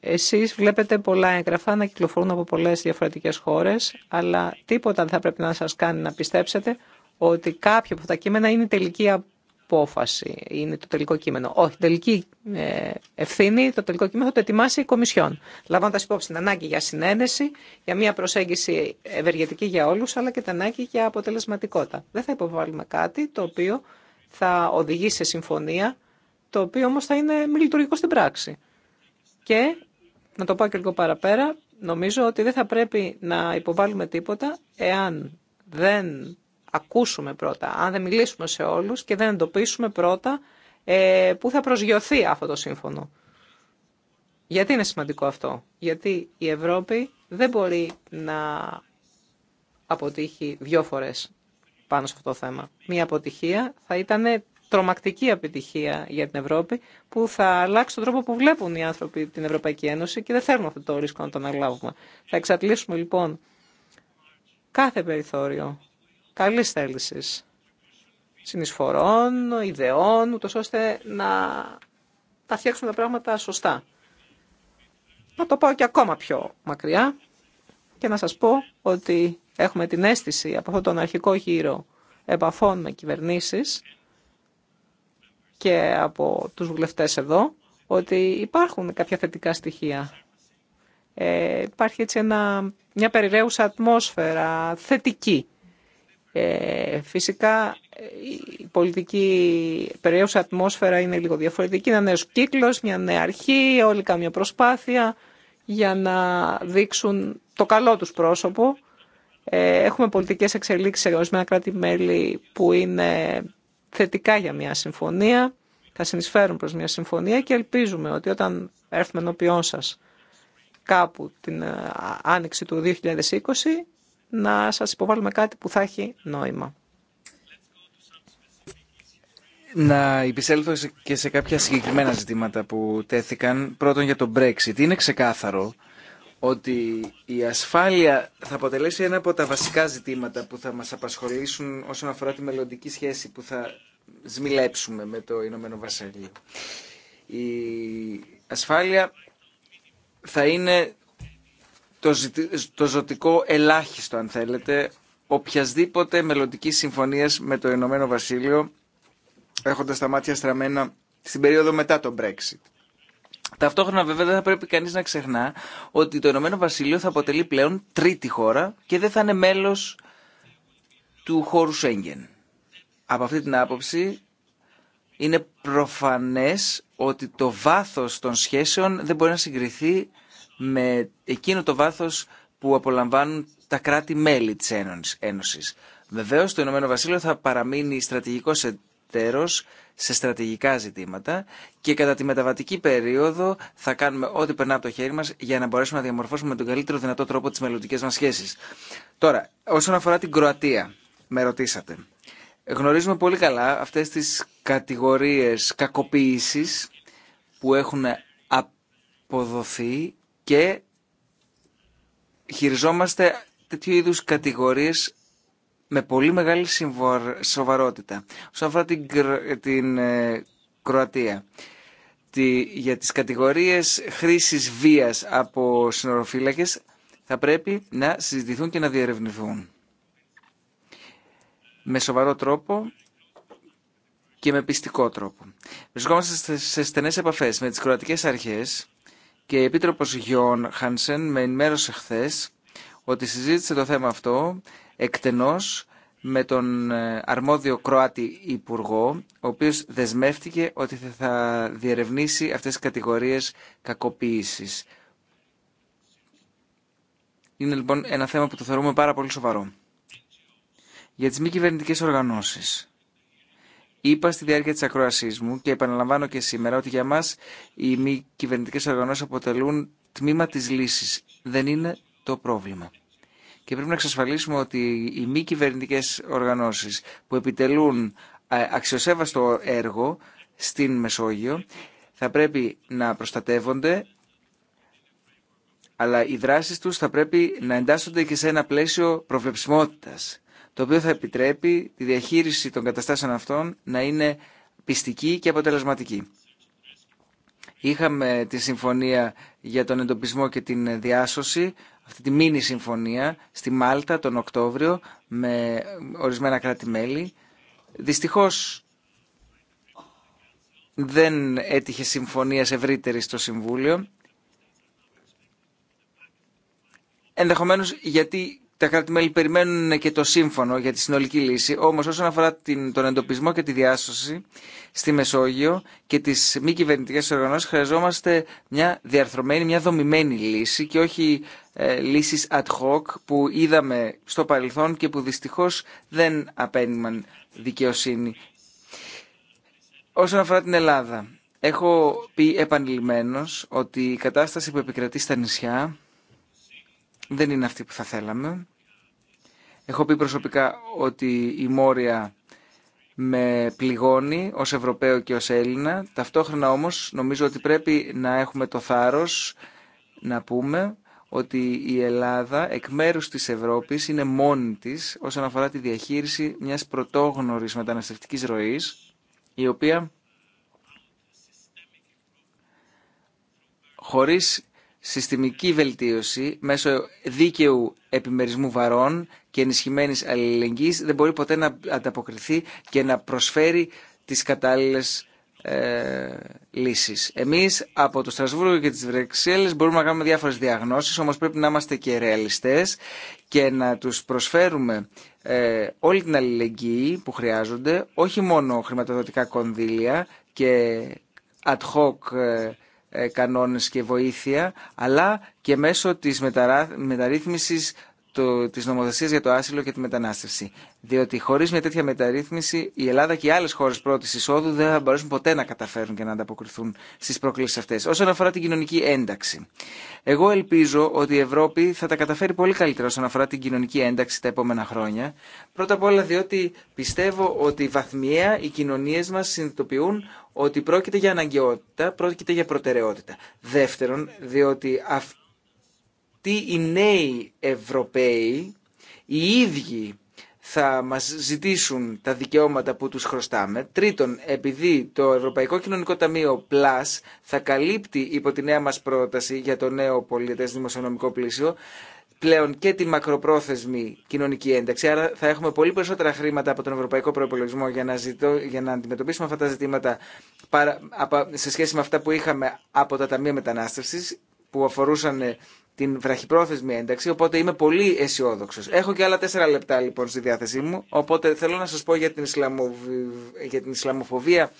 Εσείς βλέπετε πολλά έγγραφα να κυκλοφορούν από πολλές διαφορετικές χώρες, αλλά τίποτα δεν θα πρέπει να σας κάνει να πιστέψετε ότι κάποιο από τα κείμενα είναι η τελική απόφαση, είναι το τελικό κείμενο. Όχι, τελική ε, ευθύνη, το τελικό κείμενο θα το ετοιμάσει η Κομισιόν. Λαμβάνοντα υπόψη την ανάγκη για συνένεση, για μια προσέγγιση ευεργετική για όλου, αλλά και την ανάγκη για αποτελεσματικότητα. Δεν θα υποβάλουμε κάτι το οποίο θα οδηγήσει σε συμφωνία, το οποίο όμω θα είναι μη λειτουργικό στην πράξη. Και, να το πάω και λίγο παραπέρα, νομίζω ότι δεν θα πρέπει να υποβάλουμε τίποτα εάν δεν ακούσουμε πρώτα, αν δεν μιλήσουμε σε όλους και δεν εντοπίσουμε πρώτα ε, που θα προσγειωθεί αυτό το σύμφωνο. Γιατί είναι σημαντικό αυτό. Γιατί η Ευρώπη δεν μπορεί να αποτύχει δύο φορές πάνω σε αυτό το θέμα. Μία αποτυχία θα ήταν τρομακτική επιτυχία για την Ευρώπη που θα αλλάξει τον τρόπο που βλέπουν οι άνθρωποι την Ευρωπαϊκή Ένωση και δεν θέλουμε αυτό το ρίσκο να το αναλάβουμε. Θα εξατλήσουμε λοιπόν κάθε περιθώριο καλής θέληση συνεισφορών, ιδεών, ούτως ώστε να τα φτιάξουμε τα πράγματα σωστά. Να το πάω και ακόμα πιο μακριά και να σας πω ότι έχουμε την αίσθηση από αυτόν τον αρχικό γύρο επαφών με κυβερνήσεις και από τους βουλευτές εδώ ότι υπάρχουν κάποια θετικά στοιχεία. Ε, υπάρχει έτσι μια περιραίουσα ατμόσφαιρα θετική. Ε, φυσικά η πολιτική περιραίουσα ατμόσφαιρα είναι λίγο διαφορετική. Είναι ένα νέος κύκλος, μια νέα αρχή, όλοι κάνουν προσπάθεια για να δείξουν το καλό τους πρόσωπο. Ε, έχουμε πολιτικές εξελίξεις σε ορισμένα κράτη-μέλη που είναι θετικά για μια συμφωνία, θα συνεισφέρουν προς μια συμφωνία και ελπίζουμε ότι όταν έρθουμε ενώπιόν σας κάπου την ε, άνοιξη του 2020 να σας υποβάλουμε κάτι που θα έχει νόημα. Να επισέλθω και σε κάποια συγκεκριμένα ζητήματα που τέθηκαν. Πρώτον για το Brexit. Είναι ξεκάθαρο ότι η ασφάλεια θα αποτελέσει ένα από τα βασικά ζητήματα που θα μας απασχολήσουν όσον αφορά τη μελλοντική σχέση που θα σμιλέψουμε με το Ηνωμένο Βασίλειο. Η ασφάλεια θα είναι το, ζωτικό ελάχιστο, αν θέλετε, οποιασδήποτε μελλοντική συμφωνία με το Ηνωμένο Βασίλειο, έχοντας τα μάτια στραμμένα στην περίοδο μετά το Brexit. Ταυτόχρονα βέβαια δεν θα πρέπει κανείς να ξεχνά ότι το Ηνωμένο Βασίλειο θα αποτελεί πλέον τρίτη χώρα και δεν θα είναι μέλος του χώρου Σέγγεν. Από αυτή την άποψη είναι προφανές ότι το βάθος των σχέσεων δεν μπορεί να συγκριθεί με εκείνο το βάθος που απολαμβάνουν τα κράτη-μέλη της Ένωσης. Βεβαίως το Ηνωμένο Βασίλειο θα παραμείνει στρατηγικό σε σε στρατηγικά ζητήματα και κατά τη μεταβατική περίοδο θα κάνουμε ό,τι περνά από το χέρι μας για να μπορέσουμε να διαμορφώσουμε με τον καλύτερο δυνατό τρόπο τις μελλοντικέ μας σχέσεις. Τώρα, όσον αφορά την Κροατία, με ρωτήσατε. Γνωρίζουμε πολύ καλά αυτές τις κατηγορίες κακοποίησης που έχουν αποδοθεί και χειριζόμαστε τέτοιου είδους κατηγορίες με πολύ μεγάλη σοβαρότητα. Όσον αφορά την, ε, Κροατία, τη, για τις κατηγορίες χρήσης βίας από συνοροφύλακες θα πρέπει να συζητηθούν και να διερευνηθούν. Με σοβαρό τρόπο και με πιστικό τρόπο. Βρισκόμαστε σε στενές επαφές με τις κροατικές αρχές και η Επίτροπος Γιόν Χάνσεν με ενημέρωσε χθες ότι συζήτησε το θέμα αυτό εκτενώς με τον ε, αρμόδιο Κροάτι Υπουργό, ο οποίος δεσμεύτηκε ότι θα διερευνήσει αυτές τις κατηγορίες κακοποίησης. Είναι λοιπόν ένα θέμα που το θεωρούμε πάρα πολύ σοβαρό. Για τις μη κυβερνητικές οργανώσεις. Είπα στη διάρκεια της ακροασής μου και επαναλαμβάνω και σήμερα ότι για μας οι μη κυβερνητικέ οργανώσεις αποτελούν τμήμα της λύσης. Δεν είναι το πρόβλημα. Και πρέπει να εξασφαλίσουμε ότι οι μη κυβερνητικέ οργανώσεις που επιτελούν ε, αξιοσέβαστο έργο στην Μεσόγειο θα πρέπει να προστατεύονται αλλά οι δράσεις τους θα πρέπει να εντάσσονται και σε ένα πλαίσιο προβλεψιμότητας το οποίο θα επιτρέπει τη διαχείριση των καταστάσεων αυτών να είναι πιστική και αποτελεσματική. Είχαμε τη συμφωνία για τον εντοπισμό και την διάσωση, αυτή τη μίνι συμφωνία στη Μάλτα τον Οκτώβριο με ορισμένα κράτη-μέλη. Δυστυχώς δεν έτυχε συμφωνία ευρύτερη στο Συμβούλιο. Ενδεχομένως γιατί τα κράτη-μέλη περιμένουν και το σύμφωνο για τη συνολική λύση. Όμως όσον αφορά την, τον εντοπισμό και τη διάσωση στη Μεσόγειο και τις μη κυβερνητικέ οργανώσει χρειαζόμαστε μια διαρθρωμένη, μια δομημένη λύση και όχι ε, λύσεις ad hoc που είδαμε στο παρελθόν και που δυστυχώς δεν απένιμαν δικαιοσύνη. Όσον αφορά την Ελλάδα, έχω πει επανειλημμένος ότι η κατάσταση που επικρατεί στα νησιά δεν είναι αυτή που θα θέλαμε. Έχω πει προσωπικά ότι η Μόρια με πληγώνει ως Ευρωπαίο και ως Έλληνα. Ταυτόχρονα όμως νομίζω ότι πρέπει να έχουμε το θάρρος να πούμε ότι η Ελλάδα εκ μέρους της Ευρώπης είναι μόνη της όσον αφορά τη διαχείριση μιας πρωτόγνωρης μεταναστευτικής ροής η οποία χωρίς συστημική βελτίωση μέσω δίκαιου επιμερισμού βαρών και ενισχυμένη αλληλεγγύη, δεν μπορεί ποτέ να ανταποκριθεί και να προσφέρει τις κατάλληλες ε, λύσεις. Εμείς από το Στρασβούργο και τις Βρεξέλλε μπορούμε να κάνουμε διάφορες διαγνώσει, όμως πρέπει να είμαστε και ρεαλιστές και να τους προσφέρουμε ε, όλη την αλληλεγγύη που χρειάζονται, όχι μόνο χρηματοδοτικά κονδύλια και ad hoc ε, ε, κανόνες και βοήθεια, αλλά και μέσω της μεταρρύθμισης το, της νομοθεσίας για το άσυλο και τη μετανάστευση. Διότι χωρίς μια τέτοια μεταρρύθμιση η Ελλάδα και οι άλλες χώρες πρώτης εισόδου δεν θα μπορέσουν ποτέ να καταφέρουν και να ανταποκριθούν στις προκλήσεις αυτές. Όσον αφορά την κοινωνική ένταξη. Εγώ ελπίζω ότι η Ευρώπη θα τα καταφέρει πολύ καλύτερα όσον αφορά την κοινωνική ένταξη τα επόμενα χρόνια. Πρώτα απ' όλα διότι πιστεύω ότι βαθμιαία οι κοινωνίες μας συνειδητοποιούν ότι πρόκειται για αναγκαιότητα, πρόκειται για προτεραιότητα. Δεύτερον, διότι τι οι νέοι Ευρωπαίοι οι ίδιοι θα μας ζητήσουν τα δικαιώματα που τους χρωστάμε. Τρίτον, επειδή το Ευρωπαϊκό Κοινωνικό Ταμείο Plus θα καλύπτει υπό τη νέα μας πρόταση για το νέο πολιτές δημοσιονομικό πλήσιο, πλέον και τη μακροπρόθεσμη κοινωνική ένταξη. Άρα θα έχουμε πολύ περισσότερα χρήματα από τον Ευρωπαϊκό Προπολογισμό για να, ζητώ, για να αντιμετωπίσουμε αυτά τα ζητήματα σε σχέση με αυτά που είχαμε από τα Ταμεία Μετανάστευση που αφορούσαν ε, την βραχυπρόθεσμη ένταξη, οπότε είμαι πολύ αισιόδοξο. Έχω και άλλα τέσσερα λεπτά λοιπόν στη διάθεσή μου, οπότε θέλω να σας πω για την, Ισλαμο... για την Ισλαμοφοβία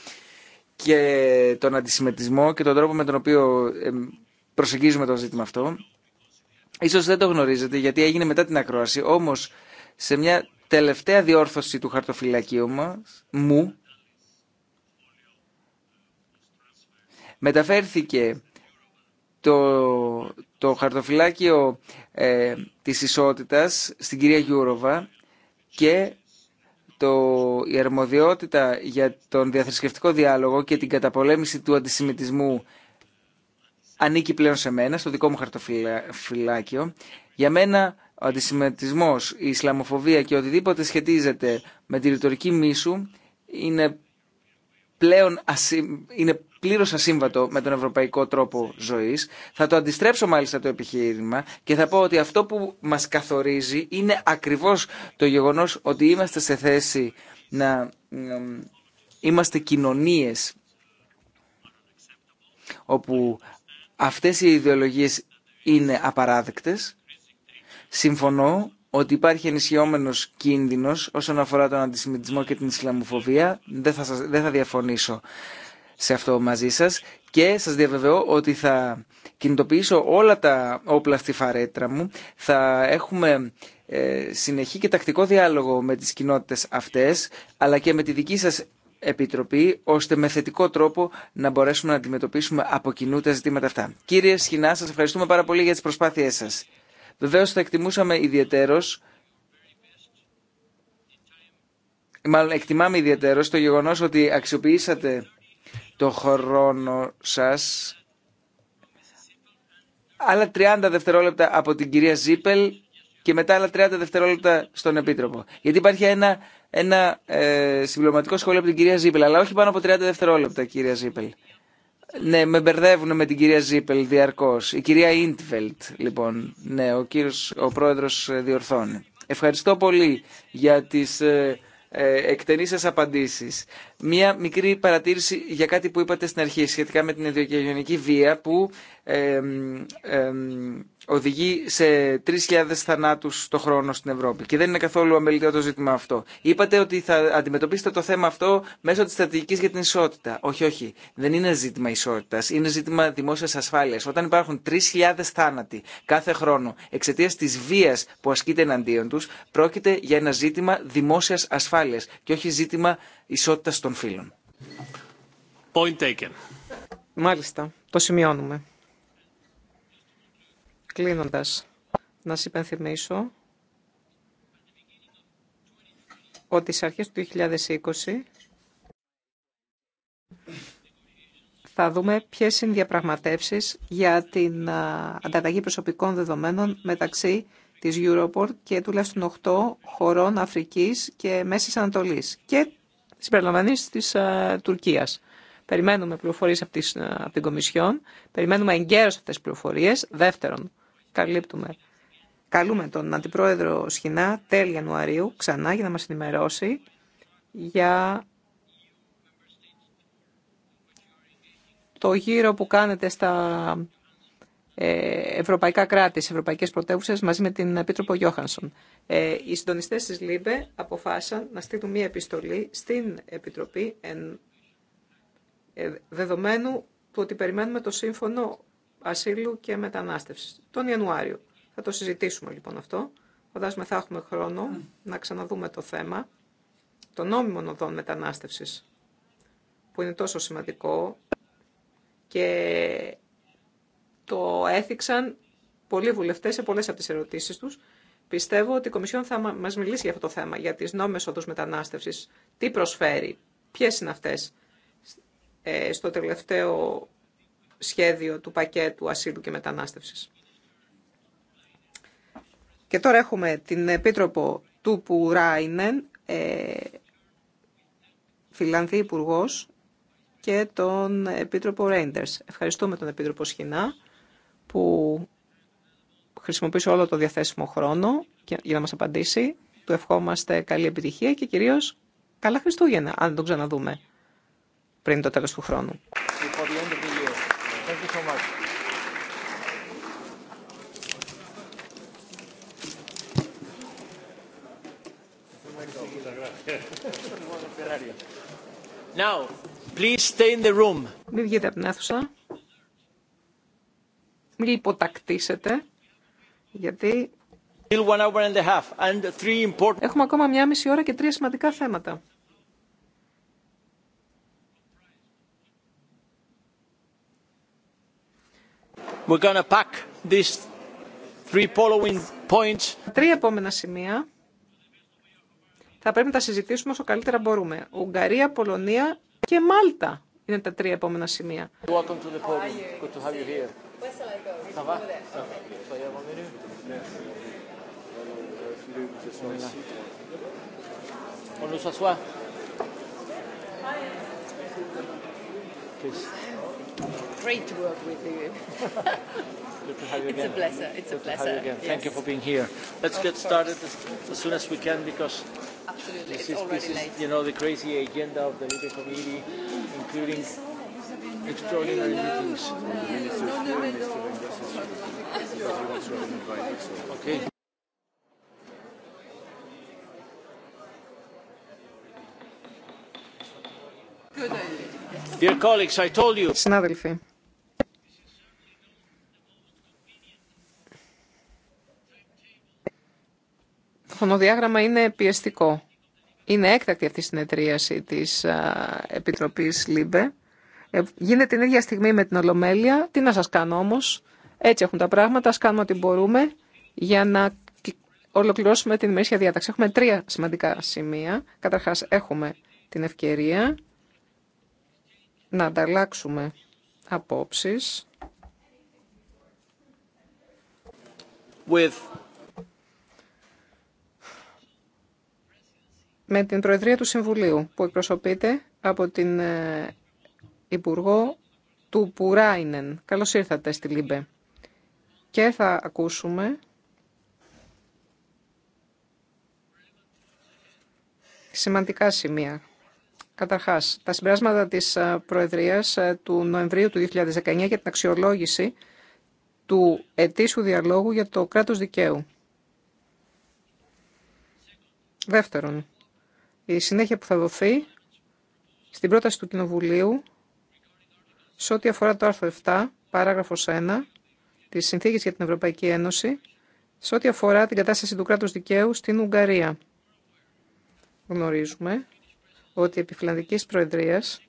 και τον αντισημετισμό και τον τρόπο με τον οποίο προσεγγίζουμε το ζήτημα αυτό. Ίσως δεν το γνωρίζετε γιατί έγινε μετά την ακρόαση, όμως σε μια τελευταία διόρθωση του χαρτοφυλακίου μας, μου, μεταφέρθηκε το, το χαρτοφυλάκιο ε, της ισότητας στην κυρία Γιούροβα και το, η αρμοδιότητα για τον διαθρησκευτικό διάλογο και την καταπολέμηση του αντισημιτισμού ανήκει πλέον σε μένα, στο δικό μου χαρτοφυλάκιο. Για μένα ο αντισημιτισμός, η Ισλαμοφοβία και οτιδήποτε σχετίζεται με τη ρητορική μίσου είναι πλέον ασυ... είναι πλήρω ασύμβατο με τον ευρωπαϊκό τρόπο ζωή. Θα το αντιστρέψω μάλιστα το επιχείρημα και θα πω ότι αυτό που μα καθορίζει είναι ακριβώ το γεγονό ότι είμαστε σε θέση να είμαστε κοινωνίε όπου αυτές οι ιδεολογίες είναι απαράδεκτες. Συμφωνώ ότι υπάρχει ενισχυόμενος κίνδυνος όσον αφορά τον αντισημιτισμό και την Ισλαμοφοβία. Δεν θα, σας, δεν θα διαφωνήσω σε αυτό μαζί σας και σας διαβεβαιώ ότι θα κινητοποιήσω όλα τα όπλα στη φαρέτρα μου. Θα έχουμε ε, συνεχή και τακτικό διάλογο με τις κοινότητες αυτές αλλά και με τη δική σας Επιτροπή, ώστε με θετικό τρόπο να μπορέσουμε να αντιμετωπίσουμε από κοινού τα ζητήματα αυτά. Κύριε Σχοινά, σα ευχαριστούμε πάρα πολύ για τι προσπάθειε σα. Βεβαίω θα εκτιμούσαμε ιδιαίτερο, Μάλλον εκτιμάμε ιδιαίτερο το γεγονό ότι αξιοποιήσατε το χρόνο σας. Άλλα 30 δευτερόλεπτα από την κυρία Ζίπελ και μετά άλλα 30 δευτερόλεπτα στον Επίτροπο. Γιατί υπάρχει ένα, ένα ε, συμπληρωματικό σχόλιο από την κυρία Ζίπελ, αλλά όχι πάνω από 30 δευτερόλεπτα, κυρία Ζίπελ. Ναι, με μπερδεύουν με την κυρία Ζίπελ διαρκώ. Η κυρία Ιντφελτ, λοιπόν. Ναι, ο κύριος, ο πρόεδρο ε, διορθώνει. Ευχαριστώ πολύ για τις... Ε, ε, εκτενή σα απαντήσει. Μία μικρή παρατήρηση για κάτι που είπατε στην αρχή σχετικά με την ενδοκαιγενική βία που οδηγεί σε 3.000 θανάτους το χρόνο στην Ευρώπη και δεν είναι καθόλου αμεληταίο το ζήτημα αυτό. Είπατε ότι θα αντιμετωπίσετε το θέμα αυτό μέσω της στρατηγικής για την ισότητα. Όχι, όχι. Δεν είναι ζήτημα ισότητας. Είναι ζήτημα δημόσιας ασφάλειας. Όταν υπάρχουν 3.000 θάνατοι κάθε χρόνο εξαιτία της βίας που ασκείται εναντίον τους, πρόκειται για ένα ζήτημα δημόσιας ασφάλειας και όχι ζήτημα ισότητας των φύλων. Point taken. Μάλιστα. Το σημειώνουμε. Κλείνοντας, να σας υπενθυμίσω ότι στις αρχές του 2020 θα δούμε ποιες είναι οι διαπραγματεύσεις για την ανταλλαγή προσωπικών δεδομένων μεταξύ της Europol και τουλάχιστον 8 χωρών Αφρικής και Μέσης Ανατολής και συμπεριλαμβανής της Τουρκίας. Περιμένουμε πληροφορίες από, την Κομισιόν, περιμένουμε εγκαίρως αυτές τις πληροφορίες. Δεύτερον, καλύπτουμε. Καλούμε τον Αντιπρόεδρο Σχοινά τέλη Ιανουαρίου ξανά για να μας ενημερώσει για το γύρο που κάνετε στα ε, ευρωπαϊκά κράτη, στις ευρωπαϊκές πρωτεύουσες μαζί με την Επίτροπο Γιώχανσον. Ε, οι συντονιστές της ΛΥΜΠΕ αποφάσισαν να στείλουν μία επιστολή στην Επιτροπή εν, ε, δεδομένου του ότι περιμένουμε το σύμφωνο Ασύλου και μετανάστευση. τον Ιανουάριο. Θα το συζητήσουμε λοιπόν αυτό. Φαντάζομαι θα έχουμε χρόνο να ξαναδούμε το θέμα των νόμιμων οδών μετανάστευση. που είναι τόσο σημαντικό και το έθιξαν πολλοί βουλευτές σε πολλέ από τις ερωτήσεις τους. Πιστεύω ότι η Κομισιόν θα μας μιλήσει για αυτό το θέμα, για τι νόμιμες οδού μετανάστευση. τι προσφέρει, ποιε είναι αυτέ ε, στο τελευταίο σχέδιο του πακέτου ασύλου και μετανάστευσης. Και τώρα έχουμε την Επίτροπο του Πουράινεν, ε, Φιλανδή υπουργό και τον Επίτροπο Ρέιντερς. Ευχαριστούμε τον Επίτροπο Σχοινά που χρησιμοποίησε όλο το διαθέσιμο χρόνο για να μας απαντήσει. Του ευχόμαστε καλή επιτυχία και κυρίως καλά Χριστούγεννα, αν τον ξαναδούμε πριν το τέλος του χρόνου so much. Now, please stay in the room. Μην βγείτε από την αίθουσα. Μην υποτακτήσετε, γιατί Still one hour and a half and three important... έχουμε ακόμα μια μισή ώρα και τρία σημαντικά θέματα. We're Τρία επόμενα σημεία θα πρέπει να τα συζητήσουμε όσο καλύτερα μπορούμε. Ουγγαρία, Πολωνία και Μάλτα είναι τα τρία επόμενα σημεία great to work with you. It's a pleasure. It's a pleasure. again. Thank you for being here. Let's get started as, soon as we can because Absolutely. This, is, this is, you know, the crazy agenda of the Libre Committee, including extraordinary meetings. Okay. Συνάδελφοι. Το χρονοδιάγραμμα είναι πιεστικό. Είναι έκτακτη αυτή η συνεδρίαση της Επιτροπής ΛΥΜΠΕ. Ε, γίνεται την ίδια στιγμή με την Ολομέλεια. Τι να σας κάνω όμως. Έτσι έχουν τα πράγματα. Ας κάνουμε ό,τι μπορούμε για να ολοκληρώσουμε την ημερήσια διάταξη. Έχουμε τρία σημαντικά σημεία. Καταρχάς έχουμε την ευκαιρία να ανταλλάξουμε απόψεις With... με την Προεδρία του Συμβουλίου που εκπροσωπείται από την ε, Υπουργό του Πουράινεν. Καλώς ήρθατε στη Λίμπε. Και θα ακούσουμε σημαντικά σημεία Καταρχάς, τα συμπεράσματα της ε, Προεδρίας ε, του Νοεμβρίου του 2019 για την αξιολόγηση του ετήσιου διαλόγου για το κράτος δικαίου. Δεύτερον, η συνέχεια που θα δοθεί στην πρόταση του Κοινοβουλίου σε ό,τι αφορά το άρθρο 7, παράγραφος 1, της Συνθήκης για την Ευρωπαϊκή Ένωση, σε ό,τι αφορά την κατάσταση του κράτους δικαίου στην Ουγγαρία. Γνωρίζουμε ότι επί Φιλανδικής Προεδρίας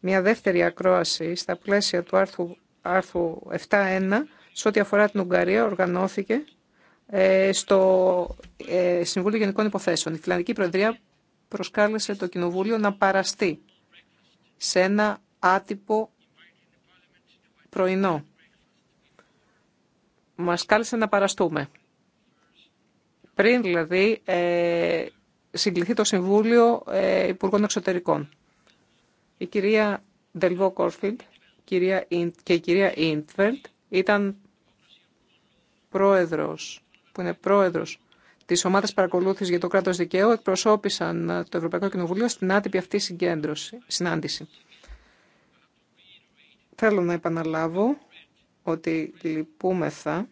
μια δεύτερη ακρόαση στα πλαίσια του άρθρου, άρθρου 7.1 σε ό,τι αφορά την Ουγγαρία οργανώθηκε ε, στο ε, Συμβούλιο Γενικών Υποθέσεων. Η Φιλανδική Προεδρία προσκάλεσε το Κοινοβούλιο να παραστεί σε ένα άτυπο πρωινό. Μας κάλεσε να παραστούμε. Πριν δηλαδή ε, συγκληθεί το Συμβούλιο ε, Υπουργών Εξωτερικών. Η κυρία Ντελβό Κόρφιντ και η κυρία Ίντφελτ ήταν πρόεδρος, που είναι πρόεδρος τη ομάδα παρακολούθηση για το κράτο δικαίου εκπροσώπησαν ε, το Ευρωπαϊκό Κοινοβούλιο στην άτυπη αυτή συγκέντρωση, συνάντηση. Θέλω να επαναλάβω ότι λυπούμεθα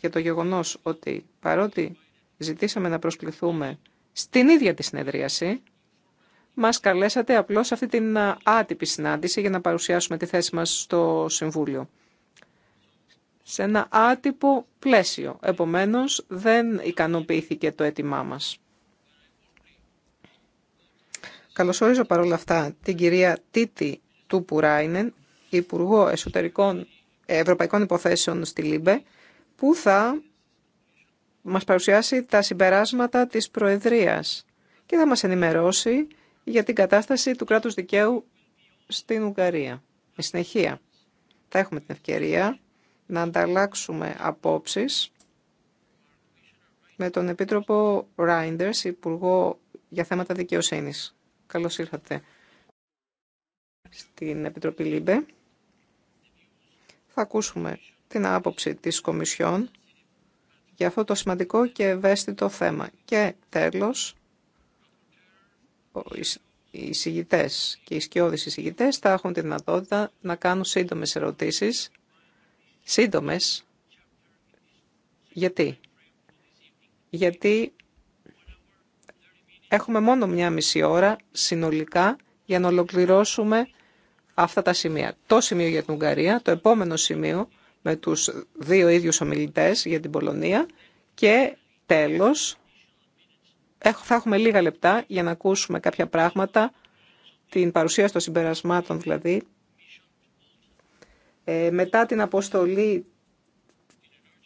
για το γεγονός ότι παρότι ζητήσαμε να προσκληθούμε στην ίδια τη συνεδρίαση, μας καλέσατε απλώς αυτή την άτυπη συνάντηση για να παρουσιάσουμε τη θέση μας στο Συμβούλιο. Σε ένα άτυπο πλαίσιο. Επομένως, δεν ικανοποιήθηκε το αίτημά μας. Καλωσορίζω παρόλα αυτά την κυρία Τίτη του Πουράινεν, Υπουργό Εσωτερικών Ευρωπαϊκών Υποθέσεων στη ΛΥΜΠΕ, που θα μας παρουσιάσει τα συμπεράσματα της Προεδρίας και θα μας ενημερώσει για την κατάσταση του κράτους δικαίου στην Ουγγαρία. Με συνεχεία θα έχουμε την ευκαιρία να ανταλλάξουμε απόψεις με τον Επίτροπο Ράιντερς, Υπουργό για θέματα δικαιοσύνης. Καλώς ήρθατε στην Επιτροπή ΛΥΜΠΕ. Θα ακούσουμε την άποψη της Κομισιόν για αυτό το σημαντικό και ευαίσθητο θέμα. Και τέλος, οι συγητές και οι σκιώδεις συγητές θα έχουν τη δυνατότητα να κάνουν σύντομες ερωτήσεις. Σύντομες. Γιατί. Γιατί έχουμε μόνο μια μισή ώρα συνολικά για να ολοκληρώσουμε αυτά τα σημεία. Το σημείο για την Ουγγαρία, το επόμενο σημείο με τους δύο ίδιους ομιλητές για την Πολωνία και τέλος θα έχουμε λίγα λεπτά για να ακούσουμε κάποια πράγματα, την παρουσίαση των συμπερασμάτων δηλαδή. Ε, μετά την αποστολή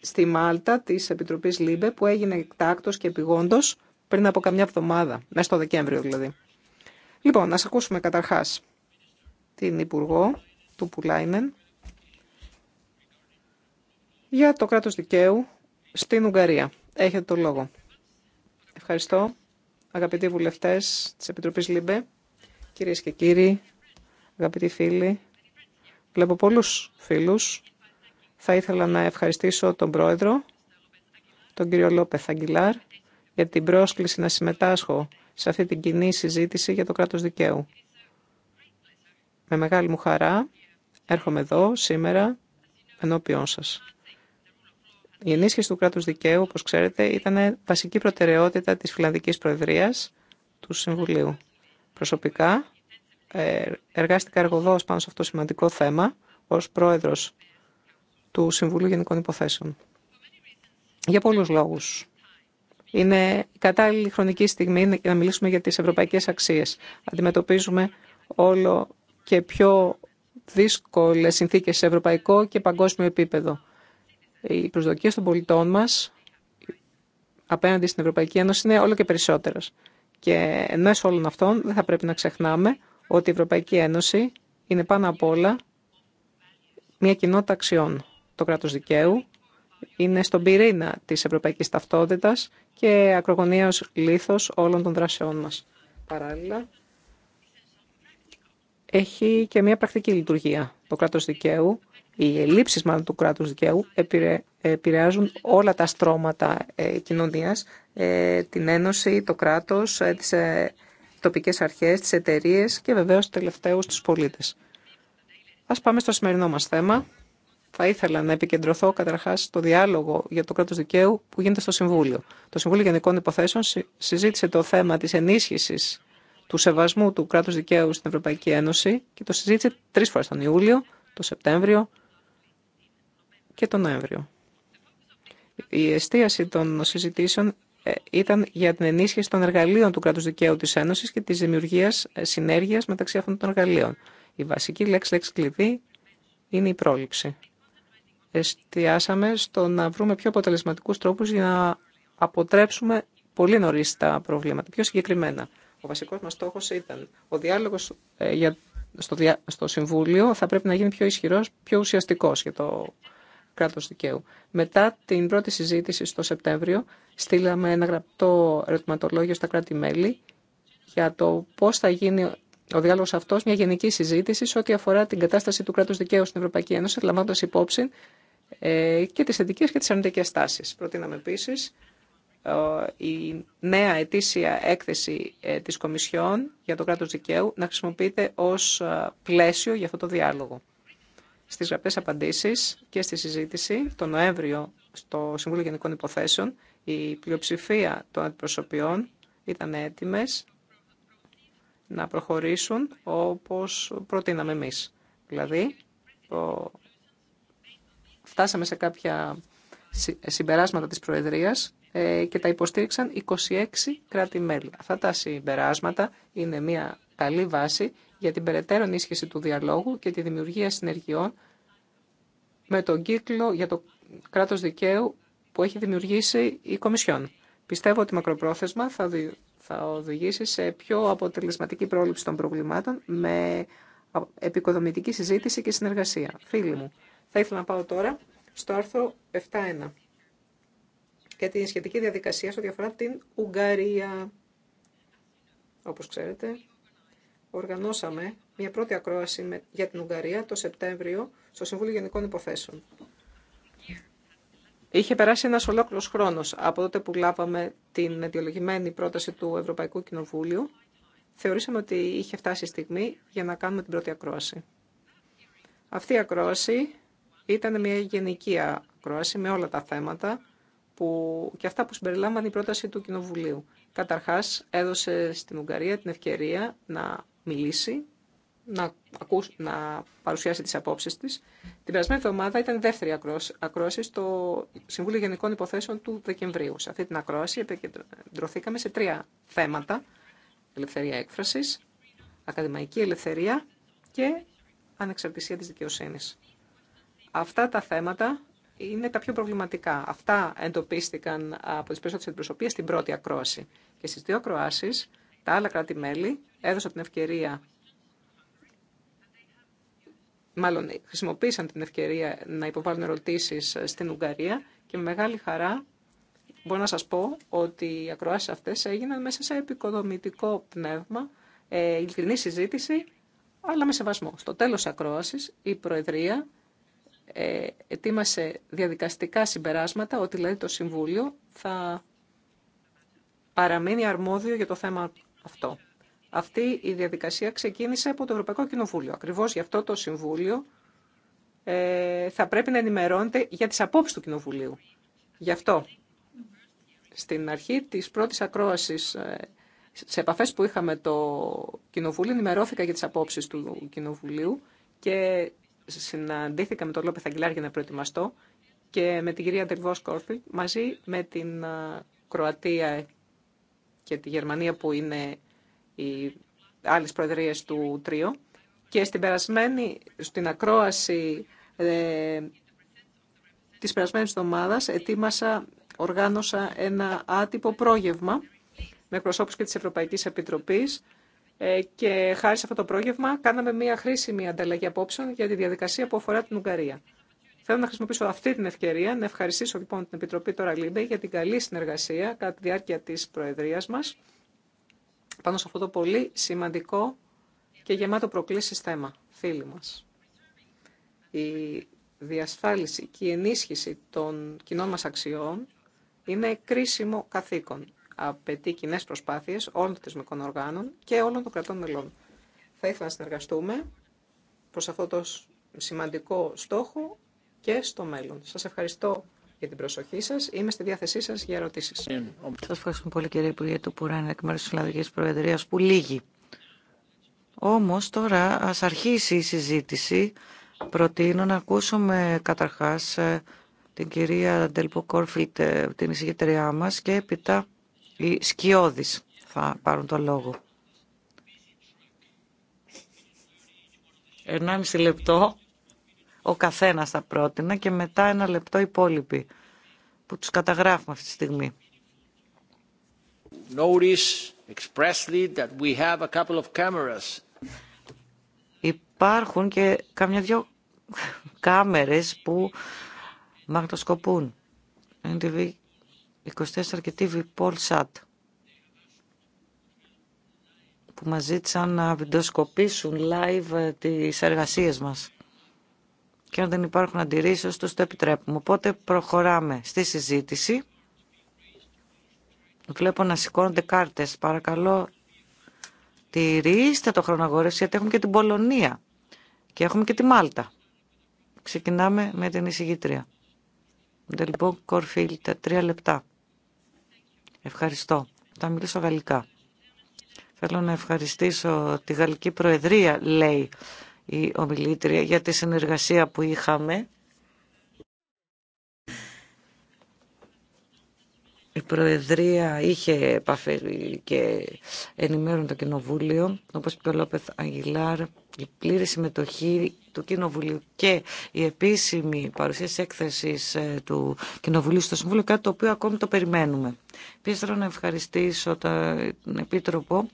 στη Μάλτα της Επιτροπής Λίμπε, που έγινε εκτάκτος και επιγόντος πριν από καμιά εβδομάδα, μέσα στο Δεκέμβριο δηλαδή. Λοιπόν, να ακούσουμε καταρχάς την Υπουργό του Πουλάινεν για το κράτος δικαίου στην Ουγγαρία. Έχετε το λόγο. Ευχαριστώ, αγαπητοί βουλευτές της Επιτροπής ΛΥΜΠΕ, κυρίες και κύριοι, αγαπητοί φίλοι. Βλέπω πολλούς φίλους. Θα ήθελα να ευχαριστήσω τον Πρόεδρο, τον κύριο Λόπεθ Αγγιλάρ, για την πρόσκληση να συμμετάσχω σε αυτή την κοινή συζήτηση για το κράτος δικαίου. Με μεγάλη μου χαρά έρχομαι εδώ σήμερα ενώπιόν σας. Η ενίσχυση του κράτους δικαίου, όπως ξέρετε, ήταν βασική προτεραιότητα της Φιλανδικής Προεδρίας του Συμβουλίου. Προσωπικά ε, εργάστηκα εργοδό πάνω σε αυτό το σημαντικό θέμα ως πρόεδρος του Συμβουλίου Γενικών Υποθέσεων. Για πολλού λόγους. Είναι η κατάλληλη χρονική στιγμή να μιλήσουμε για τις ευρωπαϊκέ αξίε. Αντιμετωπίζουμε όλο και πιο δύσκολε συνθήκε σε ευρωπαϊκό και παγκόσμιο επίπεδο οι προσδοκίες των πολιτών μας απέναντι στην Ευρωπαϊκή Ένωση είναι όλο και περισσότερες. Και εν μέσω όλων αυτών δεν θα πρέπει να ξεχνάμε ότι η Ευρωπαϊκή Ένωση είναι πάνω απ' όλα μια κοινότητα αξιών. Το κράτος δικαίου είναι στον πυρήνα της ευρωπαϊκής ταυτότητας και ακρογωνίας λήθος όλων των δράσεών μας. Παράλληλα, έχει και μια πρακτική λειτουργία. Το κράτος δικαίου οι ελλείψεις μάλλον του κράτους δικαίου επηρεάζουν όλα τα στρώματα ε, κοινωνίας, ε, την Ένωση, το κράτος, ε, τις τοπικές αρχές, τις εταιρείε και βεβαίως τελευταίους τους πολίτες. Ας πάμε στο σημερινό μας θέμα. Θα ήθελα να επικεντρωθώ καταρχά στο διάλογο για το κράτο δικαίου που γίνεται στο Συμβούλιο. Το Συμβούλιο Γενικών Υποθέσεων συζήτησε το θέμα τη ενίσχυση του σεβασμού του κράτου δικαίου στην Ευρωπαϊκή Ένωση και το συζήτησε τρει φορέ τον Ιούλιο, τον Σεπτέμβριο και τον Νοέμβριο. Η εστίαση των συζητήσεων ε, ήταν για την ενίσχυση των εργαλείων του κράτους δικαίου της Ένωσης και της δημιουργίας ε, συνέργειας μεταξύ αυτών των εργαλείων. Η βασική λέξη, λέξη κλειδί είναι η πρόληψη. Εστιάσαμε στο να βρούμε πιο αποτελεσματικούς τρόπους για να αποτρέψουμε πολύ νωρί τα προβλήματα. Πιο συγκεκριμένα, ο βασικός μας στόχος ήταν ο διάλογος ε, στο, Συμβούλιο θα πρέπει να γίνει πιο ισχυρός, πιο ουσιαστικός για το κράτος δικαίου. Μετά την πρώτη συζήτηση στο Σεπτέμβριο, στείλαμε ένα γραπτό ερωτηματολόγιο στα κράτη-μέλη για το πώς θα γίνει ο διάλογο αυτό μια γενική συζήτηση σε ό,τι αφορά την κατάσταση του κράτου δικαίου στην Ευρωπαϊκή Ένωση, λαμβάνοντα υπόψη ε, και τι θετικέ και τι αρνητικέ τάσει. Προτείναμε επίση ε, η νέα ετήσια έκθεση ε, της Κομισιόν για το κράτος δικαίου να χρησιμοποιείται ως ε, πλαίσιο για αυτό το διάλογο στις γραπτές απαντήσεις και στη συζήτηση τον Νοέμβριο στο Συμβούλιο Γενικών Υποθέσεων. Η πλειοψηφία των αντιπροσωπιών ήταν έτοιμες να προχωρήσουν όπως προτείναμε εμείς. Δηλαδή, φτάσαμε σε κάποια συμπεράσματα της Προεδρίας ε, και τα υποστήριξαν 26 κράτη-μέλη. Αυτά τα συμπεράσματα είναι μια καλή βάση για την περαιτέρω ενίσχυση του διαλόγου και τη δημιουργία συνεργειών με τον κύκλο για το κράτο δικαίου που έχει δημιουργήσει η Κομισιόν. Πιστεύω ότι μακροπρόθεσμα θα, θα οδηγήσει σε πιο αποτελεσματική πρόληψη των προβλημάτων με επικοδομητική συζήτηση και συνεργασία. Φίλοι μου, θα ήθελα να πάω τώρα στο άρθρο 7.1 και την σχετική διαδικασία στο διαφορά την Ουγγαρία. Όπως ξέρετε, οργανώσαμε μια πρώτη ακρόαση για την Ουγγαρία το Σεπτέμβριο στο Συμβούλιο Γενικών Υποθέσεων. Είχε περάσει ένας ολόκληρος χρόνος από τότε που λάβαμε την αιτιολογημένη πρόταση του Ευρωπαϊκού Κοινοβούλιου. Θεωρήσαμε ότι είχε φτάσει η στιγμή για να κάνουμε την πρώτη ακρόαση. Αυτή η ακρόαση ήταν μια γενική ακρόαση με όλα τα θέματα που, και αυτά που συμπεριλάμβανε η πρόταση του Κοινοβουλίου. Καταρχάς έδωσε στην Ουγγαρία την ευκαιρία να μιλήσει, να, ακούς, να παρουσιάσει τις απόψεις της. Την περασμένη εβδομάδα ήταν η δεύτερη ακρόαση στο Συμβούλιο Γενικών Υποθέσεων του Δεκεμβρίου. Σε αυτή την ακρόαση επικεντρωθήκαμε σε τρία θέματα. Ελευθερία έκφρασης, ακαδημαϊκή ελευθερία και ανεξαρτησία της δικαιοσύνης. Αυτά τα θέματα είναι τα πιο προβληματικά. Αυτά εντοπίστηκαν από τις περισσότερες αντιπροσωπείες στην πρώτη ακρόαση. Και στις δύο ακροάσεις τα άλλα κράτη-μέλη έδωσαν την ευκαιρία, μάλλον χρησιμοποίησαν την ευκαιρία να υποβάλουν ερωτήσεις στην Ουγγαρία και με μεγάλη χαρά μπορώ να σας πω ότι οι ακροάσεις αυτές έγιναν μέσα σε επικοδομητικό πνεύμα, ε, ειλικρινή συζήτηση, αλλά με σεβασμό. Στο τέλος της ακρόασης η Προεδρία ε, ετοίμασε διαδικαστικά συμπεράσματα ότι δηλαδή το Συμβούλιο θα παραμείνει αρμόδιο για το θέμα αυτό. Αυτή η διαδικασία ξεκίνησε από το Ευρωπαϊκό Κοινοβούλιο. Ακριβώς γι' αυτό το Συμβούλιο ε, θα πρέπει να ενημερώνεται για τις απόψει του Κοινοβουλίου. Γι' αυτό, στην αρχή της πρώτης ακρόασης, ε, σε επαφέ που είχαμε το Κοινοβούλιο, ενημερώθηκα για τις απόψει του Κοινοβουλίου και συναντήθηκα με τον Λόπεθ για να προετοιμαστώ και με την κυρία Ντελβό Σκόρφιλ μαζί με την ε, Κροατία και τη Γερμανία που είναι οι άλλες προεδρίες του τρίου. Και στην περασμένη, στην ακρόαση ε, της περασμένης εβδομάδας ετοίμασα, οργάνωσα ένα άτυπο πρόγευμα με προσώπους και της Ευρωπαϊκής Επιτροπής ε, και χάρη σε αυτό το πρόγευμα κάναμε μια χρήσιμη ανταλλαγή απόψεων για τη διαδικασία που αφορά την Ουγγαρία. Θέλω να χρησιμοποιήσω αυτή την ευκαιρία να ευχαριστήσω λοιπόν την Επιτροπή τώρα Λίμπε για την καλή συνεργασία κατά τη διάρκεια της Προεδρίας μας πάνω σε αυτό το πολύ σημαντικό και γεμάτο προκλήσεις θέμα, φίλοι μας. Η διασφάλιση και η ενίσχυση των κοινών μα αξιών είναι κρίσιμο καθήκον. Απαιτεί κοινέ προσπάθειε όλων των θεσμικών οργάνων και όλων των κρατών μελών. Θα ήθελα να συνεργαστούμε προ αυτό το σημαντικό στόχο και στο μέλλον. Σας ευχαριστώ για την προσοχή σας. Είμαι στη διάθεσή σας για ερωτήσεις. Σας ευχαριστώ πολύ κύριε Υπουργέ του Πουράνη, εκ μέρους της Λαδικής Προεδρίας που λύγει. Όμως τώρα ας αρχίσει η συζήτηση. Προτείνω να ακούσουμε καταρχάς ε, την κυρία Ντελπο Κόρφιλτ, ε, την εισηγητριά μας και έπειτα οι Σκιώδης θα πάρουν το λόγο. 1,5 λεπτό ο καθένας θα πρότεινα και μετά ένα λεπτό υπόλοιποι που τους καταγράφουμε αυτή τη στιγμή. Υπάρχουν και καμιά δυο κάμερες που μαγνητοσκοπούν. NTV 24 και TV Polsat που μας ζήτησαν να βιντεοσκοπήσουν live ε, τις εργασίες μας και αν δεν υπάρχουν αντιρρήσει, τους το επιτρέπουμε. Οπότε προχωράμε στη συζήτηση. Βλέπω να σηκώνονται κάρτες. Παρακαλώ τηρήστε το χρονογόρευση γιατί έχουμε και την Πολωνία και έχουμε και τη Μάλτα. Ξεκινάμε με την εισηγήτρια. Λοιπόν, Κορφίλ, τα τρία λεπτά. Ευχαριστώ. Θα μιλήσω γαλλικά. Θέλω να ευχαριστήσω τη Γαλλική Προεδρία, λέει η ομιλήτρια για τη συνεργασία που είχαμε. Η Προεδρία είχε επαφή και ενημέρωνε το Κοινοβούλιο, όπως είπε ο Λόπεθ Αγγιλάρ, η πλήρη συμμετοχή του Κοινοβουλίου και η επίσημη παρουσίαση έκθεσης ε, του Κοινοβουλίου στο Συμβούλιο, κάτι το οποίο ακόμη το περιμένουμε. Επίσης θέλω να ευχαριστήσω τον Επίτροπο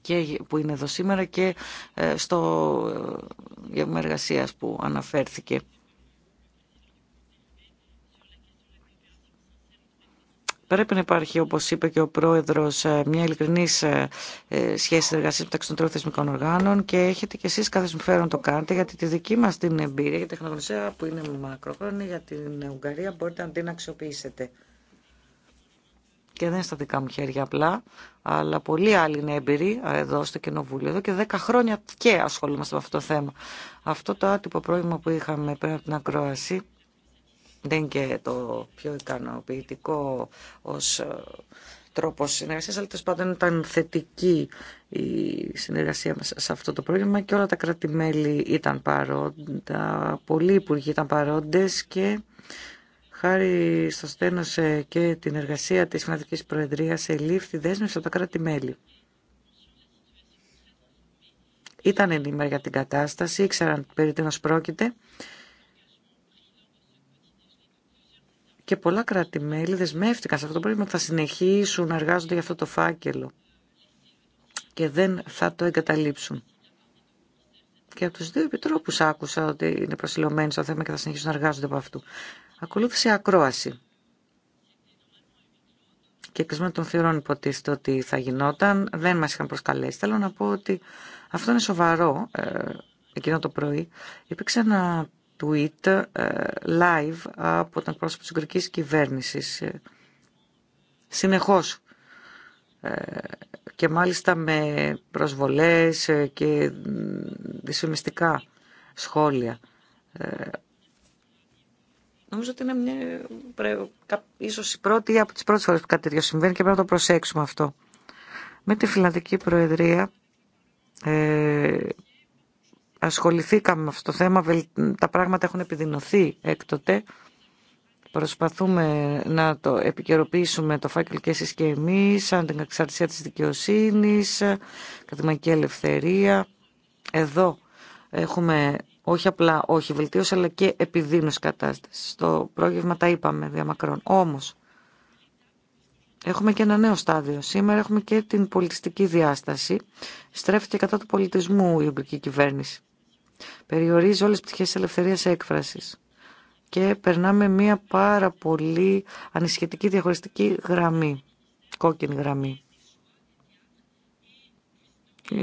και που είναι εδώ σήμερα και ε, στο ε, γεύμα εργασία που αναφέρθηκε. Πρέπει να υπάρχει, όπως είπε και ο Πρόεδρος, ε, μια ειλικρινή σχέση εργασίας μεταξύ των τριών θεσμικών οργάνων και έχετε και εσείς κάθε συμφέρον το κάνετε, γιατί τη δική μας την εμπειρία, η τεχνογνωσία που είναι μακροχρόνια για την Ουγγαρία μπορείτε να την αξιοποιήσετε και δεν είναι στα δικά μου χέρια απλά, αλλά πολλοί άλλοι είναι έμπειροι εδώ στο Κοινοβούλιο. Εδώ και δέκα χρόνια και ασχολούμαστε με αυτό το θέμα. Αυτό το άτυπο πρόβλημα που είχαμε πριν από την ακρόαση δεν είναι και το πιο ικανοποιητικό ως ε, τρόπο συνεργασία, αλλά τέλο πάντων ήταν θετική η συνεργασία μα σε αυτό το πρόβλημα και όλα τα κράτη-μέλη ήταν παρόντα, πολλοί υπουργοί ήταν παρόντε και Χάρη στο στένος και την εργασία της Φινατικής Προεδρίας ελήφθη δέσμευση από τα κράτη-μέλη. Ήταν ενήμερα για την κατάσταση, ήξεραν περί τίνος πρόκειται και πολλά κράτη-μέλη δεσμεύτηκαν σε αυτό το πρόβλημα ότι θα συνεχίσουν να εργάζονται για αυτό το φάκελο και δεν θα το εγκαταλείψουν. Και από τους δύο επιτρόπους άκουσα ότι είναι προσιλωμένοι στο θέμα και θα συνεχίσουν να εργάζονται από αυτού. Ακολούθησε ακρόαση. Και κλεισμένο των θυρών υποτίθεται ότι θα γινόταν. Δεν μας είχαν προσκαλέσει. Θέλω να πω ότι αυτό είναι σοβαρό. Ε, εκείνο το πρωί υπήρξε ένα tweet ε, live από τον πρόσωπο της Ουγγρικής Κυβέρνησης. Ε, συνεχώς και μάλιστα με προσβολές και δυσφημιστικά σχόλια Νομίζω ότι είναι μια, ίσως η πρώτη από τις πρώτες φορές που κάτι τέτοιο συμβαίνει και πρέπει να το προσέξουμε αυτό. Με τη Φιλανδική Προεδρία ε, ασχοληθήκαμε με αυτό το θέμα. Τα πράγματα έχουν επιδεινωθεί έκτοτε. Προσπαθούμε να το επικαιροποιήσουμε το φάκελ και εσείς και εμείς, σαν την εξαρτησία της δικαιοσύνης, ε, καθημερινή ελευθερία. Εδώ έχουμε όχι απλά όχι βελτίωση, αλλά και επιδείνωση κατάσταση. Στο πρόγευμα τα είπαμε διαμακρών. Όμω, έχουμε και ένα νέο στάδιο. Σήμερα έχουμε και την πολιτιστική διάσταση. Στρέφεται κατά του πολιτισμού η Ουγγρική κυβέρνηση. Περιορίζει όλες τις πτυχές της ελευθερίας Και περνάμε μία πάρα πολύ ανησυχητική διαχωριστική γραμμή, κόκκινη γραμμή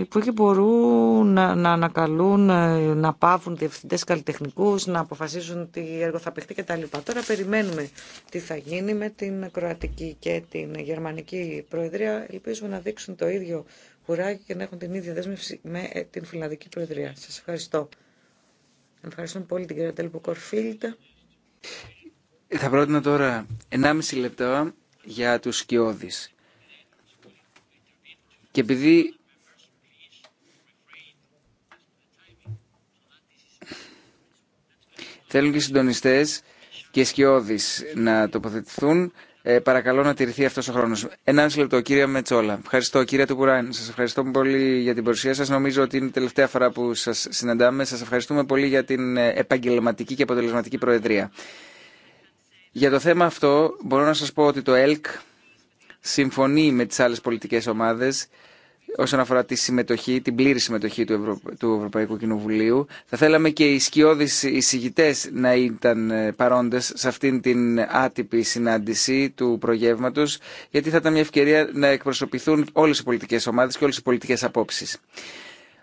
που εκεί μπορούν να, να ανακαλούν, ε, να πάβουν διευθυντές καλλιτεχνικούς, να αποφασίζουν τι έργο θα παιχτεί κτλ. Τώρα περιμένουμε τι θα γίνει με την Κροατική και την Γερμανική Προεδρία. Ελπίζουμε να δείξουν το ίδιο κουράκι και να έχουν την ίδια δέσμευση με ε, την Φιλανδική Προεδρία. Σας ευχαριστώ. Ευχαριστούμε πολύ την κυρία Τέλπο Κορφίλτα. Θα πρότεινα τώρα 1,5 λεπτά για τους σκιώδεις. Και επειδή Θέλουν και συντονιστέ συντονιστές και σκιώδει να τοποθετηθούν. Ε, παρακαλώ να τηρηθεί αυτό ο χρόνο. Ένα λεπτό, κύριε Μετσόλα. Ευχαριστώ, κύριε Τουκουράν. Σα ευχαριστώ πολύ για την παρουσία σα. Νομίζω ότι είναι η τελευταία φορά που σα συναντάμε. Σα ευχαριστούμε πολύ για την ε, επαγγελματική και αποτελεσματική Προεδρία. Για το θέμα αυτό μπορώ να σα πω ότι το ΕΛΚ συμφωνεί με τι άλλε πολιτικέ ομάδε όσον αφορά τη συμμετοχή, την πλήρη συμμετοχή του, του Ευρωπαϊκού Κοινοβουλίου. Θα θέλαμε και οι σκιώδεις εισηγητέ να ήταν ε, παρόντες σε αυτήν την άτυπη συνάντηση του προγεύματος, γιατί θα ήταν μια ευκαιρία να εκπροσωπηθούν όλες οι πολιτικές ομάδες και όλες οι πολιτικές απόψεις.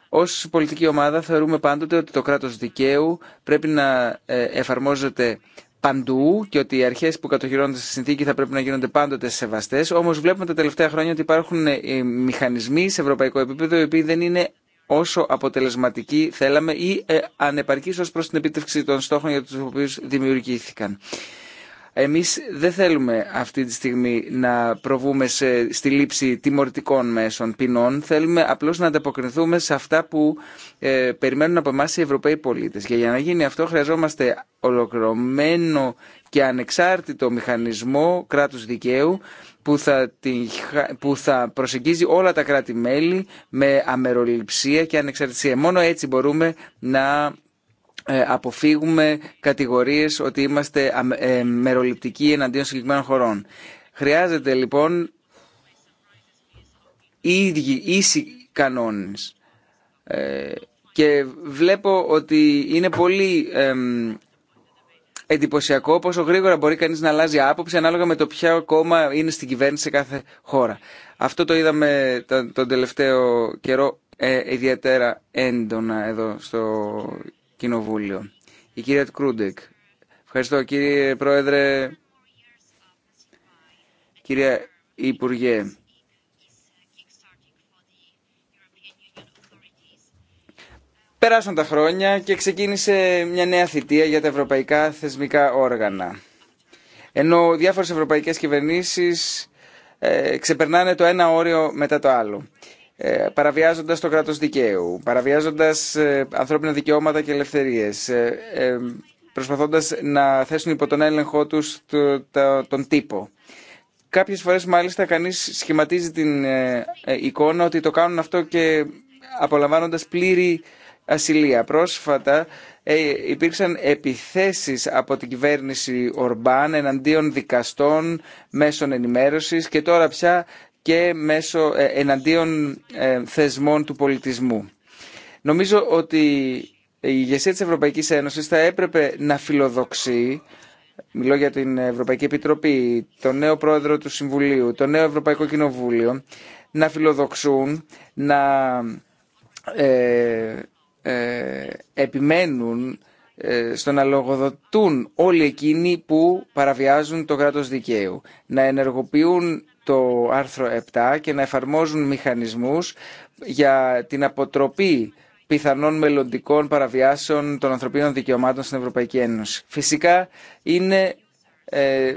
Ως πολιτική ομάδα θεωρούμε πάντοτε ότι το κράτος δικαίου πρέπει να ε, εφαρμόζεται παντού και ότι οι αρχέ που κατοχυρώνονται στη συνθήκη θα πρέπει να γίνονται πάντοτε σεβαστέ. Όμω βλέπουμε τα τελευταία χρόνια ότι υπάρχουν ε, μηχανισμοί σε ευρωπαϊκό επίπεδο οι οποίοι δεν είναι όσο αποτελεσματικοί θέλαμε ή ε, ανεπαρκείς ως προς την επίτευξη των στόχων για τους οποίους δημιουργήθηκαν. Εμείς δεν θέλουμε αυτή τη στιγμή να προβούμε σε, στη λήψη τιμωρητικών μέσων ποινών. Θέλουμε απλώς να ανταποκριθούμε σε αυτά που ε, περιμένουν από εμά οι Ευρωπαίοι πολίτες. Και για να γίνει αυτό χρειαζόμαστε ολοκληρωμένο και ανεξάρτητο μηχανισμό κράτους δικαίου που θα, που θα προσεγγίζει όλα τα κράτη-μέλη με αμεροληψία και ανεξαρτησία. Μόνο έτσι μπορούμε να ε, αποφύγουμε κατηγορίες ότι είμαστε ε, μεροληπτικοί εναντίον συγκεκριμένων χωρών. Χρειάζεται λοιπόν ίδιοι, ίσοι κανόνες. Ε, και βλέπω ότι είναι πολύ εντυπωσιακό πόσο γρήγορα μπορεί κανείς να αλλάζει άποψη ανάλογα με το ποιο κόμμα είναι στην κυβέρνηση σε κάθε χώρα. Αυτό το είδαμε τον τελευταίο καιρό ιδιαίτερα έντονα εδώ στο Κοινοβούλιο. Η κυρία Τκρούντεκ. Ευχαριστώ κύριε Πρόεδρε. Κυρία Υπουργέ. Περάσαν τα χρόνια και ξεκίνησε μια νέα θητεία για τα ευρωπαϊκά θεσμικά όργανα. Ενώ διάφορες ευρωπαϊκές κυβερνήσεις ε, ξεπερνάνε το ένα όριο μετά το άλλο. Ε, παραβιάζοντας το κράτος δικαίου, παραβιάζοντας ε, ανθρώπινα δικαιώματα και ελευθερίες, ε, προσπαθώντας να θέσουν υπό τον έλεγχό τους τον τύπο. Κάποιες φορές μάλιστα κανείς σχηματίζει την εικόνα ότι το κάνουν αυτό και απολαμβάνοντας πλήρη ασυλία. Πρόσφατα υπήρξαν επιθέσεις από την κυβέρνηση Ορμπάν εναντίον δικαστών, μέσων ενημέρωσης και τώρα πια και μέσω ε, εναντίον ε, θεσμών του πολιτισμού. Νομίζω ότι η ηγεσία της Ευρωπαϊκής Ένωσης θα έπρεπε να φιλοδοξεί μιλώ για την Ευρωπαϊκή Επιτροπή, τον νέο πρόεδρο του Συμβουλίου, το νέο Ευρωπαϊκό Κοινοβούλιο, να φιλοδοξούν, να ε, επιμένουν ε, στο να λογοδοτούν όλοι εκείνοι που παραβιάζουν το κράτος δικαίου, να ενεργοποιούν το άρθρο 7 και να εφαρμόζουν μηχανισμούς για την αποτροπή πιθανών μελλοντικών παραβιάσεων των ανθρωπίνων δικαιωμάτων στην Ευρωπαϊκή Ένωση. Φυσικά είναι ε,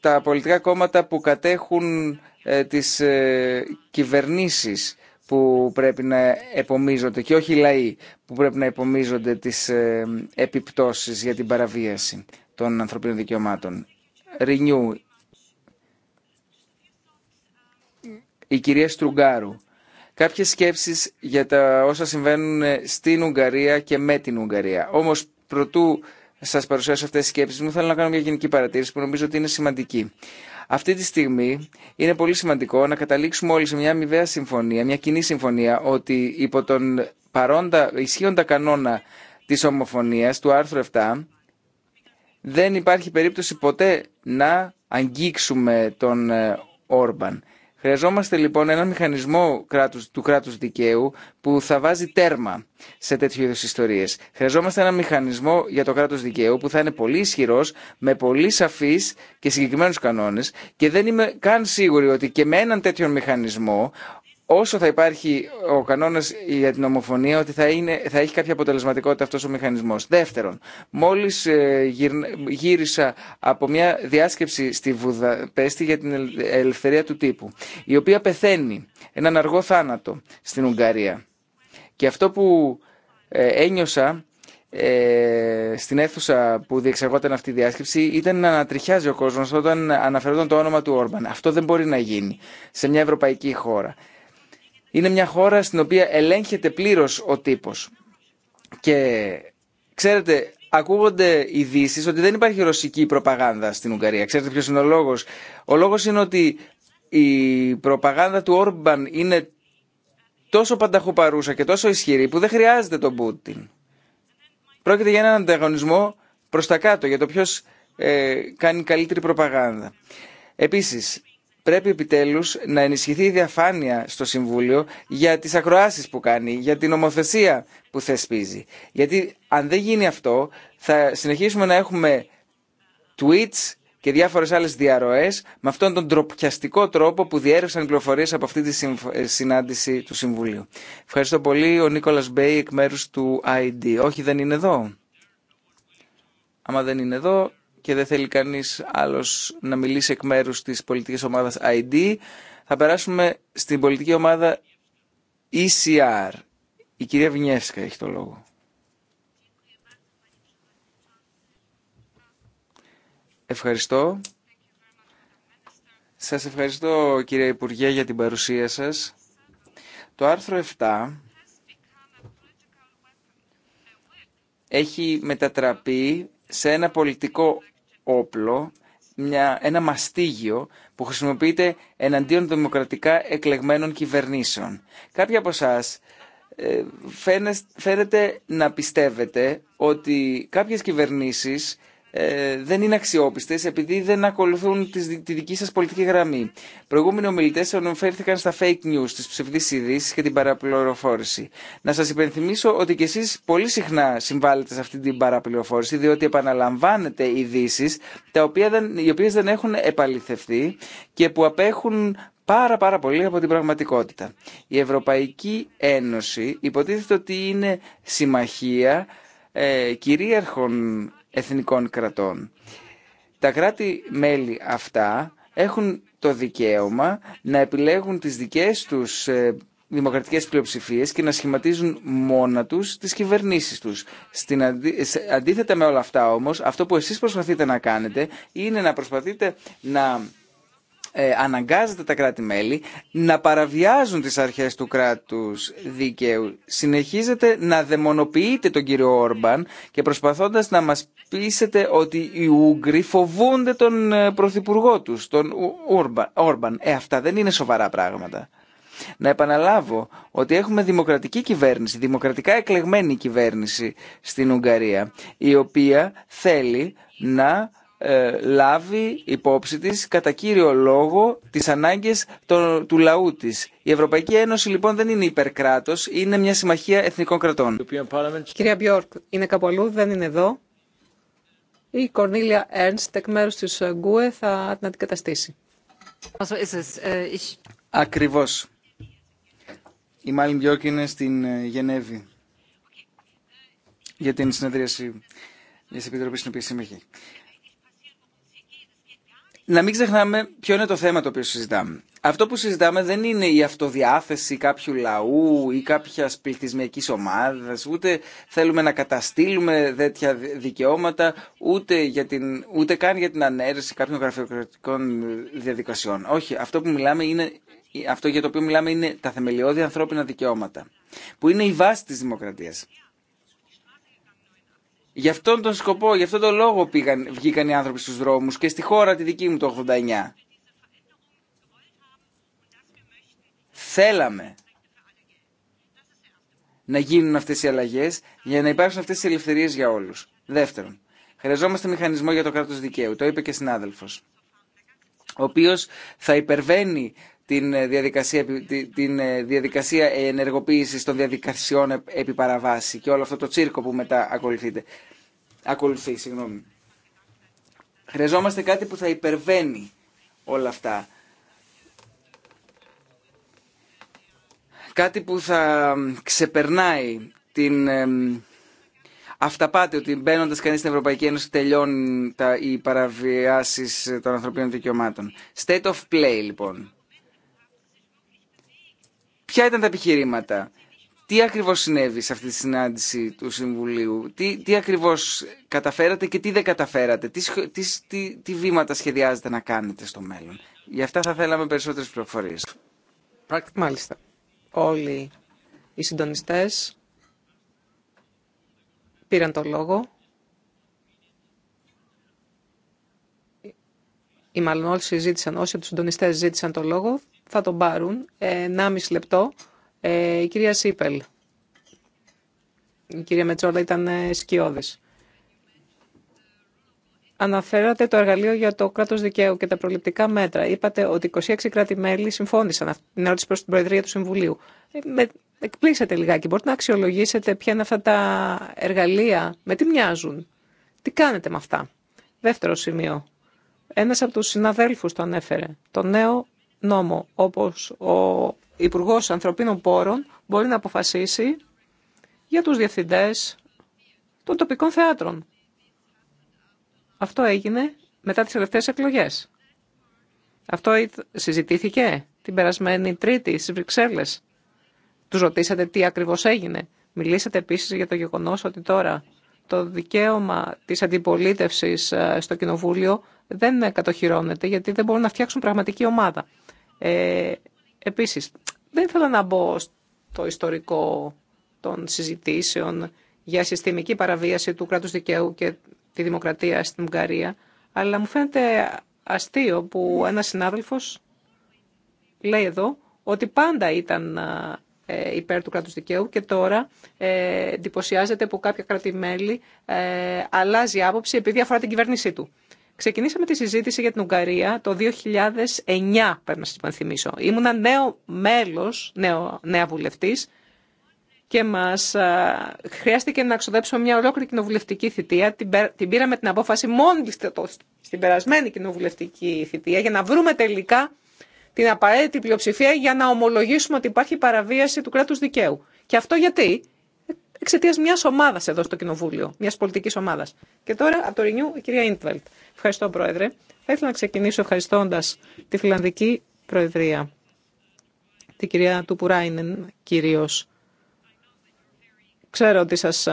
τα πολιτικά κόμματα που κατέχουν ε, τις ε, κυβερνήσεις που πρέπει να επομίζονται και όχι οι λαοί που πρέπει να επομίζονται τις ε, επιπτώσεις για την παραβίαση των ανθρωπίνων δικαιωμάτων. Renew η κυρία Στρουγκάρου. Κάποιες σκέψεις για τα όσα συμβαίνουν ε, στην Ουγγαρία και με την Ουγγαρία. Όμως προτού σας παρουσιάσω αυτές τις σκέψεις μου θέλω να κάνω μια γενική παρατήρηση που νομίζω ότι είναι σημαντική. Αυτή τη στιγμή είναι πολύ σημαντικό να καταλήξουμε όλοι σε μια αμοιβαία συμφωνία, μια κοινή συμφωνία ότι υπό τον παρόντα, ισχύοντα κανόνα της ομοφωνίας του άρθρου 7 δεν υπάρχει περίπτωση ποτέ να αγγίξουμε τον ε, Όρμπαν. Χρειαζόμαστε λοιπόν έναν μηχανισμό κράτους, του κράτους δικαίου που θα βάζει τέρμα σε τέτοιου είδους ιστορίες. Χρειαζόμαστε έναν μηχανισμό για το κράτος δικαίου που θα είναι πολύ ισχυρό, με πολύ σαφείς και συγκεκριμένους κανόνες και δεν είμαι καν σίγουρη ότι και με έναν τέτοιο μηχανισμό όσο θα υπάρχει ο κανόνας για την ομοφωνία ότι θα, είναι, θα έχει κάποια αποτελεσματικότητα αυτός ο μηχανισμός. Δεύτερον, μόλις ε, γύρισα από μια διάσκεψη στη Βουδαπέστη για την ελευθερία του τύπου, η οποία πεθαίνει έναν αργό θάνατο στην Ουγγαρία. Και αυτό που ε, ένιωσα ε, στην αίθουσα που διεξαγόταν αυτή η διάσκεψη ήταν να ανατριχιάζει ο κόσμος όταν αναφερόταν το όνομα του Όρμπαν. Αυτό δεν μπορεί να γίνει σε μια ευρωπαϊκή χώρα. Είναι μια χώρα στην οποία ελέγχεται πλήρως ο τύπος. Και ξέρετε, ακούγονται ειδήσει ότι δεν υπάρχει ρωσική προπαγάνδα στην Ουγγαρία. Ξέρετε ποιος είναι ο λόγος. Ο λόγος είναι ότι η προπαγάνδα του Όρμπαν είναι τόσο πανταχουπαρούσα και τόσο ισχυρή που δεν χρειάζεται τον Πούτιν. Πρόκειται για έναν ανταγωνισμό προς τα κάτω, για το ποιος ε, κάνει καλύτερη προπαγάνδα. Επίσης, πρέπει επιτέλους να ενισχυθεί η διαφάνεια στο Συμβούλιο για τις ακροάσεις που κάνει, για την ομοθεσία που θεσπίζει. Γιατί αν δεν γίνει αυτό θα συνεχίσουμε να έχουμε tweets και διάφορες άλλες διαρροές με αυτόν τον τροπιαστικό τρόπο που διέρευσαν πληροφορίε από αυτή τη ε, συνάντηση του Συμβουλίου. Ευχαριστώ πολύ ο Νίκολας Μπέι εκ μέρους του ID. Όχι δεν είναι εδώ. Άμα δεν είναι εδώ και δεν θέλει κανείς άλλος να μιλήσει εκ μέρους της πολιτικής ομάδας ID. Θα περάσουμε στην πολιτική ομάδα ECR. Η κυρία Βινιέσκα έχει το λόγο. Ευχαριστώ. Σας ευχαριστώ κύριε Υπουργέ για την παρουσία σας. Το άρθρο 7 έχει μετατραπεί σε ένα πολιτικό όπλο, μια, ένα μαστίγιο που χρησιμοποιείται εναντίον δημοκρατικά εκλεγμένων κυβερνήσεων. Κάποιοι από εσά ε, φαίνεται να πιστεύετε ότι κάποιες κυβερνήσεις ε, δεν είναι αξιόπιστε επειδή δεν ακολουθούν τη δική σα πολιτική γραμμή. Προηγούμενοι ομιλητέ αναφέρθηκαν στα fake news, τι ψευδεί ειδήσει και την παραπληροφόρηση. Να σα υπενθυμίσω ότι κι εσείς πολύ συχνά συμβάλλετε σε αυτή την παραπληροφόρηση διότι επαναλαμβάνετε ειδήσει οι οποίε δεν έχουν επαληθευτεί και που απέχουν πάρα πάρα πολύ από την πραγματικότητα. Η Ευρωπαϊκή Ένωση υποτίθεται ότι είναι συμμαχία ε, κυρίαρχων εθνικών κρατών. Τα κράτη-μέλη αυτά έχουν το δικαίωμα να επιλέγουν τις δικές τους ε, δημοκρατικές πλειοψηφίες και να σχηματίζουν μόνα τους τις κυβερνήσεις τους. Στην Αντίθετα με όλα αυτά όμως, αυτό που εσείς προσπαθείτε να κάνετε είναι να προσπαθείτε να ε, αναγκάζεται τα κράτη-μέλη να παραβιάζουν τις αρχές του κράτους δικαίου. συνεχίζεται να δαιμονοποιείτε τον κύριο Όρμπαν και προσπαθώντας να μας πείσετε ότι οι Ούγγροι φοβούνται τον ε, πρωθυπουργό τους, τον Όρμπαν. Ε, αυτά δεν είναι σοβαρά πράγματα. Να επαναλάβω ότι έχουμε δημοκρατική κυβέρνηση, δημοκρατικά εκλεγμένη κυβέρνηση στην Ουγγαρία, η οποία θέλει να ε, λάβει υπόψη της κατά κύριο λόγο τις ανάγκες του λαού της. Η Ευρωπαϊκή Ένωση λοιπόν δεν είναι υπερκράτος, είναι μια συμμαχία εθνικών κρατών. Κυρία Μπιόρκ, είναι κάπου αλλού, δεν είναι εδώ. Η Κορνίλια Έρνστ εκ μέρους της Γκουε θα την αντικαταστήσει. Äh, Ακριβώς. Η Μάλιν Μπιόρκ είναι στην ε, Γενέβη για την συνεδρίαση της Επιτροπής στην οποία συμμετέχει να μην ξεχνάμε ποιο είναι το θέμα το οποίο συζητάμε. Αυτό που συζητάμε δεν είναι η αυτοδιάθεση κάποιου λαού ή κάποια πληθυσμιακή ομάδα, ούτε θέλουμε να καταστήλουμε τέτοια δικαιώματα, ούτε, για την, ούτε καν για την ανέρεση κάποιων γραφειοκρατικών διαδικασιών. Όχι, αυτό, που μιλάμε είναι, αυτό για το οποίο μιλάμε είναι τα θεμελιώδη ανθρώπινα δικαιώματα, που είναι η βάση της δημοκρατίας. Γι' αυτόν τον σκοπό, γι' αυτόν τον λόγο πήγαν, βγήκαν οι άνθρωποι στους δρόμους και στη χώρα τη δική μου το 89. Θέλαμε να γίνουν αυτές οι αλλαγές για να υπάρξουν αυτές οι ελευθερίες για όλους. Δεύτερον, χρειαζόμαστε μηχανισμό για το κράτος δικαίου, το είπε και συνάδελφος ο οποίος θα υπερβαίνει την ε, διαδικασία, την ε, διαδικασία ενεργοποίησης των διαδικασιών επί παραβάση και όλο αυτό το τσίρκο που μετά ακολουθεί. Συγγνώμη. Χρειαζόμαστε κάτι που θα υπερβαίνει όλα αυτά. Κάτι που θα ξεπερνάει την ε, αυταπάτη ότι μπαίνοντα κανεί στην Ευρωπαϊκή Ένωση τελειώνουν τα, οι παραβιάσει των ανθρωπίνων δικαιωμάτων. State of play, λοιπόν. Ποια ήταν τα επιχειρήματα, τι ακριβώς συνέβη σε αυτή τη συνάντηση του Συμβουλίου, τι, τι ακριβώς καταφέρατε και τι δεν καταφέρατε, τι, τι, τι, βήματα σχεδιάζετε να κάνετε στο μέλλον. Γι' αυτά θα θέλαμε περισσότερες πληροφορίες. Μάλιστα. Όλοι οι συντονιστές πήραν το λόγο. Ή μάλλον όλοι συζήτησαν, όσοι από τους συντονιστές ζήτησαν το λόγο, θα τον πάρουν. 1,5 ε, λεπτό. Ε, η κυρία Σίπελ. Η κυρία Μετσόλα ήταν ε, σκιώδης. Αναφέρατε το εργαλείο για το κράτο δικαίου και τα προληπτικά μέτρα. Είπατε ότι 26 κράτη-μέλη συμφώνησαν. Αυτή την ερώτηση προ την Προεδρία του Συμβουλίου. Με εκπλήσατε λιγάκι. Μπορείτε να αξιολογήσετε ποια είναι αυτά τα εργαλεία, με τι μοιάζουν, τι κάνετε με αυτά. Δεύτερο σημείο. Ένα από του συναδέλφου το ανέφερε. Το νέο νόμο, όπως ο Υπουργό Ανθρωπίνων Πόρων μπορεί να αποφασίσει για τους διευθυντές των τοπικών θεάτρων. Αυτό έγινε μετά τις τελευταίες εκλογές. Αυτό συζητήθηκε την περασμένη Τρίτη στις Βρυξέλλες. Τους ρωτήσατε τι ακριβώς έγινε. Μιλήσατε επίσης για το γεγονός ότι τώρα το δικαίωμα της αντιπολίτευσης ε, στο Κοινοβούλιο δεν κατοχυρώνεται γιατί δεν μπορούν να φτιάξουν πραγματική ομάδα. Ε, επίσης, δεν ήθελα να μπω στο ιστορικό των συζητήσεων για συστημική παραβίαση του κράτους δικαίου και τη δημοκρατία στην Ουγγαρία, αλλά μου φαίνεται αστείο που ένας συνάδελφος λέει εδώ ότι πάντα ήταν ε, υπέρ του κράτους δικαίου και τώρα ε, εντυπωσιάζεται που κάποια κράτη-μέλη ε, αλλάζει άποψη επειδή αφορά την κυβέρνησή του. Ξεκινήσαμε τη συζήτηση για την Ουγγαρία το 2009, πρέπει να σα υπενθυμίσω. Ήμουνα νέο μέλος, νέο, νέα βουλευτή και μας χρειάστηκε να ξοδέψουμε μια ολόκληρη κοινοβουλευτική θητεία. Την, πήραμε την απόφαση μόνη στην περασμένη κοινοβουλευτική θητεία για να βρούμε τελικά την απαραίτητη πλειοψηφία για να ομολογήσουμε ότι υπάρχει παραβίαση του κράτου δικαίου. Και αυτό γιατί εξαιτία μια ομάδα εδώ στο Κοινοβούλιο, μια πολιτική ομάδα. Και τώρα από το Ρηνιού η κυρία Ιντβελτ. Ευχαριστώ, Πρόεδρε. Θα ήθελα να ξεκινήσω ευχαριστώντα τη Φιλανδική Προεδρία, την κυρία Τουπουράινεν κυρίω. Ξέρω ότι σα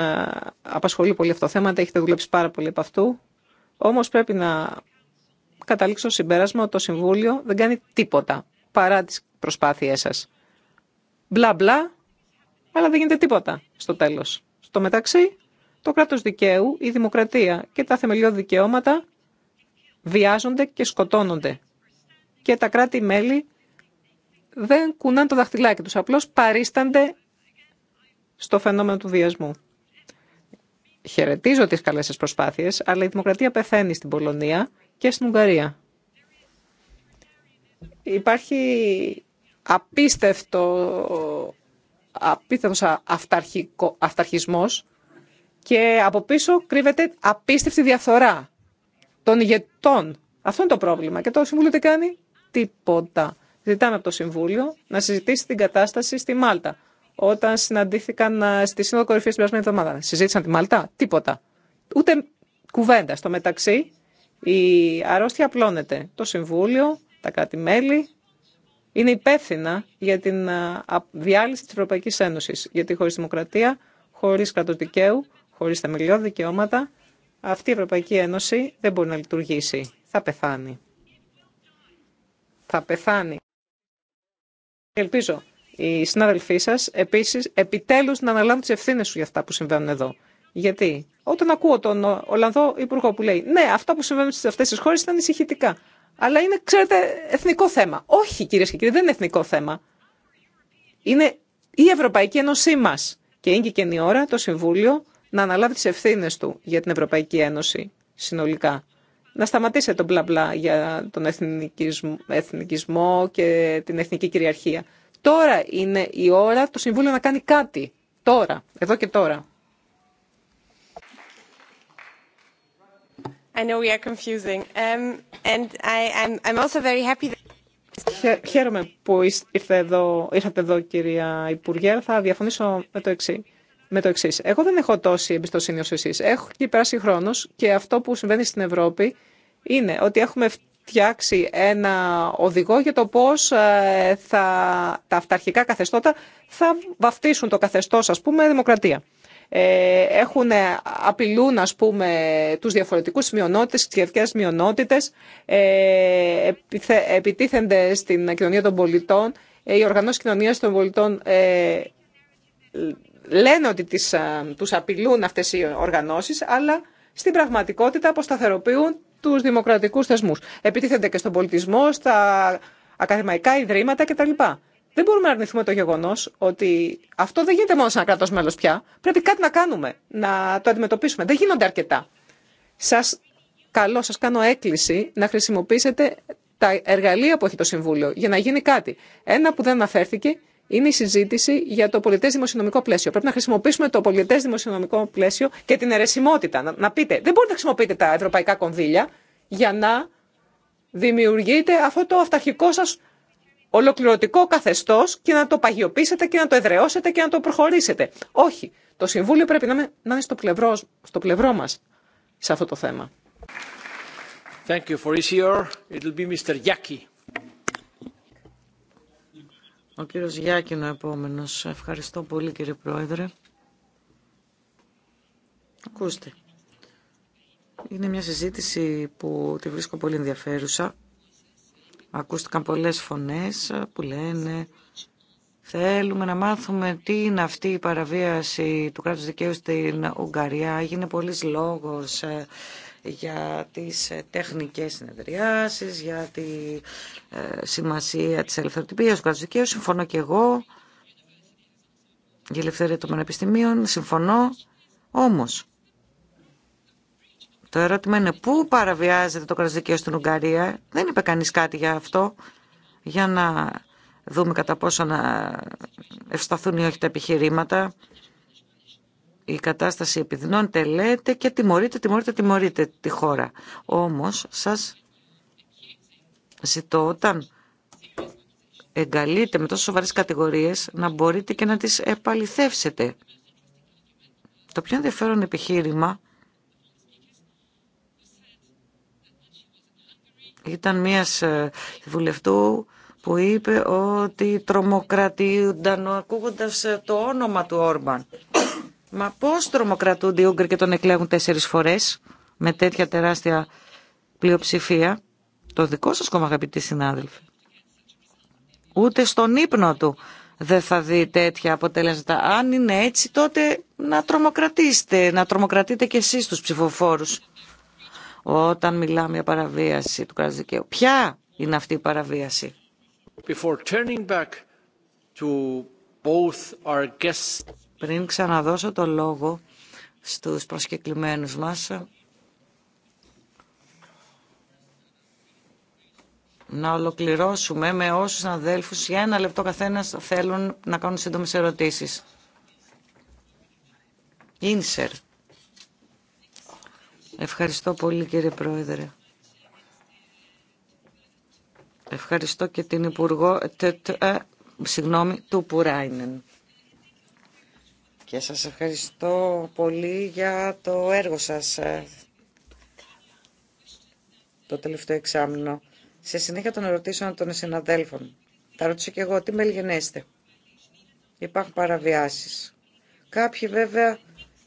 απασχολεί πολύ αυτό το θέμα, έχετε δουλέψει πάρα πολύ από αυτού. Όμω πρέπει να καταλήξω συμπέρασμα ότι το Συμβούλιο δεν κάνει τίποτα παρά τι προσπάθειε σα. Μπλα μπλα, αλλά δεν γίνεται τίποτα στο τέλος. Στο μεταξύ, το κράτος δικαίου, η δημοκρατία και τα θεμελιώδη δικαιώματα βιάζονται και σκοτώνονται. Και τα κράτη-μέλη δεν κουνάν το δαχτυλάκι τους, απλώς παρίστανται στο φαινόμενο του βιασμού. Χαιρετίζω τις καλές σας προσπάθειες, αλλά η δημοκρατία πεθαίνει στην Πολωνία και στην Ουγγαρία. Υπάρχει απίστευτο απίθανος αυταρχισμό αυταρχισμός και από πίσω κρύβεται απίστευτη διαφθορά των ηγετών. Αυτό είναι το πρόβλημα. Και το Συμβούλιο τι κάνει? Τίποτα. Ζητάμε από το Συμβούλιο να συζητήσει την κατάσταση στη Μάλτα. Όταν συναντήθηκαν ε, στη Σύνοδο Κορυφή την περασμένη εβδομάδα, συζήτησαν τη Μάλτα. Τίποτα. Ούτε κουβέντα. Στο μεταξύ, η αρρώστια απλώνεται. Το Συμβούλιο, τα κράτη-μέλη είναι υπεύθυνα για την ε, διάλυση της Ευρωπαϊκής Ένωσης. Γιατί χωρίς δημοκρατία, χωρίς κράτος δικαίου, χωρίς θεμελιώδη δικαιώματα, αυτή η Ευρωπαϊκή Ένωση δεν μπορεί να λειτουργήσει. Θα πεθάνει. Θα πεθάνει. Ελπίζω οι συνάδελφοί σας επίσης επιτέλους να αναλάβουν τις ευθύνε σου για αυτά που συμβαίνουν εδώ. Γιατί όταν ακούω τον Ολλανδό Υπουργό που λέει «Ναι, αυτά που συμβαίνουν σε αυτές τις χώρες ήταν ησυχητικά». Αλλά είναι, ξέρετε, εθνικό θέμα. Όχι, κυρίε και κύριοι, δεν είναι εθνικό θέμα. Είναι η Ευρωπαϊκή Ένωσή μα. Και είναι και η ώρα το Συμβούλιο να αναλάβει τι ευθύνε του για την Ευρωπαϊκή Ένωση συνολικά. Να σταματήσει το μπλα μπλα για τον εθνικισμό, εθνικισμό και την εθνική κυριαρχία. Τώρα είναι η ώρα το Συμβούλιο να κάνει κάτι. Τώρα, εδώ και τώρα. I know we are confusing. Um, and I'm, also very happy that... Χαίρομαι που ήρθε εδώ, ήρθατε εδώ, κυρία Υπουργέ. Θα διαφωνήσω με το εξή. Με το εξής. Εγώ δεν έχω τόση εμπιστοσύνη όσο εσείς. Έχω και περάσει χρόνος και αυτό που συμβαίνει στην Ευρώπη είναι ότι έχουμε φτιάξει ένα οδηγό για το πώς ε, θα, τα αυταρχικά καθεστώτα θα βαφτίσουν το καθεστώς, ας πούμε, δημοκρατία. Ε, έχουν, ε, απειλούν ας πούμε τους διαφορετικούς μειονότητες, τις διαφορετικές μειονότητες, ε, επιτίθενται στην κοινωνία των πολιτών, οι οργανώσεις κοινωνίας των πολιτών λένε ότι τις, τους απειλούν αυτές οι οργανώσεις, αλλά στην πραγματικότητα αποσταθεροποιούν τους δημοκρατικούς θεσμούς. Επιτίθενται και στον πολιτισμό, στα ακαδημαϊκά ιδρύματα κτλ. Δεν μπορούμε να αρνηθούμε το γεγονό ότι αυτό δεν γίνεται μόνο σε ένα κράτο μέλο πια. Πρέπει κάτι να κάνουμε, να το αντιμετωπίσουμε. Δεν γίνονται αρκετά. Σα καλώ, σα κάνω έκκληση να χρησιμοποιήσετε τα εργαλεία που έχει το Συμβούλιο για να γίνει κάτι. Ένα που δεν αναφέρθηκε είναι η συζήτηση για το πολιτέ δημοσιονομικό πλαίσιο. Πρέπει να χρησιμοποιήσουμε το πολιτέ δημοσιονομικό πλαίσιο και την αιρεσιμότητα. Να πείτε, δεν μπορείτε να χρησιμοποιείτε τα ευρωπαϊκά κονδύλια για να δημιουργείτε αυτό το αυταρχικό σα ολοκληρωτικό καθεστώ και να το παγιοποιήσετε και να το εδραιώσετε και να το προχωρήσετε. Όχι. Το Συμβούλιο πρέπει να, είναι στο πλευρό, στο πλευρό μας σε αυτό το θέμα. Thank you for be Mr. Ο κύριος Γιάκη είναι ο επόμενος. Ευχαριστώ πολύ κύριε Πρόεδρε. Ακούστε. Είναι μια συζήτηση που τη βρίσκω πολύ ενδιαφέρουσα. Ακούστηκαν πολλές φωνές που λένε θέλουμε να μάθουμε τι είναι αυτή η παραβίαση του κράτους δικαίου στην Ουγγαρία. Έγινε πολλής λόγος ε, για τις ε, τεχνικές συνεδριάσεις, για τη ε, σημασία της ελευθεροτυπίας του κράτους δικαίου. Συμφωνώ και εγώ για ελευθερία των πανεπιστημίων, συμφωνώ. Όμως, το ερώτημα είναι πού παραβιάζεται το κράτος δικαίου στην Ουγγαρία. Δεν είπε κανείς κάτι για αυτό, για να δούμε κατά πόσο να ευσταθούν ή όχι τα επιχειρήματα. Η κατάσταση επιδεινώνεται, λέτε, και τιμωρείται, τιμωρείται, τιμωρείται τη χώρα. Όμως, σας ζητώ όταν εγκαλείτε με τόσο σοβαρές κατηγορίες να μπορείτε και να τις επαληθεύσετε. Το πιο ενδιαφέρον επιχείρημα ήταν μίας ε, βουλευτού που είπε ότι τρομοκρατούνταν ακούγοντας ε, το όνομα του Όρμπαν. Μα πώς τρομοκρατούνται οι Ούγγροι και τον εκλέγουν τέσσερις φορές με τέτοια τεράστια πλειοψηφία. Το δικό σας κόμμα αγαπητοί συνάδελφοι. Ούτε στον ύπνο του δεν θα δει τέτοια αποτελέσματα. Αν είναι έτσι τότε να τρομοκρατήσετε, να τρομοκρατείτε και εσείς τους ψηφοφόρους όταν μιλάμε για παραβίαση του κράτους δικαίου. Ποια είναι αυτή η παραβίαση. Πριν ξαναδώσω το λόγο στους προσκεκλημένους μας, να ολοκληρώσουμε με όσους αδέλφους για ένα λεπτό καθένας θέλουν να κάνουν σύντομες ερωτήσεις. Insert. Ευχαριστώ πολύ κύριε Πρόεδρε. Ευχαριστώ και την Υπουργό ε, συγγνώμη, του Πουράινεν. Και σας ευχαριστώ πολύ για το έργο σας ε, το τελευταίο εξάμεινο. Σε συνέχεια των ερωτήσεων των συναδέλφων. Τα ρωτήσω και εγώ, τι μελγενέστε. Υπάρχουν παραβιάσεις. Κάποιοι βέβαια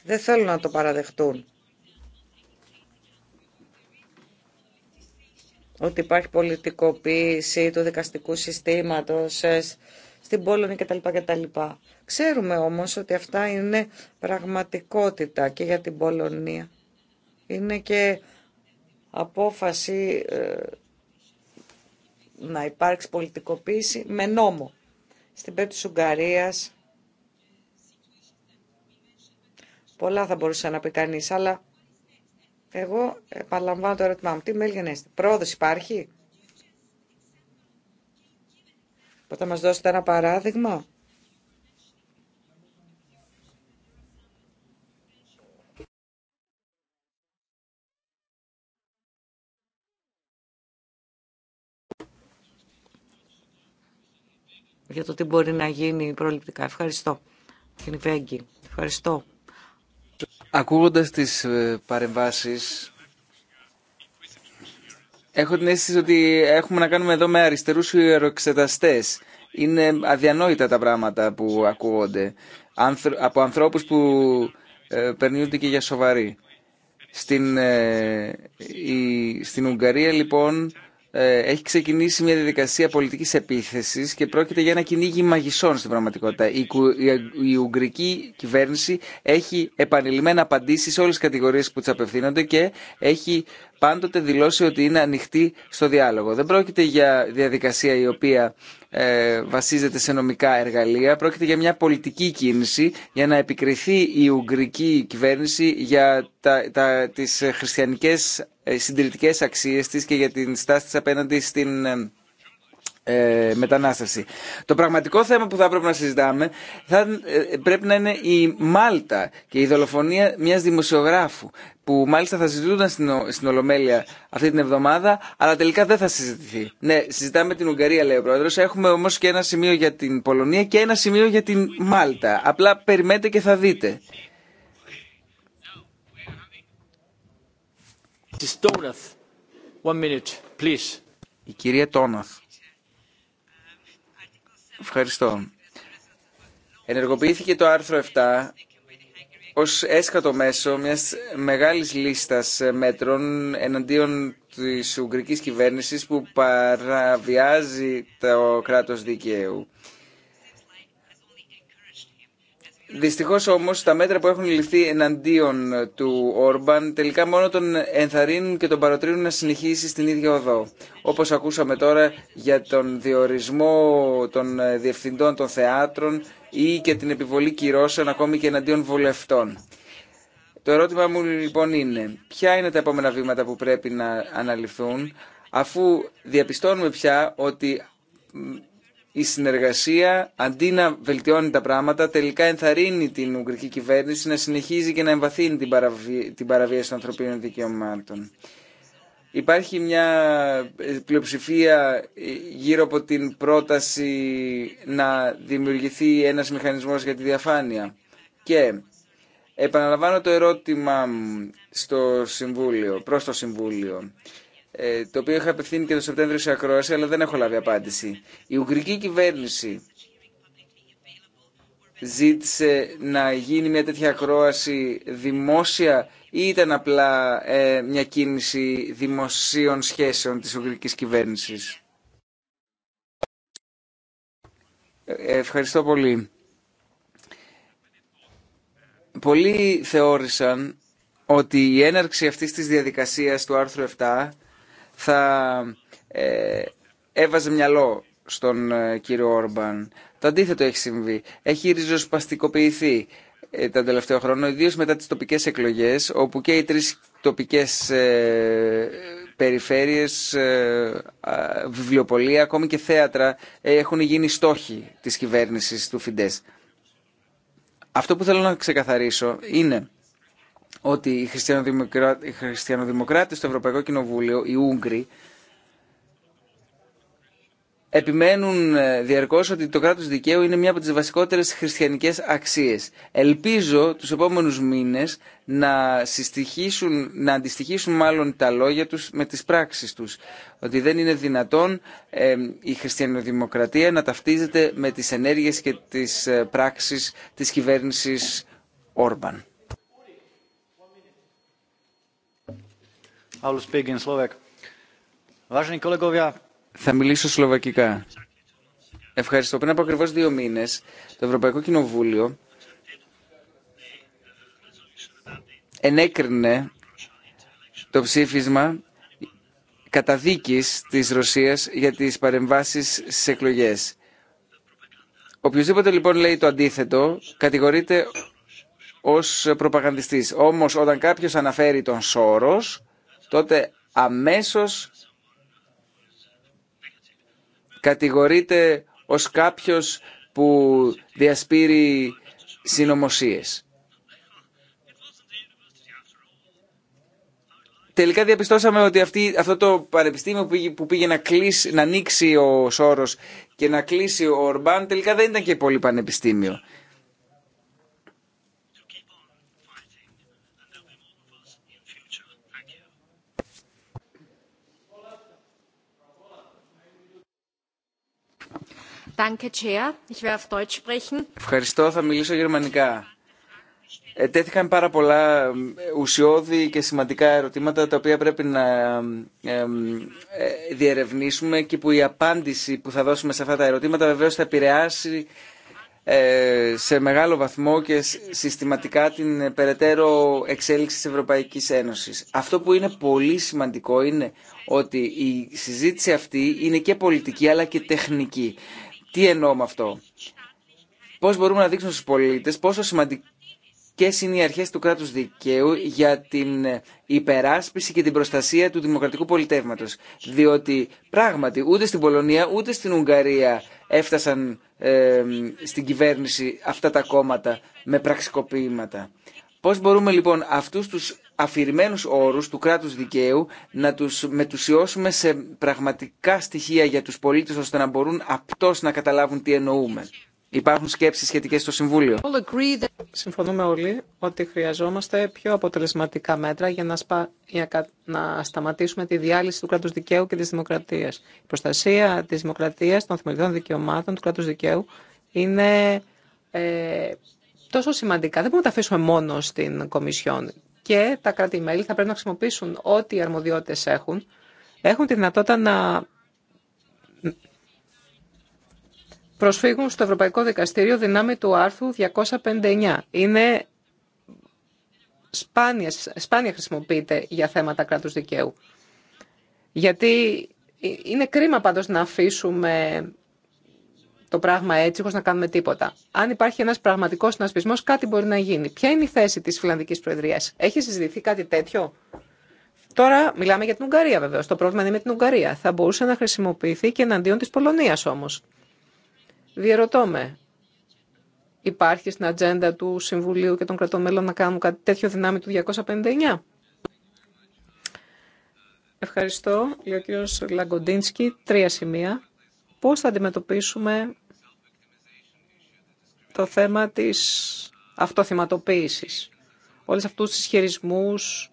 δεν θέλουν να το παραδεχτούν. ότι υπάρχει πολιτικοποίηση του δικαστικού συστήματος ε, στην Πόλωνη κτλ. Ξέρουμε όμως ότι αυτά είναι πραγματικότητα και για την Πολωνία. Είναι και απόφαση ε, να υπάρξει πολιτικοποίηση με νόμο. Στην περίπτωση της Ουγγαρίας πολλά θα μπορούσε να πει κανείς, αλλά εγώ επαναλαμβάνω το ερώτημά μου. Τι μέλη Πρόοδος υπάρχει. Θα μας δώσετε ένα παράδειγμα. για το τι μπορεί να γίνει προληπτικά. Ευχαριστώ. Ευχαριστώ. Ακούγοντας τις ε, παρεμβάσεις, έχω την αίσθηση ότι έχουμε να κάνουμε εδώ με αριστερούς ιεροξεταστές. Είναι αδιανόητα τα πράγματα που ακούγονται από ανθρώπους που ε, περνούνται και για σοβαροί. Στην, ε, στην Ουγγαρία, λοιπόν, ε, έχει ξεκινήσει μια διαδικασία πολιτικής επίθεση και πρόκειται για ένα κυνήγι μαγισσών στην πραγματικότητα. Η Ουγγρική κυβέρνηση έχει επανειλημμένα απαντήσει σε όλες τις κατηγορίες που τη απευθύνονται και έχει πάντοτε δηλώσει ότι είναι ανοιχτή στο διάλογο. Δεν πρόκειται για διαδικασία η οποία ε, βασίζεται σε νομικά εργαλεία. Πρόκειται για μια πολιτική κίνηση για να επικριθεί η Ουγγρική κυβέρνηση για τα, χριστιανικέ. χριστιανικές ε, συντηρητικές αξίες της και για την στάση της απέναντι στην ε, ε μετανάστευση. Το πραγματικό θέμα που θα πρέπει να συζητάμε θα, ε, πρέπει να είναι η Μάλτα και η δολοφονία μιας δημοσιογράφου που μάλιστα θα συζητούνταν στην, στην Ολομέλεια αυτή την εβδομάδα αλλά τελικά δεν θα συζητηθεί. Ναι, συζητάμε την Ουγγαρία λέει ο Πρόεδρος, έχουμε όμως και ένα σημείο για την Πολωνία και ένα σημείο για την Μάλτα. Απλά περιμένετε και θα δείτε. Η κυρία Τόναθ. Ευχαριστώ. Ενεργοποιήθηκε το άρθρο 7 ως έσχατο μέσο μιας μεγάλης λίστας μέτρων εναντίον της Ουγγρικής κυβέρνησης που παραβιάζει το κράτος δικαίου. Δυστυχώ όμως τα μέτρα που έχουν ληφθεί εναντίον του Όρμπαν τελικά μόνο τον ενθαρρύνουν και τον παροτρύνουν να συνεχίσει στην ίδια οδό. Όπως ακούσαμε τώρα για τον διορισμό των διευθυντών των θεάτρων ή και την επιβολή κυρώσεων ακόμη και εναντίον βουλευτών. Το ερώτημα μου λοιπόν είναι ποια είναι τα επόμενα βήματα που πρέπει να αναλυθούν αφού διαπιστώνουμε πια ότι η συνεργασία αντί να βελτιώνει τα πράγματα τελικά ενθαρρύνει την Ουγγρική κυβέρνηση να συνεχίζει και να εμβαθύνει την, παραβίαση των ανθρωπίνων δικαιωμάτων. Υπάρχει μια ε, πλειοψηφία ε, γύρω από την πρόταση να δημιουργηθεί ένας μηχανισμός για τη διαφάνεια. Και επαναλαμβάνω το ερώτημα στο Συμβούλιο, προς το Συμβούλιο. Ε, το οποίο είχα απευθύνει και το Σεπτέμβριο σε ακρόαση, αλλά δεν έχω λάβει απάντηση. Η Ουγγρική κυβέρνηση ζήτησε να γίνει μια τέτοια ακρόαση δημόσια ή ήταν απλά ε, μια κίνηση δημοσίων σχέσεων της Ουγγρικής κυβέρνησης. Ε, ευχαριστώ πολύ. Πολλοί θεώρησαν ότι η έναρξη αυτής της διαδικασίας του άρθρου 7 θα ε, έβαζε μυαλό στον ε, κύριο Όρμπαν. Το αντίθετο έχει συμβεί. Έχει ριζοσπαστικοποιηθεί ε, τον τελευταίο χρόνο, ιδίω μετά τις τοπικές εκλογές, όπου και οι τρεις τοπικές περιφέρειες, βιβλιοπολία, ακόμη και θέατρα έχουν γίνει στόχοι της κυβέρνησης του Φιντές. Αυτό που θέλω να ξεκαθαρίσω είναι ότι οι χριστιανοδημοκράτες στο Ευρωπαϊκό Κοινοβούλιο, οι Ούγγροι, επιμένουν ε, διαρκώς ότι το κράτος δικαίου είναι μία από τις βασικότερες χριστιανικές αξίες. Ελπίζω τους επόμενους μήνες να, συστοιχήσουν, να αντιστοιχίσουν μάλλον τα λόγια τους με τις πράξεις τους. Ότι δεν είναι δυνατόν η χριστιανοδημοκρατία να ταυτίζεται με τις ενέργειες και τις ε, πράξεις της κυβέρνησης Όρμπαν. Θα μιλήσω σλοβακικά. Ευχαριστώ. Πριν από ακριβώ δύο μήνε, το Ευρωπαϊκό Κοινοβούλιο ενέκρινε το ψήφισμα καταδίκης της Ρωσίας για τις παρεμβάσεις στις εκλογές. Οποιοςδήποτε λοιπόν λέει το αντίθετο, κατηγορείται ως προπαγανδιστής. Όμως όταν κάποιος αναφέρει τον Σόρος, τότε αμέσως κατηγορείται ως κάποιος που διασπείρει συνωμοσίες. Τελικά διαπιστώσαμε ότι αυτή, αυτό το πανεπιστήμιο που πήγε, να, κλείσει, να ανοίξει ο Σόρος και να κλείσει ο Ορμπάν τελικά δεν ήταν και πολύ πανεπιστήμιο. Ευχαριστώ, θα μιλήσω γερμανικά. Ετέθηκαν πάρα πολλά ουσιώδη και σημαντικά ερωτήματα τα οποία πρέπει να ε, ε, διερευνήσουμε και που η απάντηση που θα δώσουμε σε αυτά τα ερωτήματα βεβαίως θα επηρεάσει ε, σε μεγάλο βαθμό και συστηματικά την περαιτέρω εξέλιξη της Ευρωπαϊκής Ένωσης. Αυτό που είναι πολύ σημαντικό είναι ότι η συζήτηση αυτή είναι και πολιτική αλλά και τεχνική. Τι εννοώ με αυτό. Πώς μπορούμε να δείξουμε στους πολίτες πόσο σημαντικές είναι οι αρχές του κράτους δικαίου για την υπεράσπιση και την προστασία του δημοκρατικού πολιτεύματος. Διότι πράγματι ούτε στην Πολωνία ούτε στην Ουγγαρία έφτασαν στην κυβέρνηση αυτά τα κόμματα με πραξικοπήματα. Πώς μπορούμε λοιπόν αυτούς τους αφηρημένους όρους του κράτους δικαίου να τους μετουσιώσουμε σε πραγματικά στοιχεία για τους πολίτες ώστε να μπορούν απτός να καταλάβουν τι εννοούμε. Υπάρχουν σκέψεις σχετικές στο Συμβούλιο. Συμφωνούμε όλοι ότι χρειαζόμαστε πιο αποτελεσματικά μέτρα για να, σπα... για να σταματήσουμε τη διάλυση του κράτους δικαίου και της δημοκρατίας. Η προστασία της δημοκρατίας, των θεμελιωδών δικαιωμάτων, του κράτους δικαίου είναι ε, τόσο σημαντικά. Δεν μπορούμε να τα αφήσουμε μόνο στην Κομισιόν και τα κράτη-μέλη θα πρέπει να χρησιμοποιήσουν ό,τι οι αρμοδιότητες έχουν. Έχουν τη δυνατότητα να προσφύγουν στο Ευρωπαϊκό Δικαστήριο δυνάμει του άρθρου 259. Είναι σπάνια, σπάνια χρησιμοποιείται για θέματα κράτους δικαίου. Γιατί ε, είναι κρίμα πάντως να αφήσουμε το πράγμα έτσι χωρί να κάνουμε τίποτα. Αν υπάρχει ένα πραγματικό συνασπισμό, κάτι μπορεί να γίνει. Ποια είναι η θέση τη Φιλανδική προεδρία, Έχει συζητηθεί κάτι τέτοιο. Τώρα μιλάμε για την Ουγγαρία βεβαίω. Το πρόβλημα είναι με την Ουγγαρία. Θα μπορούσε να χρησιμοποιηθεί και εναντίον τη Πολωνία όμω. Διερωτώ με. Υπάρχει στην ατζέντα του Συμβουλίου και των κρατών μέλων να κάνουν κάτι τέτοιο δυνάμει του 259. Ευχαριστώ. Λέει ο κ. Λαγκοντίνσκι, τρία σημεία. Πώς θα αντιμετωπίσουμε το θέμα της αυτοθυματοποίησης. Όλες αυτούς τους χειρισμούς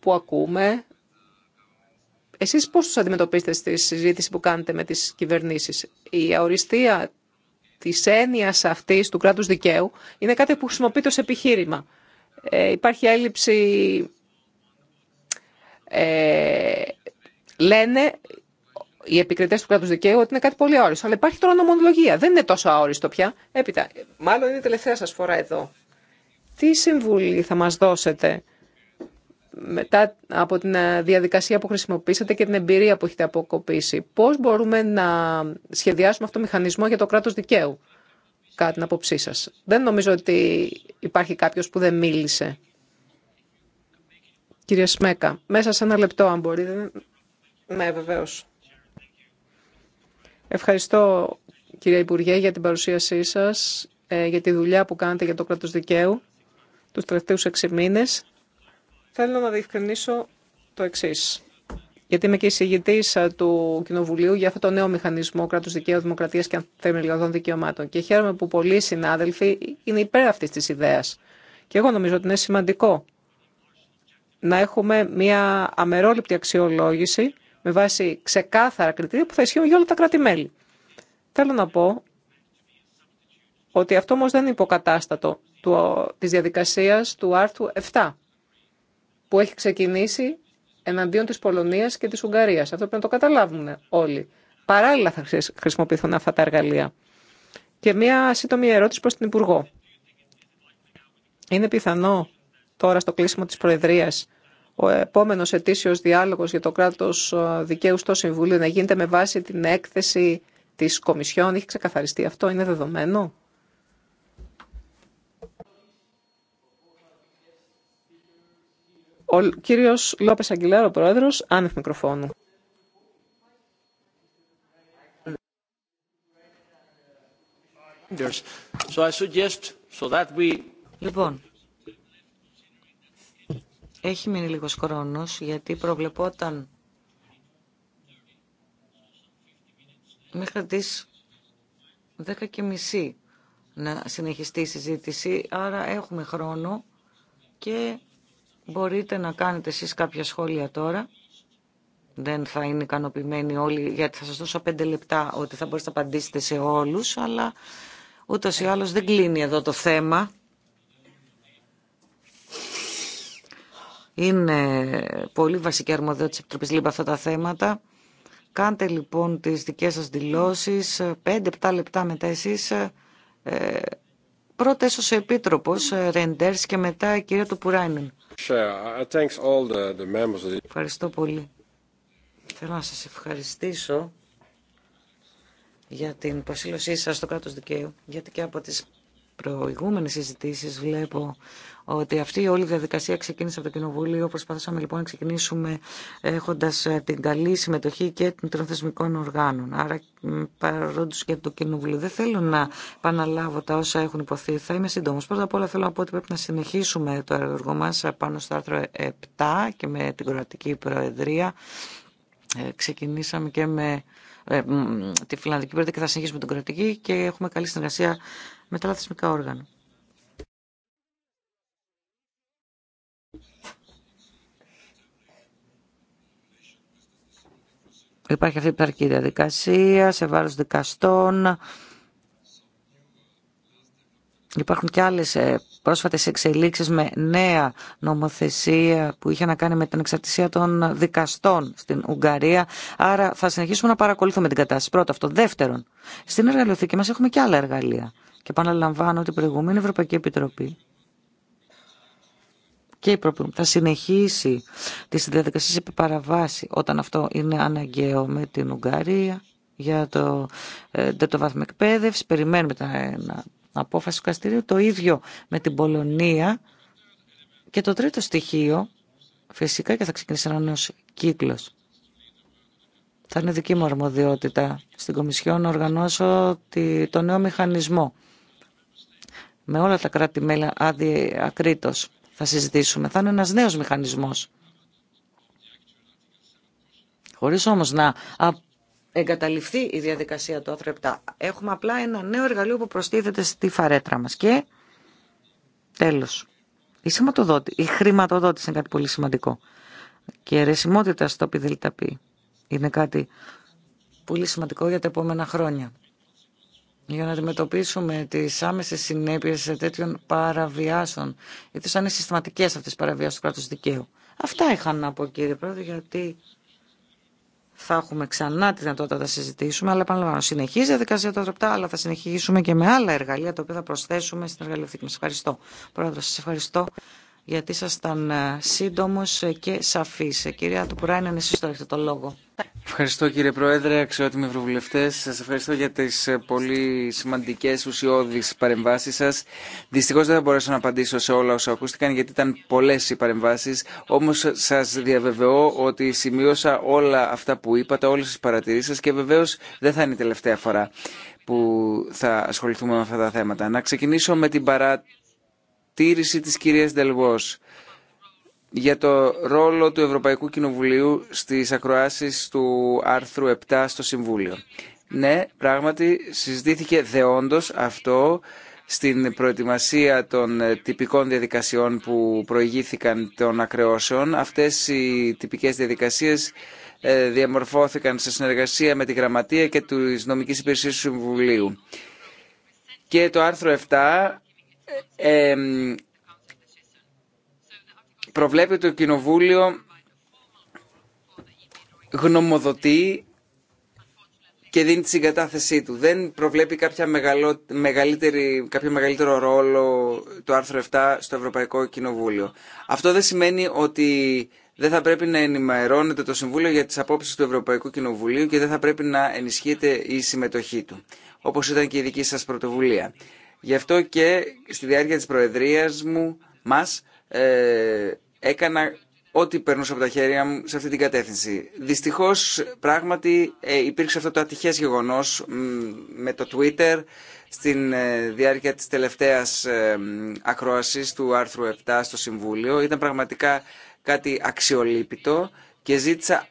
που ακούμε, εσείς πώς τους αντιμετωπίσετε στη συζήτηση που κάνετε με τις κυβερνήσεις. Η αοριστία της έννοιας αυτής του κράτους δικαίου είναι κάτι που χρησιμοποιείται ως επιχείρημα. Ε, υπάρχει έλλειψη... Ε, λένε οι επικριτέ του κράτου δικαίου ότι είναι κάτι πολύ αόριστο. Αλλά υπάρχει τώρα νομολογία. Δεν είναι τόσο αόριστο πια. Έπειτα, μάλλον είναι η τελευταία σα φορά εδώ. Τι συμβουλή θα μα δώσετε μετά από την ε, διαδικασία που χρησιμοποίησατε και την εμπειρία που έχετε αποκοπήσει, Πώ μπορούμε να σχεδιάσουμε αυτό το μηχανισμό για το κράτο δικαίου, κατά την απόψή σα. Δεν νομίζω ότι υπάρχει κάποιο που δεν μίλησε. Κυρία Σμέκα, μέσα σε ένα λεπτό, αν μπορείτε, ναι, βεβαίω. Ευχαριστώ κυρία Υπουργέ για την παρουσίασή σας, ε, για τη δουλειά που κάνετε για το κράτος δικαίου τους τελευταίους έξι μήνες. Θέλω να διευκρινίσω το εξή. Γιατί είμαι και εισηγητή ε, του Κοινοβουλίου για αυτό το νέο μηχανισμό κράτου δικαίου, δημοκρατία και θεμελιωδών δικαιωμάτων. Και χαίρομαι που πολλοί συνάδελφοι είναι υπέρ αυτή τη ιδέα. Και εγώ νομίζω ότι είναι σημαντικό να έχουμε μια αμερόληπτη αξιολόγηση με βάση ξεκάθαρα κριτήρια που θα ισχύουν για όλα τα κράτη-μέλη. Θέλω να πω ότι αυτό όμω δεν είναι υποκατάστατο του, της διαδικασίας του άρθρου 7 που έχει ξεκινήσει εναντίον της Πολωνίας και της Ουγγαρίας. Αυτό πρέπει να το καταλάβουμε όλοι. Παράλληλα θα χρησιμοποιηθούν αυτά τα εργαλεία. Και μία σύντομη ερώτηση προς την Υπουργό. Είναι πιθανό τώρα στο κλείσιμο της Προεδρίας ο επόμενος ετήσιος διάλογος για το κράτος ε, δικαίου στο Συμβούλιο να γίνεται με βάση την έκθεση της Κομισιόν. Είχε ξεκαθαριστεί αυτό, είναι δεδομένο. Ο κύριος Λόπες Αγγιλάρο, πρόεδρος, άνευ μικροφώνου. Λοιπόν, έχει μείνει λίγος χρόνος γιατί προβλεπόταν μέχρι τις 10 και μισή να συνεχιστεί η συζήτηση, άρα έχουμε χρόνο και μπορείτε να κάνετε εσείς κάποια σχόλια τώρα. Δεν θα είναι ικανοποιημένοι όλοι, γιατί θα σας δώσω πέντε λεπτά ότι θα μπορείτε να απαντήσετε σε όλους, αλλά ούτως ή άλλως δεν κλείνει εδώ το θέμα. Είναι πολύ βασική αρμοδιότητα της Επιτροπής ΛΥΜΠΑ αυτά τα θέματα. Κάντε λοιπόν τις δικές σας δηλώσεις, 5-7 λεπτά μετά εσείς, ε, πρώτα έσως ο Επίτροπος ε, Ρεντέρς και μετά η κυρία του Πουράινεν. Ευχαριστώ πολύ. Θέλω να σας ευχαριστήσω για την προσήλωσή σας στο κράτος δικαίου, γιατί και από τις προηγούμενες συζητήσεις βλέπω ότι αυτή η όλη διαδικασία ξεκίνησε από το Κοινοβούλιο. Προσπαθήσαμε λοιπόν να ξεκινήσουμε έχοντα ε, την καλή συμμετοχή και των θεσμικών οργάνων. Άρα, παρόντου και το Κοινοβούλιο, δεν θέλω να επαναλάβω τα όσα έχουν υποθεί. Θα είμαι σύντομο. Πρώτα απ' όλα θέλω να πω ότι πρέπει να συνεχίσουμε το έργο μα πάνω στο άρθρο 7 και με την Κροατική Προεδρία. Ε, ξεκινήσαμε και με ε, τη Φιλανδική Προεδρία και θα συνεχίσουμε την Κροατική και έχουμε καλή συνεργασία με τα θεσμικά όργανα. Υπάρχει αυτή η πειθαρχική διαδικασία σε βάρος δικαστών. Υπάρχουν και άλλες ε, πρόσφατες εξελίξεις με νέα νομοθεσία που είχε να κάνει με την εξαρτησία των δικαστών στην Ουγγαρία. Άρα θα συνεχίσουμε να παρακολουθούμε την κατάσταση. Πρώτο αυτό. Δεύτερον, στην εργαλειοθήκη μας έχουμε και άλλα εργαλεία. Και επαναλαμβάνω ότι η προηγούμενη Ευρωπαϊκή Επιτροπή και η θα συνεχίσει τη διαδικασία επί παραβάση όταν αυτό είναι αναγκαίο με την Ουγγαρία για το δεύτερο βάθμο εκπαίδευση. Περιμένουμε την απόφαση του καστηρίου. Το ίδιο με την Πολωνία. Και το τρίτο στοιχείο, φυσικά και θα ξεκινήσει ένα νέο κύκλος. Θα είναι δική μου αρμοδιότητα στην Κομισιόν να οργανώσω τη, το νέο μηχανισμό με όλα τα κράτη-μέλη ακρίτως θα συζητήσουμε. Θα είναι ένας νέος μηχανισμός. Χωρίς όμως να εγκαταληφθεί η διαδικασία του άρθρου Έχουμε απλά ένα νέο εργαλείο που προστίθεται στη φαρέτρα μας. Και τέλος, η, η χρηματοδότηση είναι κάτι πολύ σημαντικό. Και η αιρεσιμότητα στο πιδελταπή είναι κάτι πολύ σημαντικό για τα επόμενα χρόνια για να αντιμετωπίσουμε τις άμεσες συνέπειες τέτοιων παραβιάσεων, γιατί σαν είναι συστηματικές αυτές παραβιάσεις του κράτου δικαίου. Αυτά είχα να πω κύριε Πρόεδρε, γιατί θα έχουμε ξανά τη δυνατότητα να τα συζητήσουμε, αλλά επαναλαμβάνω, συνεχίζει η διαδικασία των τρεπτά, αλλά θα συνεχίσουμε και με άλλα εργαλεία τα οποία θα προσθέσουμε στην εργαλειοθήκη. μα. ευχαριστώ. Πρόεδρε, σα ευχαριστώ γιατί ήσασταν ε, σύντομος και σαφής. Ε, κυρία Τουπουράινεν, εσείς το έχετε το λόγο. Ευχαριστώ κύριε Πρόεδρε, αξιότιμοι ευρωβουλευτέ. Σα ευχαριστώ για τι ε, πολύ σημαντικέ ουσιώδει παρεμβάσει σα. Δυστυχώ δεν θα μπορέσω να απαντήσω σε όλα όσα ακούστηκαν, γιατί ήταν πολλέ οι παρεμβάσει. Όμω σα διαβεβαιώ ότι σημείωσα όλα αυτά που είπατε, όλε τι παρατηρήσει σα και βεβαίω δεν θα είναι η τελευταία φορά που θα ασχοληθούμε με αυτά τα θέματα. Να ξεκινήσω με την παρά Τήρηση της κυρίας Δελβός για το ρόλο του Ευρωπαϊκού Κοινοβουλίου στις ακροάσεις του άρθρου 7 στο Συμβούλιο. Ναι, πράγματι συζητήθηκε δεόντως αυτό στην προετοιμασία των τυπικών διαδικασιών που προηγήθηκαν των ακρεώσεων. Αυτές οι τυπικές διαδικασίες ε, διαμορφώθηκαν σε συνεργασία με τη Γραμματεία και τη νομική Υπηρεσία του Συμβουλίου. Και το άρθρο 7 ε, προβλέπει το Κοινοβούλιο γνωμοδοτεί και δίνει τη συγκατάθεσή του. Δεν προβλέπει κάποια μεγαλύτερη, κάποιο μεγαλύτερο ρόλο του άρθρου 7 στο Ευρωπαϊκό Κοινοβούλιο. Αυτό δεν σημαίνει ότι δεν θα πρέπει να ενημερώνεται το Συμβούλιο για τις απόψεις του Ευρωπαϊκού Κοινοβουλίου και δεν θα πρέπει να ενισχύεται η συμμετοχή του, όπως ήταν και η δική σας πρωτοβουλία. Γι' αυτό και στη διάρκεια της Προεδρίας μου μας ε, έκανα ό,τι περνούσε από τα χέρια μου σε αυτή την κατεύθυνση. Δυστυχώς πράγματι ε, υπήρξε αυτό το ατυχές γεγονός με το Twitter στην ε, διάρκεια της τελευταίας ε, ακρόασης του άρθρου 7 στο Συμβούλιο. Ήταν πραγματικά κάτι αξιολύπητο και ζήτησα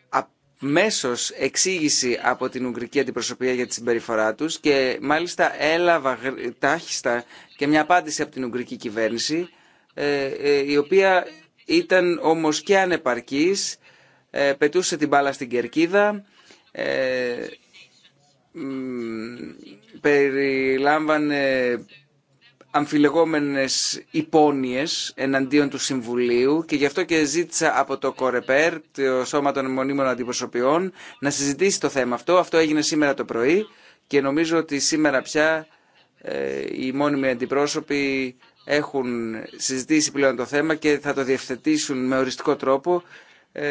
Μέσω εξήγηση από την Ουγγρική Αντιπροσωπεία για τη συμπεριφορά του και μάλιστα έλαβα τάχιστα και μια απάντηση από την Ουγγρική Κυβέρνηση ε, ε, η οποία ήταν όμω και ανεπαρκής, ε, πετούσε την μπάλα στην κερκίδα, περιλάμβανε αμφιλεγόμενες υπόνοιες εναντίον του Συμβουλίου και γι' αυτό και ζήτησα από το ΚΟΡΕΠΕΡ, το Σώμα των Μονίμων Αντιπροσωπιών, να συζητήσει το θέμα αυτό. Αυτό έγινε σήμερα το πρωί και νομίζω ότι σήμερα πια ε, οι μόνιμοι αντιπρόσωποι έχουν συζητήσει πλέον το θέμα και θα το διευθετήσουν με οριστικό τρόπο ε,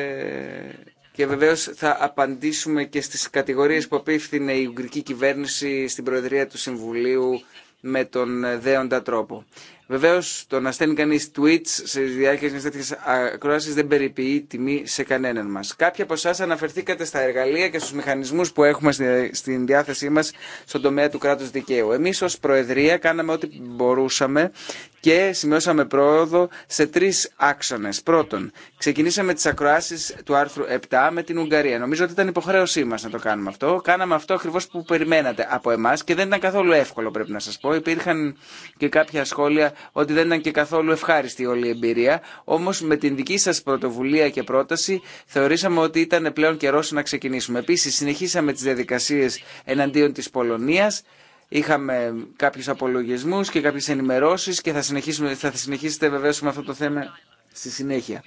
και βεβαίως θα απαντήσουμε και στις κατηγορίες που απίφθινε η Ουγγρική κυβέρνηση στην Προεδρία του Συμβουλίου με τον ε, δέοντα τρόπο. Βεβαίω, το να στέλνει κανεί tweets σε διάρκεια μια τέτοια ακροαση δεν περιποιεί τιμή σε κανέναν μα. Κάποιοι από εσά αναφερθήκατε στα εργαλεία και στου μηχανισμού που έχουμε στην διάθεσή μα στον τομέα του κράτου δικαίου. Εμεί ω Προεδρία κάναμε ό,τι μπορούσαμε και σημειώσαμε πρόοδο σε τρει άξονε. Πρώτον, ξεκινήσαμε τι ακροασει του άρθρου 7 με την Ουγγαρία. Νομίζω ότι ήταν υποχρέωσή μα να το κάνουμε αυτό. Κάναμε αυτό ακριβώ που περιμένατε από εμά και δεν ήταν καθόλου εύκολο πρέπει να σα πω. Υπήρχαν και κάποια σχόλια ότι δεν ήταν και καθόλου ευχάριστη όλη η εμπειρία. Όμως με την δική σας πρωτοβουλία και πρόταση θεωρήσαμε ότι ήταν πλέον καιρός να ξεκινήσουμε. Επίση, συνεχίσαμε τις διαδικασίε εναντίον της Πολωνίας. Είχαμε κάποιου απολογισμού και κάποιε ενημερώσεις και θα, συνεχίσουμε, θα συνεχίσετε βεβαίω με αυτό το θέμα στη συνέχεια.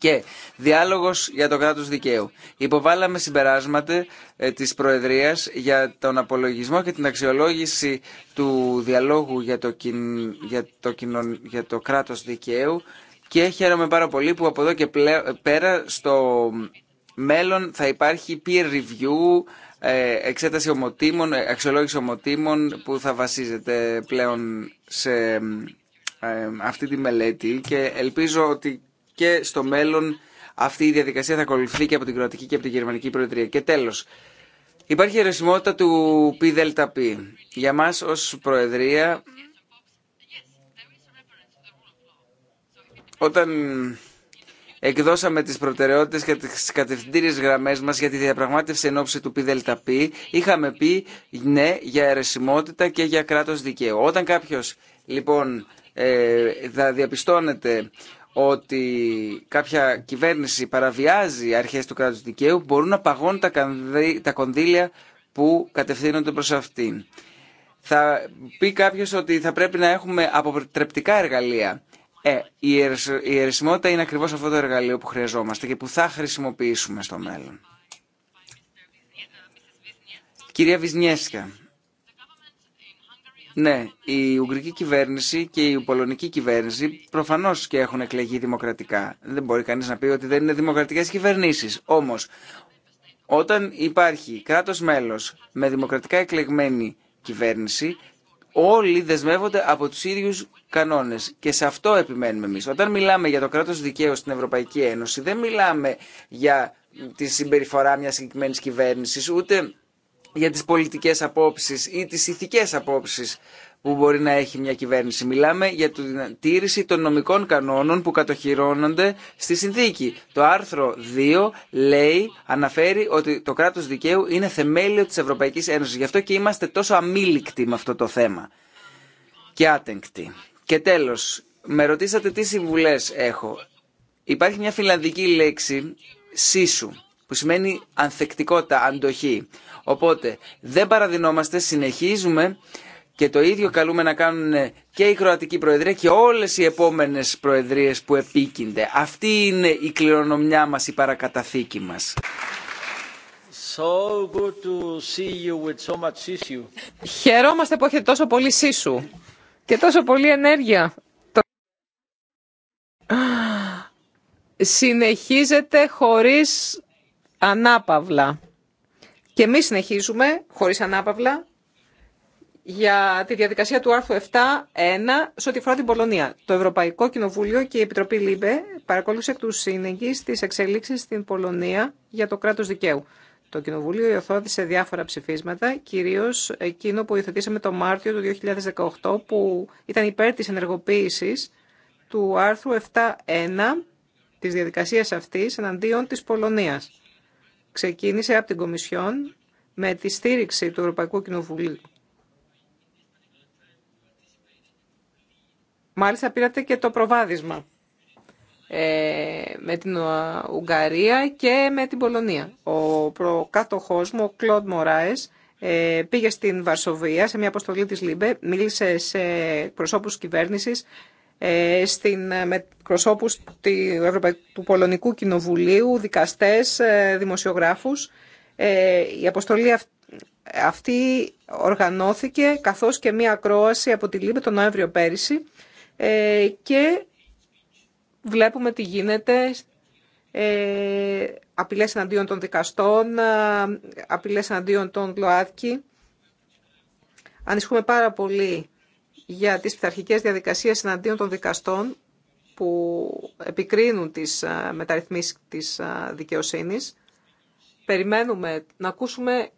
Και διάλογος για το κράτος δικαίου. Υποβάλαμε συμπεράσματα ε, της Προεδρίας για τον απολογισμό και την αξιολόγηση του διαλόγου για το, το, για το κράτος δικαίου και χαίρομαι πάρα πολύ που από εδώ και πέρα στο μέλλον θα υπάρχει peer review, ε, εξέταση ομοτήμων, ε, αξιολόγηση ομοτήμων που θα βασίζεται πλέον σε αυτή τη μελέτη και ελπίζω ότι και στο μέλλον αυτή η διαδικασία θα ακολουθεί και από την Κροατική και από την Γερμανική Προεδρία. Και τέλος, υπάρχει η αιρεσιμότητα του ΠΔΠ. Για μας ως Προεδρία, όταν εκδώσαμε τις προτεραιότητες και τις κατευθυντήριες γραμμές μας για τη διαπραγμάτευση εν ώψη του ΠΔΠ, είχαμε πει ναι για αιρεσιμότητα και για κράτος δικαίου. Όταν κάποιος λοιπόν ε, θα διαπιστώνεται ότι κάποια κυβέρνηση παραβιάζει αρχές του κράτους δικαίου μπορούν να παγώνουν τα κονδύλια που κατευθύνονται προς αυτήν. Θα πει κάποιος ότι θα πρέπει να έχουμε αποτρεπτικά εργαλεία. Ε, η αιρεσιμότητα είναι ακριβώς αυτό το εργαλείο που χρειαζόμαστε και που θα χρησιμοποιήσουμε στο μέλλον. Κυρία Βυσνιέσκα. Ναι, η Ουγγρική κυβέρνηση και η Πολωνική κυβέρνηση προφανώ και έχουν εκλεγεί δημοκρατικά. Δεν μπορεί κανεί να πει ότι δεν είναι δημοκρατικέ κυβερνήσει. Όμω, όταν υπάρχει κράτο μέλο με δημοκρατικά εκλεγμένη κυβέρνηση, όλοι δεσμεύονται από του ίδιου κανόνε. Και σε αυτό επιμένουμε εμεί. Όταν μιλάμε για το κράτο δικαίου στην Ευρωπαϊκή Ένωση, δεν μιλάμε για τη συμπεριφορά μια συγκεκριμένη κυβέρνηση, ούτε για τις πολιτικές απόψεις ή τις ηθικές απόψεις που μπορεί να έχει μια κυβέρνηση. Μιλάμε για την τήρηση των νομικών κανόνων που κατοχυρώνονται στη συνθήκη. Το άρθρο 2 λέει, αναφέρει ότι το κράτος δικαίου είναι θεμέλιο της Ευρωπαϊκής Ένωσης. Γι' αυτό και είμαστε τόσο αμήλικτοι με αυτό το θέμα και άτεγκτοι. Και τέλος, με ρωτήσατε τι συμβουλές έχω. Υπάρχει μια φιλανδική λέξη «σίσου» που σημαίνει ανθεκτικότητα, αντοχή. Οπότε δεν παραδεινόμαστε, συνεχίζουμε και το ίδιο καλούμε να κάνουν και η Κροατική Προεδρία και όλες οι επόμενες προεδρίες που επίκυνται. Αυτή είναι η κληρονομιά μας, η παρακαταθήκη μας. So good to see you with so much Χαιρόμαστε που έχετε τόσο πολύ σίσου και τόσο πολύ ενέργεια. Συνεχίζεται χωρίς ανάπαυλα. Και εμείς συνεχίζουμε, χωρίς ανάπαυλα, για τη διαδικασία του άρθρου 7.1 σε ό,τι αφορά την Πολωνία. Το Ευρωπαϊκό Κοινοβούλιο και η Επιτροπή ΛΥΜΠΕ παρακολούθησε εκ του σύνεγγυ τι εξελίξει στην Πολωνία για το κράτο δικαίου. Το Κοινοβούλιο υιοθώθησε διάφορα ψηφίσματα, κυρίω εκείνο που υιοθετήσαμε το Μάρτιο του 2018, που ήταν υπέρ τη ενεργοποίηση του άρθρου 7.1 τη διαδικασία αυτή εναντίον τη Πολωνία ξεκίνησε από την Κομισιόν με τη στήριξη του Ευρωπαϊκού Κοινοβουλίου. Μάλιστα πήρατε και το προβάδισμα ε, με την ε, Ουγγαρία και με την Πολωνία. Ο προκάτοχός μου, ο Κλοντ Μωράες, ε, πήγε στην Βαρσοβία σε μια αποστολή της Λίμπε, μίλησε σε προσώπους κυβέρνησης, ε, στην, ε, με προσώπους του Πολωνικού Κοινοβουλίου, δικαστές, ε, δημοσιογράφους. Η αποστολή αυτή οργανώθηκε καθώς και μία ακρόαση από τη Λίμπε τον Νοέμβριο πέρυσι και βλέπουμε τι γίνεται ε, απειλές εναντίον των δικαστών, απειλές εναντίον των ΛΟΑΤΚΙ Ανισχούμε πάρα πολύ για τις πειθαρχικές διαδικασίες εναντίον των δικαστών που επικρίνουν τις μεταρρυθμίσεις της δικαιοσύνης. Περιμένουμε να ακούσουμε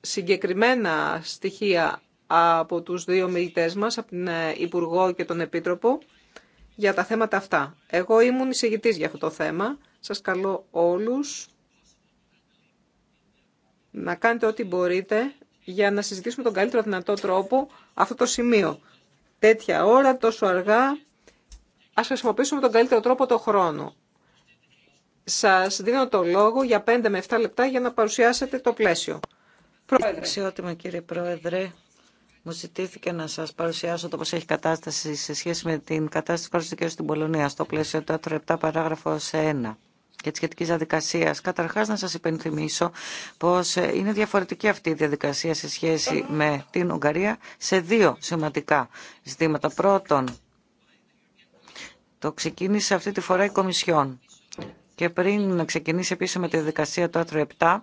συγκεκριμένα στοιχεία από τους δύο μιλητές μας, από την ε, Υπουργό και τον Επίτροπο, για τα θέματα αυτά. Εγώ ήμουν εισηγητής για αυτό το θέμα. Σας καλώ όλους να κάνετε ό,τι μπορείτε για να συζητήσουμε τον καλύτερο δυνατό τρόπο αυτό το σημείο τέτοια ώρα, τόσο αργά. Ας χρησιμοποιήσουμε τον καλύτερο τρόπο το χρόνο. Σας δίνω το λόγο για 5 με 7 λεπτά για να παρουσιάσετε το πλαίσιο. Αξιότιμα κύριε Πρόεδρε, μου ζητήθηκε να σας παρουσιάσω το πώς έχει κατάσταση σε σχέση με την κατάσταση του στην Πολωνία στο πλαίσιο του 7 παράγραφος 1 και τη σχετική διαδικασία. Καταρχά, να σα υπενθυμίσω πω ε, είναι διαφορετική αυτή η διαδικασία σε σχέση με την Ουγγαρία σε δύο σημαντικά ζητήματα. Πρώτον, το ξεκίνησε αυτή τη φορά η Κομισιόν. Και πριν ξεκινήσει επίσημα τη διαδικασία του άρθρου 7,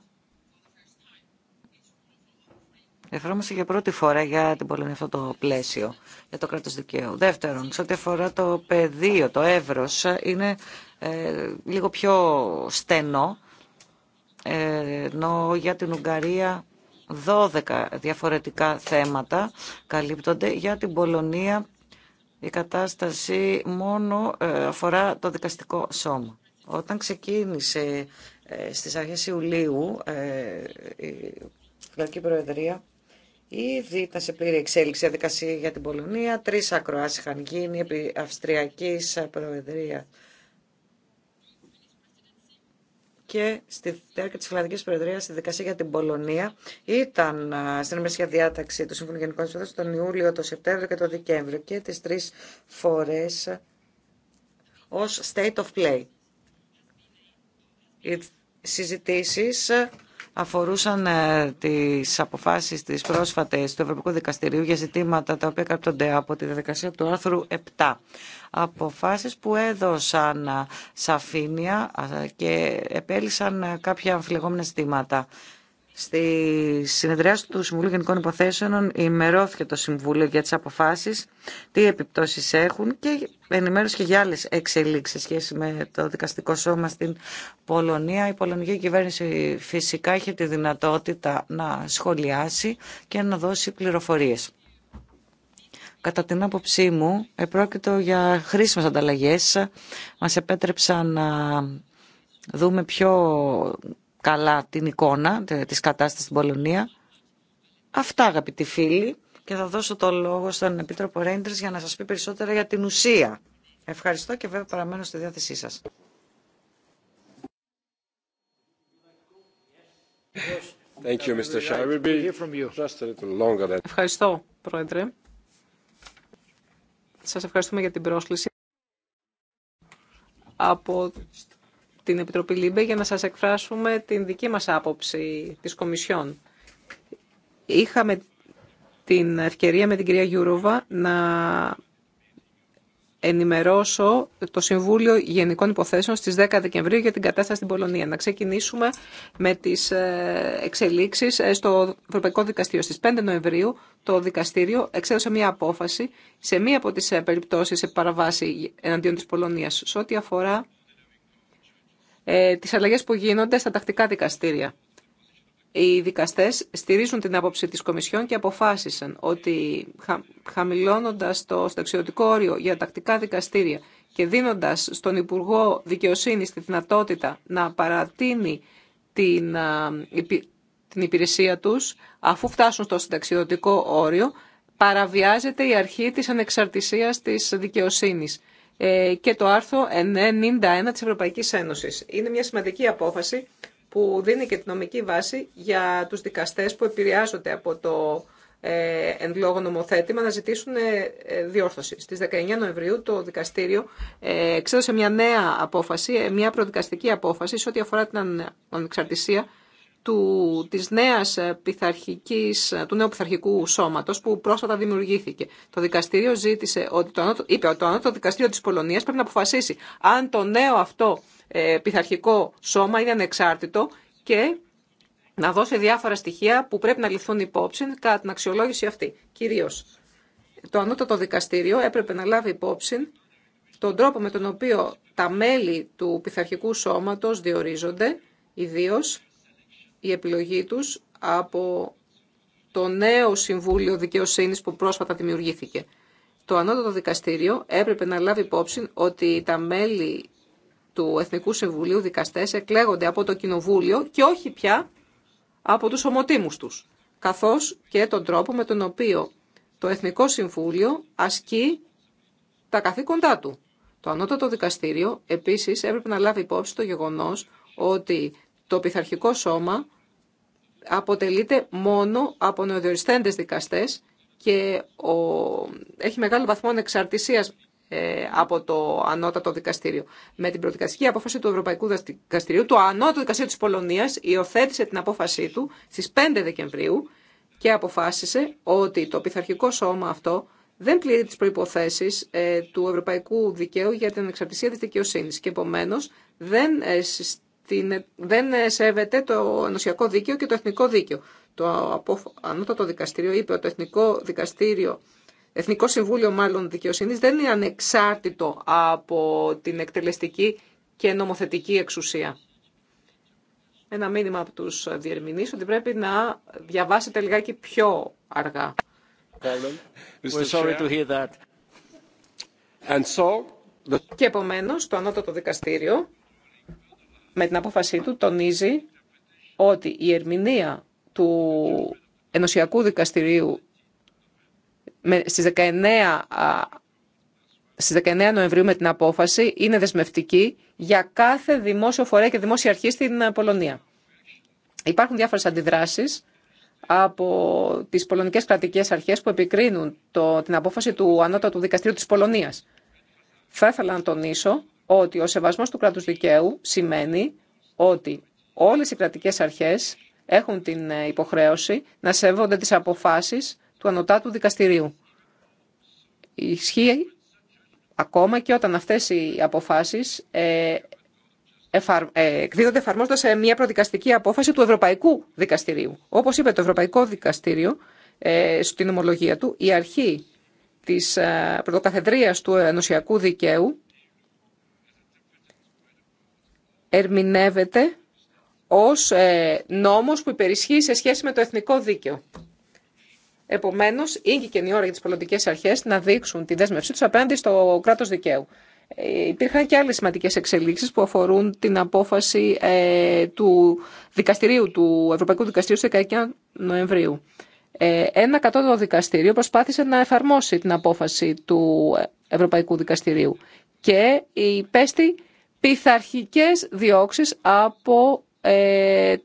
Ευχαριστούμε για πρώτη φορά για την Πολωνία αυτό το πλαίσιο για το κράτος δικαίου. Δεύτερον, σε ό,τι αφορά το πεδίο, το εύρος, είναι ε, λίγο πιο στενό, ε, ενώ για την Ουγγαρία 12 διαφορετικά θέματα καλύπτονται. Για την Πολωνία η κατάσταση μόνο ε, αφορά το δικαστικό σώμα. Όταν ξεκίνησε ε, στις αρχές Ιουλίου ε, η Προεδρία Ήδη ήταν σε πλήρη εξέλιξη δικασία για την Πολωνία. Τρει ακροάσει είχαν γίνει επί Αυστριακή Προεδρία. Και στη διάρκεια τη Φιλανδική Προεδρία, η δικασία για την Πολωνία ήταν στην ημερήσια διάταξη του Σύμφωνου Γενικών τον Ιούλιο, τον Σεπτέμβριο και τον Δεκέμβριο και τι τρει φορέ ω state of play. Οι συζητήσεις αφορούσαν ε, τις αποφάσεις της πρόσφατες του Ευρωπαϊκού Δικαστηρίου για ζητήματα τα οποία καρπτονται από τη διαδικασία του άρθρου 7. Αποφάσεις που έδωσαν ε, σαφήνεια ε, και επέλυσαν κάποια αμφιλεγόμενα ζητήματα. Στη συνεδριά του Συμβουλίου Γενικών Υποθέσεων ημερώθηκε το Συμβούλιο για τις αποφάσεις, τι επιπτώσεις έχουν και ενημέρωση και για άλλες εξελίξεις σχέση με το δικαστικό σώμα στην Πολωνία. Η πολωνική κυβέρνηση φυσικά έχει τη δυνατότητα να σχολιάσει και να δώσει πληροφορίες. Κατά την άποψή μου, επρόκειτο για χρήσιμες ανταλλαγές, μας επέτρεψαν να δούμε πιο καλά την εικόνα της κατάστασης στην Πολωνία. Αυτά αγαπητοί φίλοι και θα δώσω το λόγο στον Επίτροπο Ρέντρες για να σας πει περισσότερα για την ουσία. Ευχαριστώ και βέβαια παραμένω στη διάθεσή σας. Thank you, Mr. Ευχαριστώ, Πρόεδρε. Σας ευχαριστούμε για την πρόσκληση. Από την Επιτροπή ΛΥΜΠΕ για να σας εκφράσουμε την δική μας άποψη της Κομισιόν. Είχαμε την ευκαιρία με την κυρία Γιούροβα να ενημερώσω το Συμβούλιο Γενικών Υποθέσεων στις 10 Δεκεμβρίου για την κατάσταση στην Πολωνία. Να ξεκινήσουμε με τις ε, εξελίξεις ε, στο Ευρωπαϊκό Δικαστήριο. Στις 5 Νοεμβρίου το δικαστήριο εξέδωσε μία απόφαση σε μία από τις ε, περιπτώσεις παραβάση εναντίον της Πολωνίας σε ό,τι αφορά ε, τις αλλαγές που γίνονται στα τακτικά δικαστήρια. Οι δικαστές στηρίζουν την άποψη της Κομισιόν και αποφάσισαν ότι χαμηλώνοντας το σταξιωτικό όριο για τακτικά δικαστήρια και δίνοντας στον Υπουργό Δικαιοσύνης τη δυνατότητα να παρατείνει την, την υπηρεσία τους, αφού φτάσουν στο συνταξιδοτικό όριο, παραβιάζεται η αρχή της ανεξαρτησίας της δικαιοσύνης ε, και το άρθρο 91 της Ευρωπαϊκής Ένωσης. Είναι μια σημαντική απόφαση που δίνει και την νομική βάση για τους δικαστές που επηρεάζονται από το ε, εν λόγω νομοθέτημα να ζητήσουν ε, διόρθωση. Στις 19 Νοεμβρίου το δικαστήριο εξέδωσε μια νέα απόφαση, μια προδικαστική απόφαση σε ό,τι αφορά την ανεξαρτησία του, της νέας ε, πειθαρχικής, ε, του νέου πειθαρχικού σώματος που πρόσφατα δημιουργήθηκε. Το δικαστήριο ζήτησε ότι το, είπε ότι το ανώτατο δικαστήριο της Πολωνίας πρέπει να αποφασίσει αν το νέο αυτό ε, πειθαρχικό σώμα είναι ανεξάρτητο και να δώσει διάφορα στοιχεία που πρέπει να ληφθούν υπόψη κατά την αξιολόγηση αυτή. Κυρίως το ανώτατο δικαστήριο έπρεπε να λάβει υπόψη τον τρόπο με τον οποίο τα μέλη του πειθαρχικού σώματος διορίζονται, ιδίως η επιλογή τους από το νέο Συμβούλιο Δικαιοσύνης που πρόσφατα δημιουργήθηκε. Το Ανώτατο Δικαστήριο έπρεπε να λάβει υπόψη ότι τα μέλη του Εθνικού Συμβουλίου δικαστές εκλέγονται από το Κοινοβούλιο και όχι πια από τους ομοτήμους τους, καθώς και τον τρόπο με τον οποίο το Εθνικό Συμβούλιο ασκεί τα καθήκοντά του. Το Ανώτατο Δικαστήριο επίσης έπρεπε να λάβει υπόψη το γεγονός ότι το πειθαρχικό σώμα αποτελείται μόνο από νεοδιοριστέντες δικαστές και ο... έχει μεγάλο βαθμό εξαρτησίας ε, από το ανώτατο δικαστήριο. Με την προδικαστική απόφαση του Ευρωπαϊκού Δικαστηρίου, το ανώτατο δικαστήριο της Πολωνίας υιοθέτησε την απόφασή του στις 5 Δεκεμβρίου και αποφάσισε ότι το πειθαρχικό σώμα αυτό δεν πληρεί τις προϋποθέσεις ε, του ευρωπαϊκού δικαίου για την ανεξαρτησία της δικαιοσύνης και επομένως δεν ε, την, δεν σέβεται το ενωσιακό δίκαιο και το εθνικό δίκαιο. Το ανώτατο δικαστήριο είπε ότι το εθνικό δικαστήριο Εθνικό Συμβούλιο μάλλον Δικαιοσύνης δεν είναι ανεξάρτητο από την εκτελεστική και νομοθετική εξουσία. Ένα μήνυμα από τους διερμηνείς ότι πρέπει να διαβάσετε λιγάκι πιο αργά. Και επομένως το ανώτατο δικαστήριο με την απόφασή του τονίζει ότι η ερμηνεία του Ενωσιακού Δικαστηρίου στις 19, 19 Νοεμβρίου με την απόφαση είναι δεσμευτική για κάθε δημόσιο φορέα και δημόσια αρχή στην ε, Πολωνία. Υπάρχουν διάφορες αντιδράσεις από τις πολωνικές κρατικές αρχές που επικρίνουν το, την απόφαση του Ανώτατου Δικαστήριου της Πολωνίας. Θα ήθελα να τονίσω ότι ο σεβασμός του κράτους δικαίου σημαίνει ότι όλες οι κρατικές αρχές έχουν την ε, υποχρέωση να σέβονται τις αποφάσεις του Ανωτάτου Δικαστηρίου. Ισχύει ακόμα και όταν αυτές οι αποφάσεις ε, ε εκδίδονται εφαρμόζοντας σε μια προδικαστική απόφαση του Ευρωπαϊκού Δικαστηρίου. Όπως είπε το Ευρωπαϊκό Δικαστήριο ε, στην ομολογία του, η αρχή της πρωτοκαθεδρίας του ενωσιακού δικαίου ερμηνεύεται ως ε, νόμος που υπερισχύει σε σχέση με το εθνικό δίκαιο. Επομένως, ήγηκε η ώρα για τις πολιτικές αρχές να δείξουν τη δέσμευσή τους απέναντι στο κράτος δικαίου. Ε, υπήρχαν και άλλες σημαντικές εξελίξεις που αφορούν την απόφαση ε, του δικαστηρίου, του Ευρωπαϊκού Δικαστηρίου στις 19 Νοεμβρίου. Ένα κατώτατο δικαστήριο προσπάθησε να εφαρμόσει την απόφαση του Ευρωπαϊκού Δικαστηρίου και υπέστη πειθαρχικές διώξεις από ε,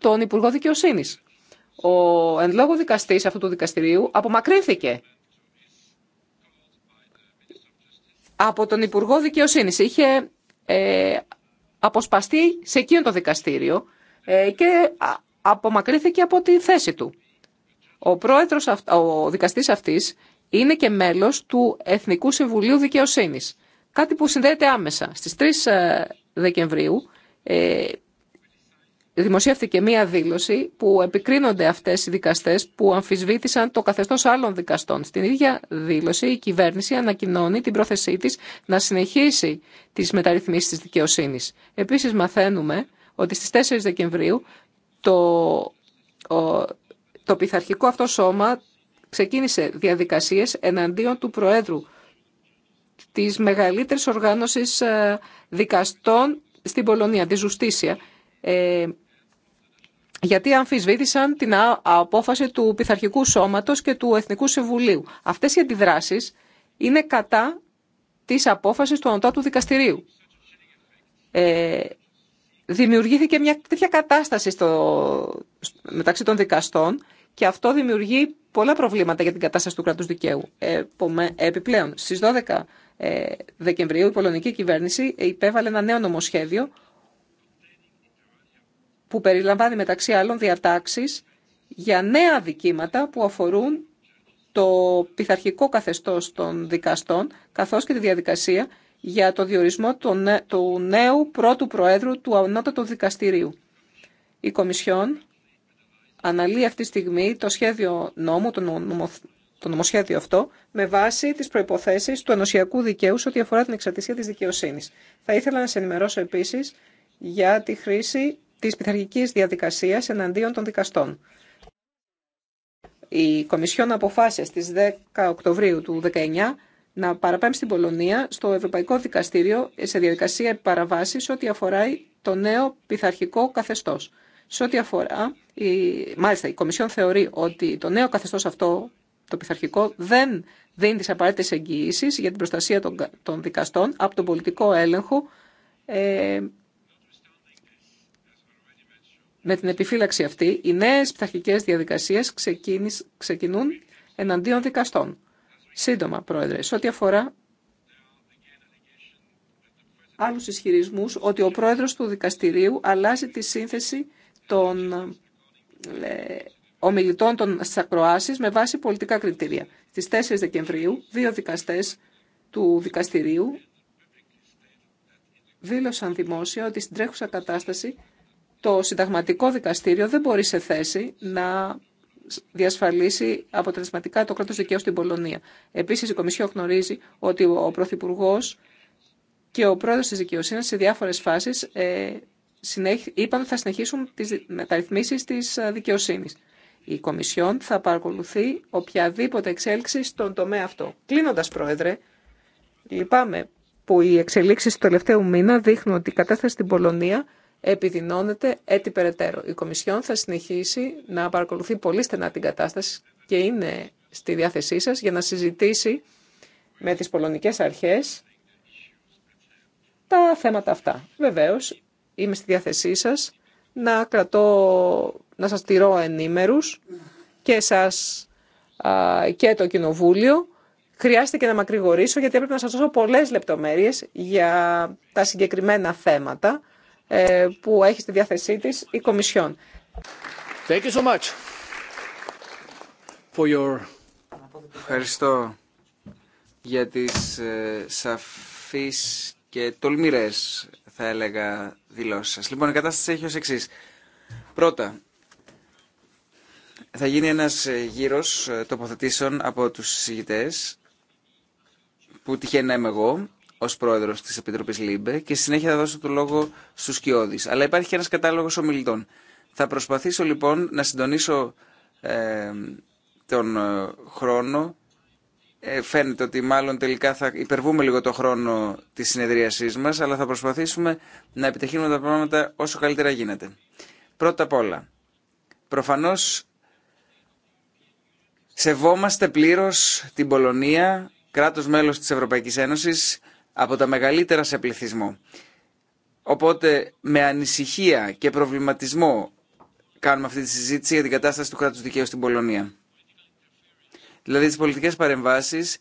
τον Υπουργό Δικαιοσύνης. Ο εν λόγω δικαστής αυτού του δικαστηρίου απομακρύνθηκε από τον Υπουργό Δικαιοσύνης. Είχε ε, αποσπαστεί σε εκείνο το δικαστήριο ε, και απομακρύνθηκε από τη θέση του. Ο, πρόεδρος, ο δικαστής αυτής είναι και μέλος του Εθνικού Συμβουλίου Δικαιοσύνης. Κάτι που συνδέεται άμεσα. Στις 3 ε, Δεκεμβρίου ε, δημοσιεύθηκε μία δήλωση που επικρίνονται αυτές οι δικαστές που αμφισβήτησαν το καθεστώς άλλων δικαστών. Στην ίδια δήλωση η κυβέρνηση ανακοινώνει την πρόθεσή της να συνεχίσει τις μεταρρυθμίσεις της δικαιοσύνης. Επίσης μαθαίνουμε ότι στις 4 Δεκεμβρίου το, το πειθαρχικό αυτό σώμα ξεκίνησε διαδικασίες εναντίον του Προέδρου της μεγαλύτερης οργάνωσης ε, δικαστών στην Πολωνία, τη Ζουστίσια. Ε, γιατί αμφισβήτησαν την απόφαση του Πειθαρχικού Σώματος και του Εθνικού Συμβουλίου. Αυτές οι αντιδράσεις είναι κατά της απόφασης του Ανωτάτου Δικαστηρίου. Ε, δημιουργήθηκε μια τέτοια κατάσταση στο, μεταξύ των δικαστών και αυτό δημιουργεί πολλά προβλήματα για την κατάσταση του κράτους δικαίου. Ε, επιπλέον, στις 12 ε, Δεκεμβρίου η πολωνική κυβέρνηση υπέβαλε ένα νέο νομοσχέδιο που περιλαμβάνει μεταξύ άλλων διατάξεις για νέα δικήματα που αφορούν το πειθαρχικό καθεστώς των δικαστών καθώς και τη διαδικασία για το διορισμό του νέου πρώτου Προέδρου του Ανώτατου Δικαστηρίου. Η Κομισιόν αναλύει αυτή τη στιγμή το σχέδιο νόμου, το το νομοσχέδιο αυτό με βάση τι προποθέσει του ενωσιακού δικαίου σε ό,τι αφορά την εξαρτησία τη δικαιοσύνη. Θα ήθελα να σε ενημερώσω επίση για τη χρήση τη πειθαρχική διαδικασία εναντίον των δικαστών. Η Κομισιόν αποφάσισε στις 10 Οκτωβρίου του 2019 να παραπέμψει την Πολωνία στο Ευρωπαϊκό Δικαστήριο σε διαδικασία παραβάση σε ό,τι αφορά το νέο πειθαρχικό καθεστώ. Σε ό,τι αφορά, η, μάλιστα η Κομισιόν θεωρεί ότι το νέο καθεστώς αυτό το πειθαρχικό δεν δίνει τις απαραίτητες εγγυήσει για την προστασία των, δικαστών από τον πολιτικό έλεγχο ε, με την επιφύλαξη αυτή, οι νέες πειθαρχικές διαδικασίες ξεκινούν εναντίον δικαστών. Σύντομα, Πρόεδρε, σε ό,τι αφορά άλλους ισχυρισμούς ότι ο Πρόεδρος του Δικαστηρίου αλλάζει τη σύνθεση των ε, ομιλητών των ακροάσει με βάση πολιτικά κριτήρια. Στις 4 Δεκεμβρίου, δύο δικαστέ του δικαστηρίου δήλωσαν δημόσια ότι στην τρέχουσα κατάσταση το συνταγματικό δικαστήριο δεν μπορεί σε θέση να διασφαλίσει αποτελεσματικά το κράτο δικαίου στην Πολωνία. Επίση, η Κομισιό γνωρίζει ότι ο Πρωθυπουργό και ο Πρόεδρος τη δικαιοσύνη σε διάφορε φάσει ε, είπαν ότι θα συνεχίσουν τις μεταρρυθμίσεις της ε, δικαιοσύνης. Η Κομισιόν θα παρακολουθεί οποιαδήποτε εξέλιξη στον τομέα αυτό. Κλείνοντα, Πρόεδρε, λυπάμαι που οι εξελίξει του τελευταίου μήνα δείχνουν ότι η κατάσταση στην Πολωνία επιδεινώνεται έτσι περαιτέρω. Η Κομισιόν θα συνεχίσει να παρακολουθεί πολύ στενά την κατάσταση και είναι στη διάθεσή σας για να συζητήσει με τις πολωνικές αρχές τα θέματα αυτά. Βεβαίως, είμαι στη διάθεσή σας να, κρατώ, να σας τηρώ ενήμερους και σας και το Κοινοβούλιο. Χρειάστηκε να μακρηγορήσω γιατί έπρεπε να σας δώσω πολλές λεπτομέρειες για τα συγκεκριμένα θέματα ε, που έχει στη διάθεσή της η Κομισιόν. Thank you so much for Ευχαριστώ για τις ε, σαφείς και τολμηρές θα έλεγα, δηλώσει σα. Λοιπόν, η κατάσταση έχει ω εξή. Πρώτα, θα γίνει ένας ε, γύρος ε, τοποθετήσεων από τους συζητητέ, που τυχαίνει να είμαι εγώ ως πρόεδρος της Επιτροπή ΛΥΜΠΕ και συνέχεια θα δώσω το λόγο στους Κιώδης. Αλλά υπάρχει και ένας κατάλογος ομιλητών. Θα προσπαθήσω λοιπόν να συντονίσω ε, τον ε, χρόνο ε, φαίνεται ότι μάλλον τελικά θα υπερβούμε λίγο το χρόνο της συνεδρίασής μας, αλλά θα προσπαθήσουμε να επιτεχύνουμε τα πράγματα όσο καλύτερα γίνεται. Πρώτα απ' όλα, προφανώς σεβόμαστε πλήρως την Πολωνία, κράτος μέλος της Ευρωπαϊκής Ένωσης, από τα μεγαλύτερα σε πληθυσμό. Οπότε με ανησυχία και προβληματισμό κάνουμε αυτή τη συζήτηση για την κατάσταση του κράτους δικαίου στην Πολωνία δηλαδή τις πολιτικές παρεμβάσεις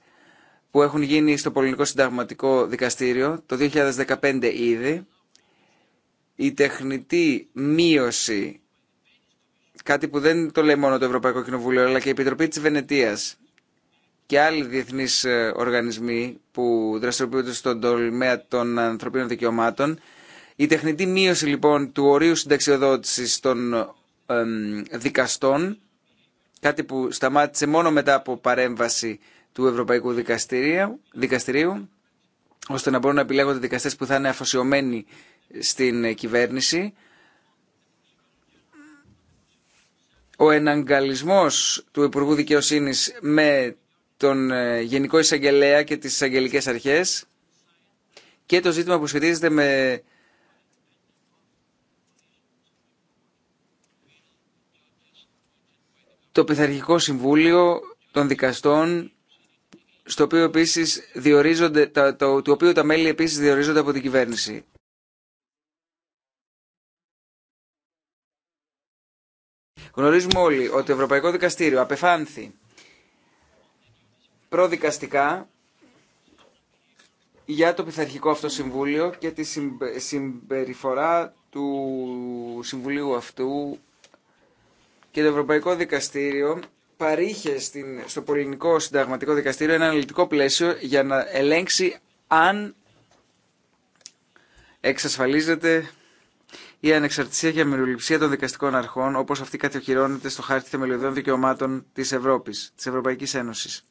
που έχουν γίνει στο πολιτικό Συνταγματικό Δικαστήριο το 2015 ήδη, η τεχνητή μείωση, κάτι που δεν το λέει μόνο το Ευρωπαϊκό Κοινοβούλιο, αλλά και η Επιτροπή της Βενετίας και άλλοι διεθνείς ε, οργανισμοί που δραστηριοποιούνται στον τολμαία των ανθρωπίνων δικαιωμάτων, η τεχνητή μείωση λοιπόν του ορίου συνταξιοδότησης των ε, ε, δικαστών κάτι που σταμάτησε μόνο μετά από παρέμβαση του Ευρωπαϊκού Δικαστηρίου, ώστε να μπορούν να επιλέγονται δικαστές που θα είναι αφοσιωμένοι στην κυβέρνηση. Ο εναγκαλισμός του Υπουργού Δικαιοσύνης με τον ε, Γενικό Εισαγγελέα και τις εισαγγελικές αρχές και το ζήτημα που σχετίζεται με το Πειθαρχικό Συμβούλιο των Δικαστών, στο οποίο επίσης διορίζονται, τα, το, του τα μέλη επίσης διορίζονται από την κυβέρνηση. Γνωρίζουμε όλοι ότι το Ευρωπαϊκό Δικαστήριο απεφάνθη προδικαστικά για το Πειθαρχικό αυτό Συμβούλιο και τη συμπεριφορά του Συμβουλίου αυτού και το Ευρωπαϊκό Δικαστήριο παρήχε στο Πολυνικό Συνταγματικό Δικαστήριο ένα αναλυτικό πλαίσιο για να ελέγξει αν εξασφαλίζεται η ανεξαρτησία και αμυροληψία των δικαστικών αρχών όπως αυτή κατοχυρώνεται στο χάρτη θεμελιωδών δικαιωμάτων της Ευρώπης, της Ευρωπαϊκής Ένωσης.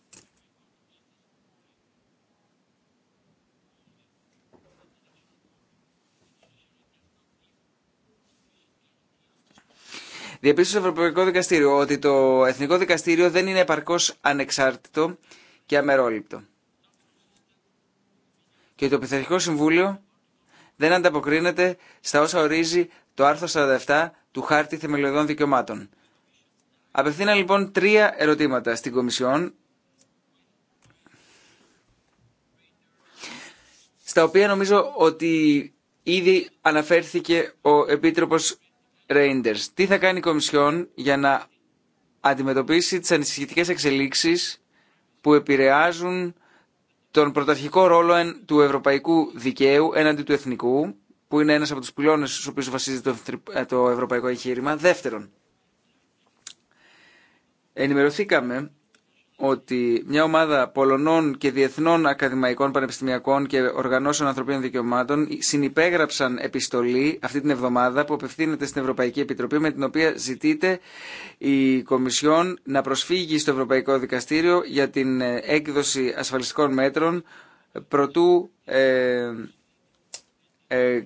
Διαπίστωσε το Ευρωπαϊκό Δικαστήριο ότι το Εθνικό Δικαστήριο δεν είναι επαρκώ ανεξάρτητο και αμερόληπτο. Και το Πειθαρχικό Συμβούλιο δεν ανταποκρίνεται στα όσα ορίζει το άρθρο 47 του Χάρτη Θεμελιωδών Δικαιωμάτων. Απευθύνα λοιπόν τρία ερωτήματα στην Κομισιόν, στα οποία νομίζω ότι ήδη αναφέρθηκε ο Επίτροπος τι θα κάνει η Κομισιόν για να αντιμετωπίσει τις ανησυχητικές εξελίξεις που επηρεάζουν τον πρωταρχικό ρόλο του ευρωπαϊκού δικαίου έναντι του εθνικού, που είναι ένας από τους πυλώνες στους οποίους βασίζεται το ε, ευρωπαϊκό εγχείρημα. Δεύτερον, ενημερωθήκαμε ότι μια ομάδα Πολωνών και διεθνών ακαδημαϊκών πανεπιστημιακών και οργανώσεων ανθρωπίνων δικαιωμάτων συνυπέγραψαν επιστολή αυτή την εβδομάδα που απευθύνεται στην Ευρωπαϊκή Επιτροπή με την οποία ζητείται η Κομισιόν να προσφύγει στο Ευρωπαϊκό Δικαστήριο για την ε, έκδοση ασφαλιστικών μέτρων προτού ε, ε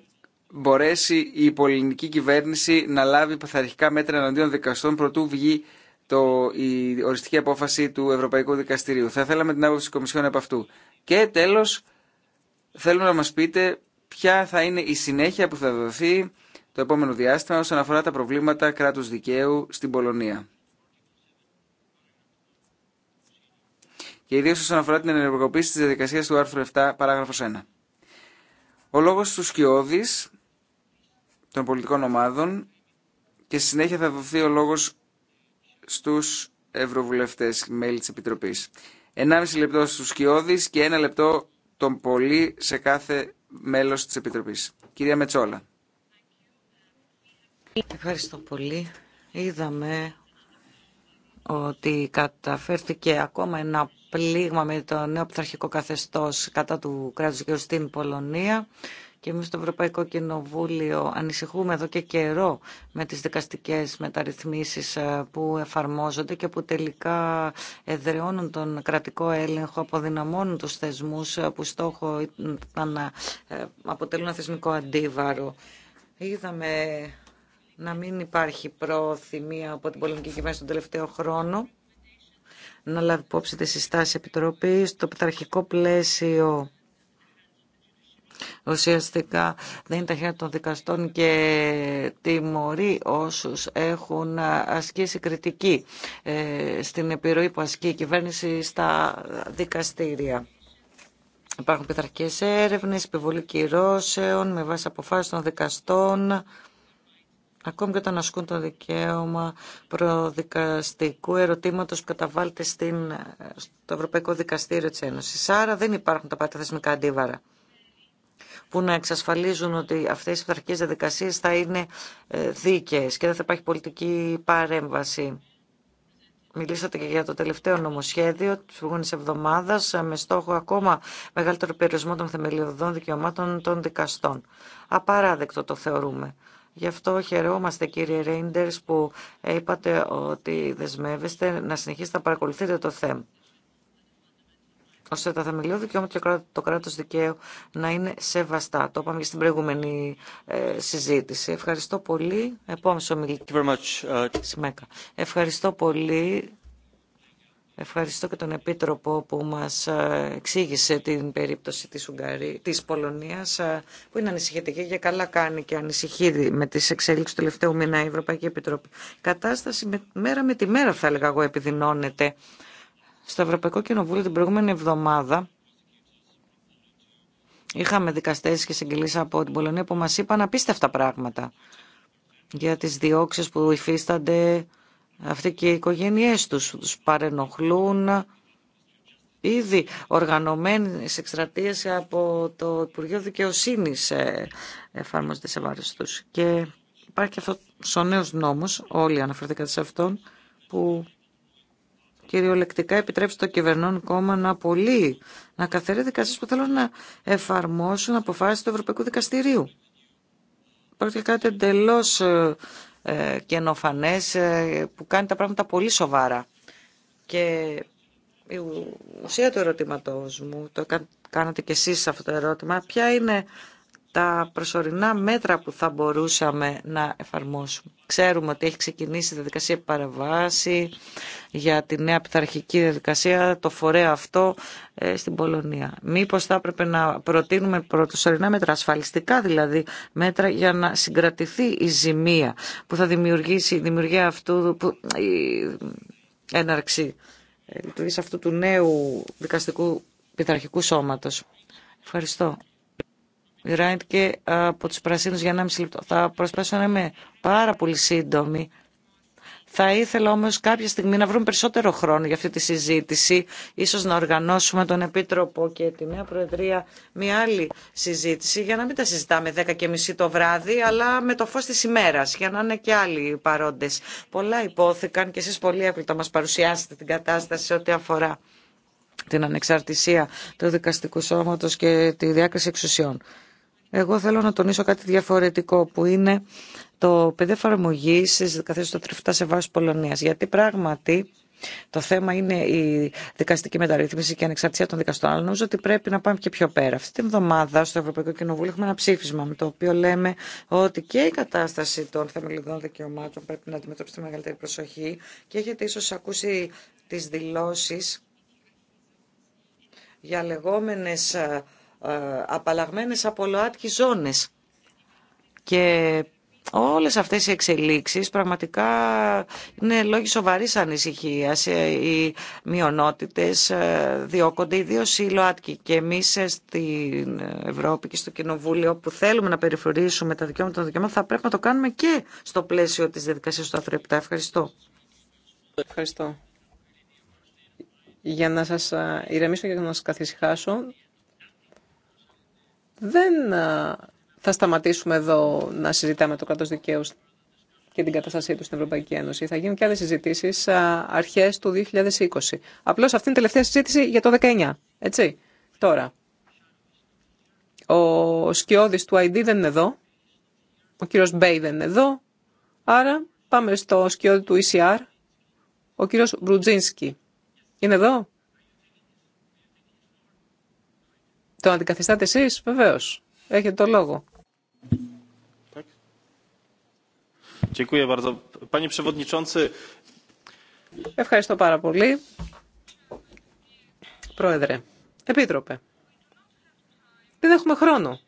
μπορέσει η πολιτική κυβέρνηση να λάβει παθαρχικά μέτρα εναντίον δικαστών προτού βγει το, η οριστική απόφαση του Ευρωπαϊκού Δικαστηρίου. Θα θέλαμε την άποψη της Κομισιόν από αυτού. Και τέλος, θέλουμε να μας πείτε ποια θα είναι η συνέχεια που θα δοθεί το επόμενο διάστημα όσον αφορά τα προβλήματα κράτου δικαίου στην Πολωνία. Και ιδίω όσον αφορά την ενεργοποίηση τη διαδικασία του άρθρου 7, παράγραφο 1. Ο λόγο του σκιώδη των πολιτικών ομάδων και στη συνέχεια θα δοθεί ο λόγος στους ευρωβουλευτές μέλη της Επιτροπής. 1,5 λεπτό στους Σκιώδης και 1 λεπτό τον πολύ σε κάθε μέλος της Επιτροπής. Κυρία Μετσόλα. Ευχαριστώ πολύ. Είδαμε ότι καταφέρθηκε ακόμα ένα πλήγμα με το νέο πειθαρχικό καθεστώς κατά του κράτους και στην Πολωνία και εμείς στο Ευρωπαϊκό Κοινοβούλιο ανησυχούμε εδώ και καιρό με τις δικαστικές μεταρρυθμίσεις ε, που εφαρμόζονται και που τελικά εδραιώνουν τον κρατικό έλεγχο, αποδυναμώνουν τους θεσμούς ε, που στόχο ήταν να ε, αποτελούν ένα θεσμικό αντίβαρο. Είδαμε να μην υπάρχει προθυμία από την πολιτική κυβέρνηση τον τελευταίο χρόνο να λάβει υπόψη τη συστάση επιτροπή, το πειθαρχικό πλαίσιο ουσιαστικά δεν είναι τα χέρια των δικαστών και τιμωρεί όσους έχουν ασκήσει κριτική ε, στην επιρροή που ασκεί η κυβέρνηση στα δικαστήρια. Υπάρχουν πειθαρχικές έρευνες, επιβολή κυρώσεων με βάση αποφάσεις των δικαστών ακόμη και όταν ασκούν το δικαίωμα προδικαστικού ερωτήματος που καταβάλλεται στην, στο Ευρωπαϊκό Δικαστήριο της Ένωσης. Άρα δεν υπάρχουν τα πάντα αντίβαρα που να εξασφαλίζουν ότι αυτές οι πειθαρχικέ διαδικασίες θα είναι ε, δίκαιες και δεν θα υπάρχει πολιτική παρέμβαση. Μιλήσατε και για το τελευταίο νομοσχέδιο τη προηγούμενη εβδομάδα ε, με στόχο ακόμα μεγαλύτερο περιορισμό των θεμελιωδών δικαιωμάτων των δικαστών. Απαράδεκτο το θεωρούμε. Γι' αυτό χαιρόμαστε κύριε Ρέιντερς που είπατε ότι δεσμεύεστε να συνεχίσετε να παρακολουθείτε το θέμα ώστε τα θεμελιώδη δικαιώματα και το κράτο δικαίου να είναι σεβαστά. Το είπαμε και στην προηγούμενη ε, συζήτηση. Ευχαριστώ πολύ. Επόμενος ομιλητή. Uh, Ευχαριστώ πολύ. Ευχαριστώ και τον Επίτροπο που μας ε, εξήγησε την περίπτωση της, Ουγγαρή, της Πολωνίας ε, που είναι ανησυχητική και καλά κάνει και ανησυχεί με τις εξέλιξεις του τελευταίου μήνα η Ευρωπαϊκή Επιτροπή. Κατάσταση κατάσταση μέρα με τη μέρα θα έλεγα εγώ επιδεινώνεται. Στο Ευρωπαϊκό Κοινοβούλιο την προηγούμενη εβδομάδα είχαμε δικαστές και συγκελείς από την Πολωνία που μας είπαν απίστευτα πράγματα για τις διώξεις που υφίστανται αυτοί και οι οικογένειές τους. Τους παρενοχλούν ήδη οργανωμένες εκστρατείες από το Υπουργείο Δικαιοσύνης ε, εφαρμόζονται σε βάρος τους. Και υπάρχει και αυτός ο νέος νόμος, όλοι αναφερθήκατε σε αυτόν, που κυριολεκτικά επιτρέψει το κυβερνών κόμμα να απολύει, να καθαίρει δικασίε που θέλουν να εφαρμόσουν αποφάσει του Ευρωπαϊκού Δικαστηρίου. Πρόκειται κάτι εντελώ ε, ε, καινοφανές ε, που κάνει τα πράγματα πολύ σοβαρά. Και η ουσία του ερωτήματό μου, το κάνατε κι εσείς αυτό το ερώτημα, ποια είναι τα προσωρινά μέτρα που θα μπορούσαμε να εφαρμόσουμε. Ξέρουμε ότι έχει ξεκινήσει η διαδικασία παραβάση για τη νέα πειθαρχική διαδικασία, το φορέα αυτό ε, στην Πολωνία. Μήπως θα έπρεπε να προτείνουμε προσωρινά μέτρα, ασφαλιστικά δηλαδή, μέτρα για να συγκρατηθεί η ζημία που θα δημιουργήσει η δημιουργία αυτού, που, η έναρξη ε, αυτού του νέου δικαστικού πειθαρχικού σώματος. Ευχαριστώ και από τους Πρασίνους για 1,5 λεπτό. Θα προσπαθήσω να είμαι πάρα πολύ σύντομη. Θα ήθελα όμως κάποια στιγμή να βρούμε περισσότερο χρόνο για αυτή τη συζήτηση, ίσως να οργανώσουμε τον Επίτροπο και τη Νέα Προεδρία μια άλλη συζήτηση, για να μην τα συζητάμε 10.30 το βράδυ, αλλά με το φως της ημέρας, για να είναι και άλλοι παρόντες. Πολλά υπόθηκαν και εσείς πολύ εύκολα μας παρουσιάσετε την κατάσταση ό,τι αφορά την ανεξαρτησία του δικαστικού σώματος και τη διάκριση εξουσιών. Εγώ θέλω να τονίσω κάτι διαφορετικό που είναι το παιδί εφαρμογή τη καθέση των τριφτά σε βάση Πολωνία. Γιατί πράγματι το θέμα είναι η δικαστική μεταρρύθμιση και η ανεξαρτησία των δικαστών. Αλλά νομίζω ότι πρέπει να πάμε και πιο πέρα. Αυτή την εβδομάδα στο Ευρωπαϊκό Κοινοβούλιο έχουμε ένα ψήφισμα με το οποίο λέμε ότι και η κατάσταση των θεμελιδών δικαιωμάτων πρέπει να αντιμετωπιστεί με μεγαλύτερη προσοχή και έχετε ίσω ακούσει τι δηλώσει για λεγόμενες ε, ε, απαλλαγμένες από ΛΟΑΤΚΙ ζώνες. Και όλες αυτές οι εξελίξεις πραγματικά είναι λόγοι σοβαρής ανησυχίας. Ε, οι μειονότητες ε, διώκονται, ιδίω οι ΛΟΑΤΚΙ. Και εμείς στην Ευρώπη και στο Κοινοβούλιο που θέλουμε να περιφρονήσουμε τα δικαιώματα των δικαιωμάτων θα πρέπει να το κάνουμε και στο πλαίσιο της διαδικασίας του Αθροεπτά. Ευχαριστώ. Ευχαριστώ. Για να σας ηρεμήσω και να σας καθησυχάσω, δεν θα σταματήσουμε εδώ να συζητάμε το κράτο δικαίου και την καταστασία του στην Ευρωπαϊκή Ένωση. Θα γίνουν και άλλε συζητήσεις αρχές του 2020. Απλώς αυτή είναι η τελευταία συζήτηση για το 19. Έτσι. Τώρα. Ο σκιώδη του ID δεν είναι εδώ. Ο κύριο Μπέι δεν είναι εδώ. Άρα πάμε στο σκιώδη του ECR. Ο κύριο Μπρουτζίνσκι. Είναι εδώ. Το αντικαθιστάτε εσεί βεβαίω. Έχετε το λόγο. Ευχαριστώ πάρα πολύ. Πρόεδρε, Επίτροπε, δεν έχουμε χρόνο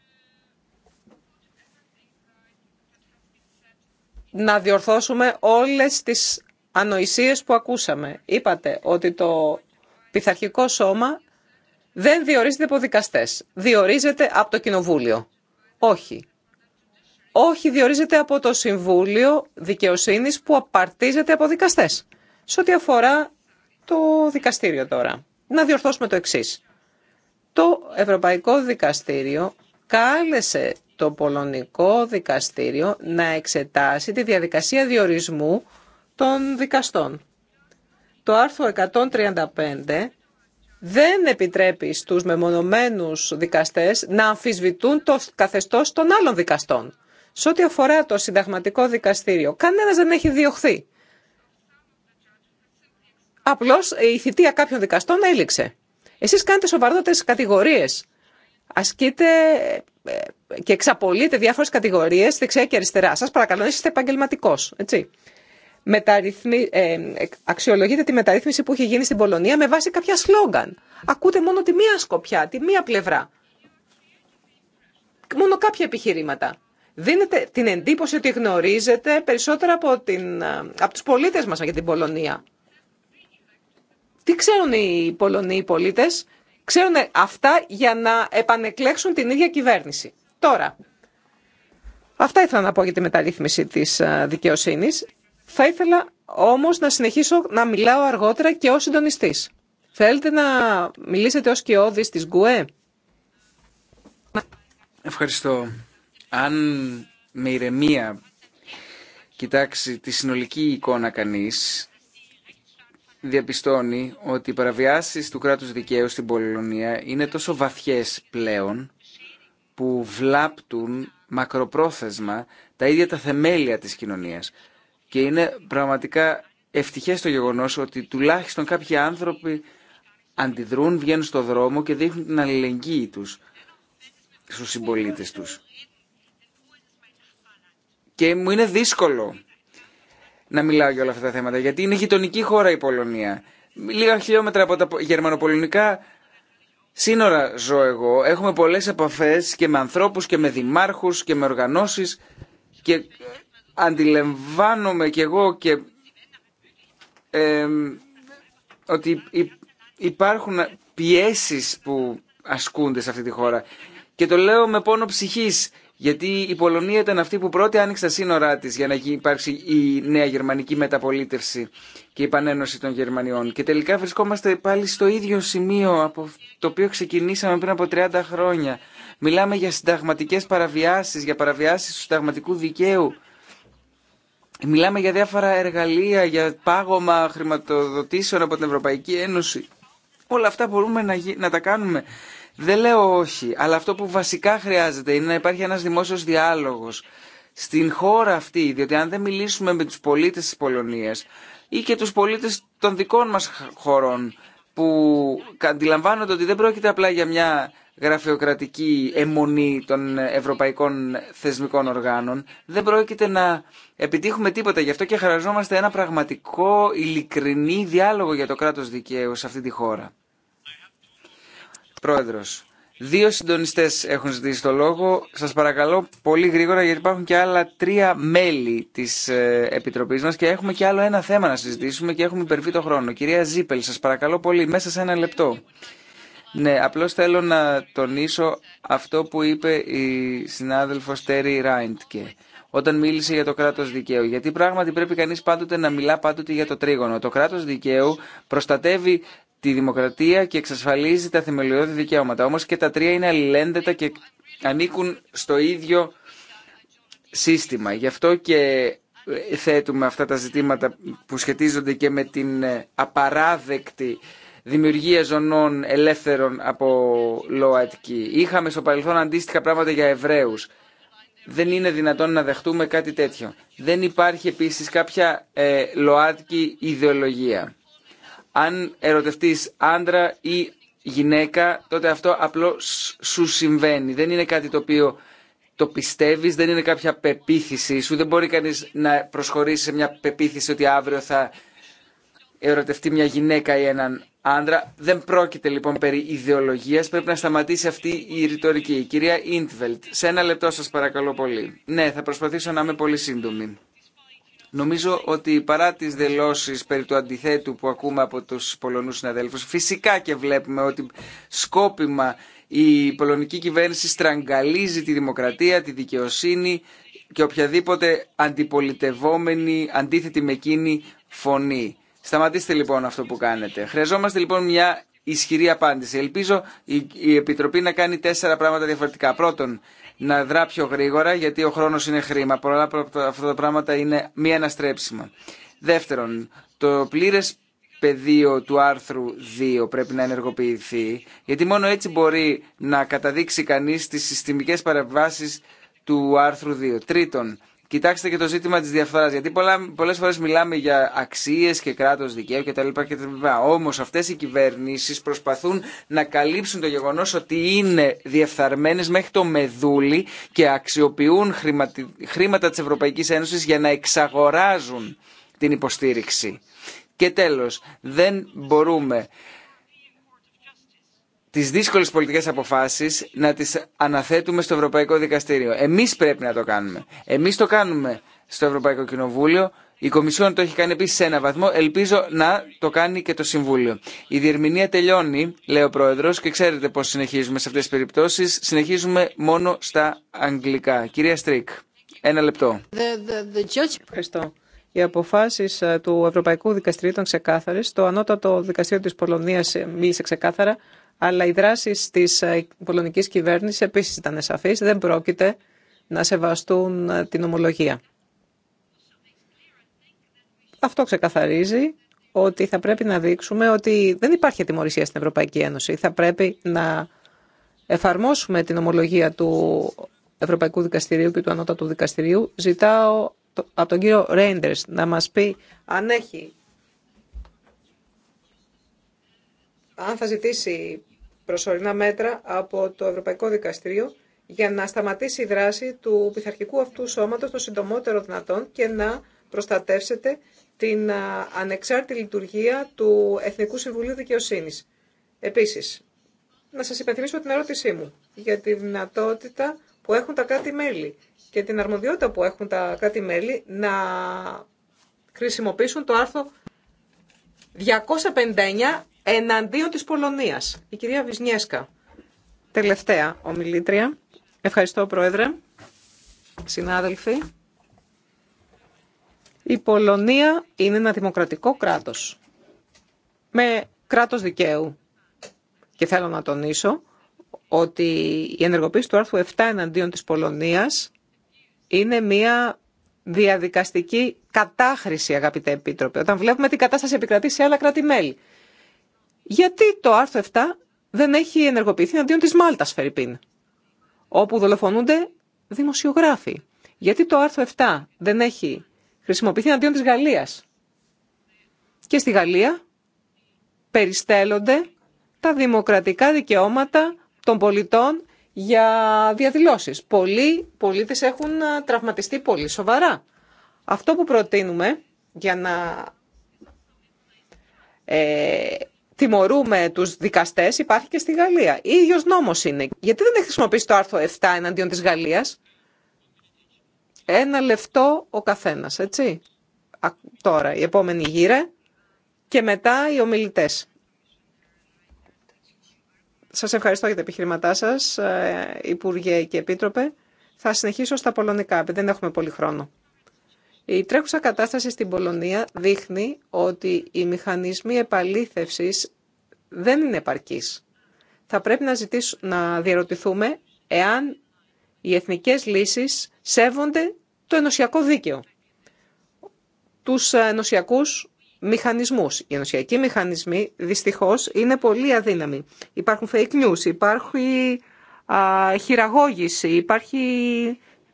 να διορθώσουμε όλες τις ανοησίες που ακούσαμε. Είπατε ότι το πειθαρχικό σώμα δεν διορίζεται από δικαστέ. Διορίζεται από το Κοινοβούλιο. Όχι. Όχι διορίζεται από το Συμβούλιο Δικαιοσύνης που απαρτίζεται από δικαστές. Σε ό,τι αφορά το δικαστήριο τώρα. Να διορθώσουμε το εξής. Το Ευρωπαϊκό Δικαστήριο κάλεσε το Πολωνικό Δικαστήριο να εξετάσει τη διαδικασία διορισμού των δικαστών. Το άρθρο 135 δεν επιτρέπει στους μεμονωμένους δικαστές να αμφισβητούν το καθεστώς των άλλων δικαστών. Σε ό,τι αφορά το συνταγματικό δικαστήριο, κανένας δεν έχει διωχθεί. Απλώς η θητεία κάποιων δικαστών έληξε. Εσείς κάνετε σοβαρότερες κατηγορίες. Ασκείτε ε, ε, και εξαπολύτε διάφορες κατηγορίες δεξιά και αριστερά. Σας παρακαλώ, είστε επαγγελματικός, έτσι μεταρρυθμι... Ε, αξιολογείται τη μεταρρύθμιση που έχει γίνει στην Πολωνία με βάση κάποια σλόγγαν. Ακούτε μόνο τη μία σκοπιά, τη μία πλευρά. Μόνο κάποια επιχειρήματα. Δίνετε την εντύπωση ότι γνωρίζετε περισσότερα από, την, ε, από τους πολίτες μας για την Πολωνία. Τι ξέρουν οι Πολωνοί πολίτες. Ξέρουν αυτά για να επανεκλέξουν την ίδια κυβέρνηση. Τώρα, αυτά ήθελα να πω για τη μεταρρύθμιση της ε, δικαιοσύνης. Θα ήθελα όμως να συνεχίσω να μιλάω αργότερα και ω συντονιστή. Θέλετε να μιλήσετε ως κοιόδης τη ΓΚΟΕ. Ευχαριστώ. Αν με ηρεμία κοιτάξει τη συνολική εικόνα κανείς, διαπιστώνει ότι οι παραβιάσεις του κράτους δικαίου στην Πολωνία είναι τόσο βαθιές πλέον που βλάπτουν μακροπρόθεσμα τα ίδια τα θεμέλια της κοινωνίας. Και είναι πραγματικά ευτυχέ το γεγονό ότι τουλάχιστον κάποιοι άνθρωποι αντιδρούν, βγαίνουν στον δρόμο και δείχνουν την αλληλεγγύη τους στου συμπολίτε τους. Και μου είναι δύσκολο να μιλάω για όλα αυτά τα θέματα, γιατί είναι γειτονική χώρα η Πολωνία. Λίγα χιλιόμετρα από τα γερμανοπολωνικά σύνορα ζω εγώ. Έχουμε πολλές επαφές και με ανθρώπους και με δημάρχους και με οργανώσεις και αντιλαμβάνομαι κι εγώ και ότι υπάρχουν πιέσεις που ασκούνται σε αυτή τη χώρα. Και το λέω με πόνο ψυχής, γιατί η Πολωνία ήταν αυτή που πρώτη άνοιξε τα σύνορά της για να υπάρξει η νέα γερμανική μεταπολίτευση και η πανένωση των Γερμανιών. Και τελικά βρισκόμαστε πάλι στο ίδιο σημείο από το οποίο ξεκινήσαμε πριν από 30 χρόνια. Μιλάμε για συνταγματικές παραβιάσεις, για παραβιάσεις του συνταγματικού δικαίου. Μιλάμε για διάφορα εργαλεία, για πάγωμα χρηματοδοτήσεων από την Ευρωπαϊκή Ένωση. Όλα αυτά μπορούμε να, να τα κάνουμε. Δεν λέω όχι, αλλά αυτό που βασικά χρειάζεται είναι να υπάρχει ένας δημόσιος διάλογος στην χώρα αυτή, διότι αν δεν μιλήσουμε με τους πολίτες της Πολωνίας ή και τους πολίτες των δικών μας χωρών που αντιλαμβάνονται ότι δεν πρόκειται απλά για μια γραφειοκρατική αιμονή των ευρωπαϊκών θεσμικών οργάνων. Δεν πρόκειται να επιτύχουμε τίποτα. Γι' αυτό και χαραζόμαστε ένα πραγματικό, ειλικρινή διάλογο για το κράτος δικαίου σε αυτή τη χώρα. Πρόεδρος, δύο συντονιστές έχουν ζητήσει το λόγο. Σας παρακαλώ πολύ γρήγορα γιατί υπάρχουν και άλλα τρία μέλη της ε, Επιτροπής μας και έχουμε και άλλο ένα θέμα να συζητήσουμε και έχουμε υπερβεί το χρόνο. Κυρία Ζήπελ, σας παρακαλώ πολύ, μέσα σε ένα λεπτό. Ναι, απλώς θέλω να τονίσω αυτό που είπε η συνάδελφος Τέρι Ράιντκε όταν μίλησε για το κράτος δικαίου. Γιατί πράγματι πρέπει κανείς πάντοτε να μιλά πάντοτε για το τρίγωνο. Το κράτος δικαίου προστατεύει τη δημοκρατία και εξασφαλίζει τα θεμελιώδη δικαιώματα. Όμως και τα τρία είναι αλληλένδετα και ανήκουν στο ίδιο σύστημα. Γι' αυτό και ε, θέτουμε αυτά τα ζητήματα που σχετίζονται και με την ε, απαράδεκτη δημιουργία ζωνών ελεύθερων από ΛΟΑΤΚΙ. Είχαμε στο παρελθόν αντίστοιχα πράγματα για Εβραίου. Δεν είναι δυνατόν να δεχτούμε κάτι τέτοιο. Δεν υπάρχει επίση κάποια ε, ΛΟΑΤΚΙ ιδεολογία. Αν ερωτευτείς άντρα ή γυναίκα, τότε αυτό απλώς σου συμβαίνει. Δεν είναι κάτι το οποίο το πιστεύεις, δεν είναι κάποια πεποίθησή σου. Δεν μπορεί κανείς να προσχωρήσει σε μια πεποίθηση ότι αύριο θα ερωτευτεί μια γυναίκα ή έναν Άντρα, Δεν πρόκειται λοιπόν περί ιδεολογίας, πρέπει να σταματήσει αυτή η ρητορική. κυρία Ίντβελτ, σε ένα λεπτό σας παρακαλώ πολύ. Ναι, θα προσπαθήσω να είμαι πολύ σύντομη. Νομίζω ότι παρά τι δηλώσει περί του αντιθέτου που ακούμε από του Πολωνούς συναδέλφου, φυσικά και βλέπουμε ότι σκόπιμα η πολωνική κυβέρνηση στραγγαλίζει τη δημοκρατία, τη δικαιοσύνη και οποιαδήποτε αντιπολιτευόμενη, αντίθετη με εκείνη φωνή. Σταματήστε λοιπόν αυτό που κάνετε. Χρειαζόμαστε λοιπόν μια ισχυρή απάντηση. Ελπίζω η, Επιτροπή να κάνει τέσσερα πράγματα διαφορετικά. Πρώτον, να δρά πιο γρήγορα, γιατί ο χρόνο είναι χρήμα. Πολλά από αυτά τα πράγματα είναι μη αναστρέψιμα. Δεύτερον, το πλήρε πεδίο του άρθρου 2 πρέπει να ενεργοποιηθεί, γιατί μόνο έτσι μπορεί να καταδείξει κανείς τις συστημικές παρεμβάσεις του άρθρου 2. Τρίτον, Κοιτάξτε και το ζήτημα της διαφθοράς, γιατί πολλέ πολλές φορές μιλάμε για αξίες και κράτος δικαίου κτλ. Όμω Όμως αυτές οι κυβερνήσεις προσπαθούν να καλύψουν το γεγονός ότι είναι διεφθαρμένες μέχρι το μεδούλι και αξιοποιούν χρήματα της Ευρωπαϊκής Ένωσης για να εξαγοράζουν την υποστήριξη. Και τέλος, δεν μπορούμε τις δύσκολες πολιτικές αποφάσεις να τις αναθέτουμε στο Ευρωπαϊκό Δικαστήριο. Εμείς πρέπει να το κάνουμε. Εμείς το κάνουμε στο Ευρωπαϊκό Κοινοβούλιο. Η Κομισιόν το έχει κάνει επίση σε ένα βαθμό. Ελπίζω να το κάνει και το Συμβούλιο. Η διερμηνία τελειώνει, λέει ο Πρόεδρο, και ξέρετε πώ συνεχίζουμε σε αυτέ τι περιπτώσει. Συνεχίζουμε μόνο στα αγγλικά. Κυρία Στρίκ, ένα λεπτό. The, the, the judge... Ευχαριστώ. Οι αποφάσει ε, του Ευρωπαϊκού Δικαστηρίου ήταν ξεκάθαρε. Το ανώτατο δικαστήριο τη Πολωνία ε, μίλησε ξεκάθαρα αλλά οι δράσει τη ε, πολωνική κυβέρνηση επίση ήταν σαφεί. Δεν πρόκειται να σεβαστούν ε, την ομολογία. Αυτό ξεκαθαρίζει ότι θα πρέπει να δείξουμε ότι δεν υπάρχει ατιμορρησία στην Ευρωπαϊκή Ένωση. Θα πρέπει να εφαρμόσουμε την ομολογία του Ευρωπαϊκού Δικαστηρίου και του Ανώτατου Δικαστηρίου. Ζητάω από τον κύριο Ρέιντερ να μας πει αν έχει αν θα ζητήσει προσωρινά μέτρα από το Ευρωπαϊκό Δικαστήριο για να σταματήσει η δράση του πειθαρχικού αυτού σώματος το συντομότερο δυνατόν και να προστατεύσετε την ανεξάρτητη λειτουργία του Εθνικού Συμβουλίου Δικαιοσύνης. Επίσης, να σας υπενθυμίσω την ερώτησή μου για τη δυνατότητα που έχουν τα κράτη-μέλη και την αρμοδιότητα που έχουν τα κράτη-μέλη να χρησιμοποιήσουν το άρθρο 259 εναντίον της Πολωνίας. Η κυρία Βυσνιέσκα. Τελευταία ομιλήτρια. Ευχαριστώ, Πρόεδρε. Συνάδελφοι. Η Πολωνία είναι ένα δημοκρατικό κράτος. Με κράτος δικαίου. Και θέλω να τονίσω ότι η ενεργοποίηση του άρθρου 7 εναντίον της Πολωνίας είναι μια διαδικαστική κατάχρηση, αγαπητέ Επίτροπε, όταν βλέπουμε την κατάσταση επικρατεί σε άλλα κράτη-μέλη. Γιατί το άρθρο 7 δεν έχει ενεργοποιηθεί αντίον της Μάλτας, Φερρυπίν, όπου δολοφονούνται δημοσιογράφοι. Γιατί το άρθρο 7 δεν έχει χρησιμοποιηθεί αντίον της Γαλλίας. Και στη Γαλλία περιστέλλονται τα δημοκρατικά δικαιώματα των πολιτών για διαδηλώσεις. Πολλοί πολίτε έχουν ε, τραυματιστεί πολύ σοβαρά. Αυτό που προτείνουμε για να ε, τιμωρούμε τους δικαστές υπάρχει και στη Γαλλία. Ίδιος νόμος είναι. Γιατί δεν έχει χρησιμοποιήσει το άρθρο 7 εναντίον τη Γαλλίας. Ένα λεφτό ο καθένας, έτσι. τώρα, η επόμενη γύρα και μετά οι ομιλητές. Σας ευχαριστώ για τα επιχειρηματά σας, ε, Υπουργέ και Επίτροπε. Θα συνεχίσω στα πολωνικά, επειδή δεν έχουμε πολύ χρόνο. Η τρέχουσα κατάσταση στην Πολωνία δείχνει ότι οι μηχανισμοί επαλήθευσης δεν είναι επαρκείς. Θα πρέπει να, ζητήσουμε, να διαρωτηθούμε εάν οι εθνικές λύσεις σέβονται το ενωσιακό δίκαιο, τους ενωσιακούς μηχανισμούς. Οι ενωσιακοί μηχανισμοί δυστυχώς είναι πολύ αδύναμοι. Υπάρχουν fake news, υπάρχει α, χειραγώγηση, υπάρχει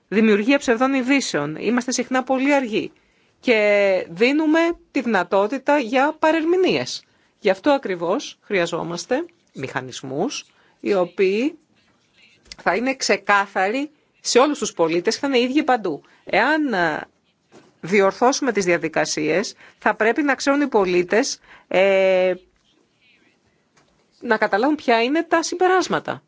δημιουργία ψευδών ειδήσεων. Είμαστε συχνά πολύ αργοί και δίνουμε τη δυνατότητα για παρερμηνίες. Γι' αυτό ακριβώς χρειαζόμαστε μηχανισμούς οι οποίοι θα είναι ξεκάθαροι σε όλους τους πολίτες και θα είναι ίδιοι παντού. Εάν διορθώσουμε τις διαδικασίες, θα πρέπει να ξέρουν οι πολίτες ε, να καταλάβουν ποια είναι τα συμπεράσματα.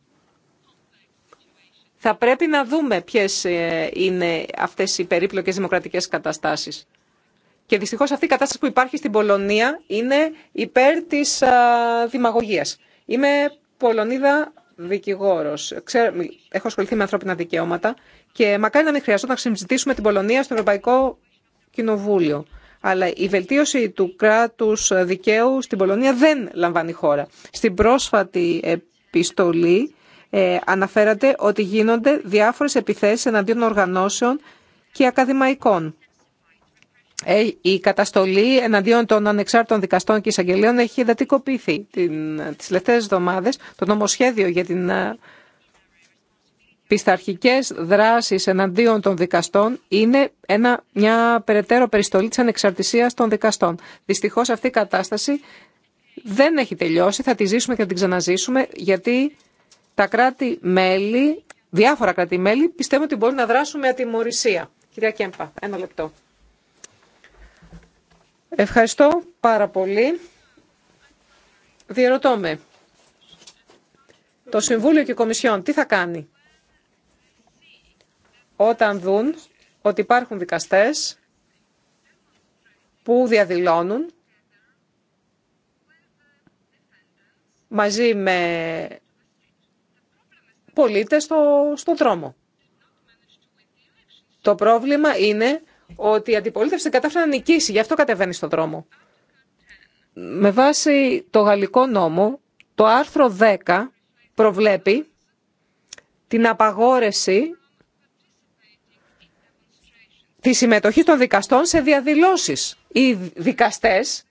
Θα πρέπει να δούμε ποιες ε, είναι αυτές οι περίπλοκες δημοκρατικές καταστάσεις. Και δυστυχώς αυτή η κατάσταση που υπάρχει στην Πολωνία είναι υπέρ της α, δημαγωγίας. Είμαι Πολωνίδα δικηγόρος. έχω ασχοληθεί με ανθρώπινα δικαιώματα και μακάρι να μην χρειαζόταν να συζητήσουμε την Πολωνία στο Ευρωπαϊκό Κοινοβούλιο. Αλλά η βελτίωση του κράτους δικαίου στην Πολωνία δεν λαμβάνει χώρα. Στην πρόσφατη επιστολή ε, αναφέρατε ότι γίνονται διάφορες επιθέσεις εναντίον οργανώσεων και ακαδημαϊκών. Ε, η καταστολή εναντίον των ανεξάρτητων δικαστών και εισαγγελίων έχει δατικοποιηθεί την, τις τελευταίες εβδομάδες. Το νομοσχέδιο για την ε, Πισταρχικές δράσεις εναντίον των δικαστών είναι ένα, μια περαιτέρω περιστολή της ανεξαρτησίας των δικαστών. Δυστυχώς αυτή η κατάσταση δεν έχει τελειώσει, θα τη ζήσουμε και θα την ξαναζήσουμε, γιατί τα κράτη-μέλη, διάφορα κράτη-μέλη, πιστεύω ότι μπορούν να δράσουν με ατιμορρησία. Κυρία Κέμπα, ένα λεπτό. Ευχαριστώ πάρα πολύ. Διερωτώ με. Το Συμβούλιο και η Κομισιόν τι θα κάνει όταν δουν ότι υπάρχουν δικαστές που διαδηλώνουν μαζί με πολίτες στο, δρόμο. Το πρόβλημα είναι ότι η αντιπολίτευση δεν κατάφερε να νικήσει, γι' αυτό κατεβαίνει στον δρόμο. Με βάση το γαλλικό νόμο, το άρθρο 10 προβλέπει την απαγόρεση τη συμμετοχή των δικαστών σε διαδηλώσεις. Οι δικαστές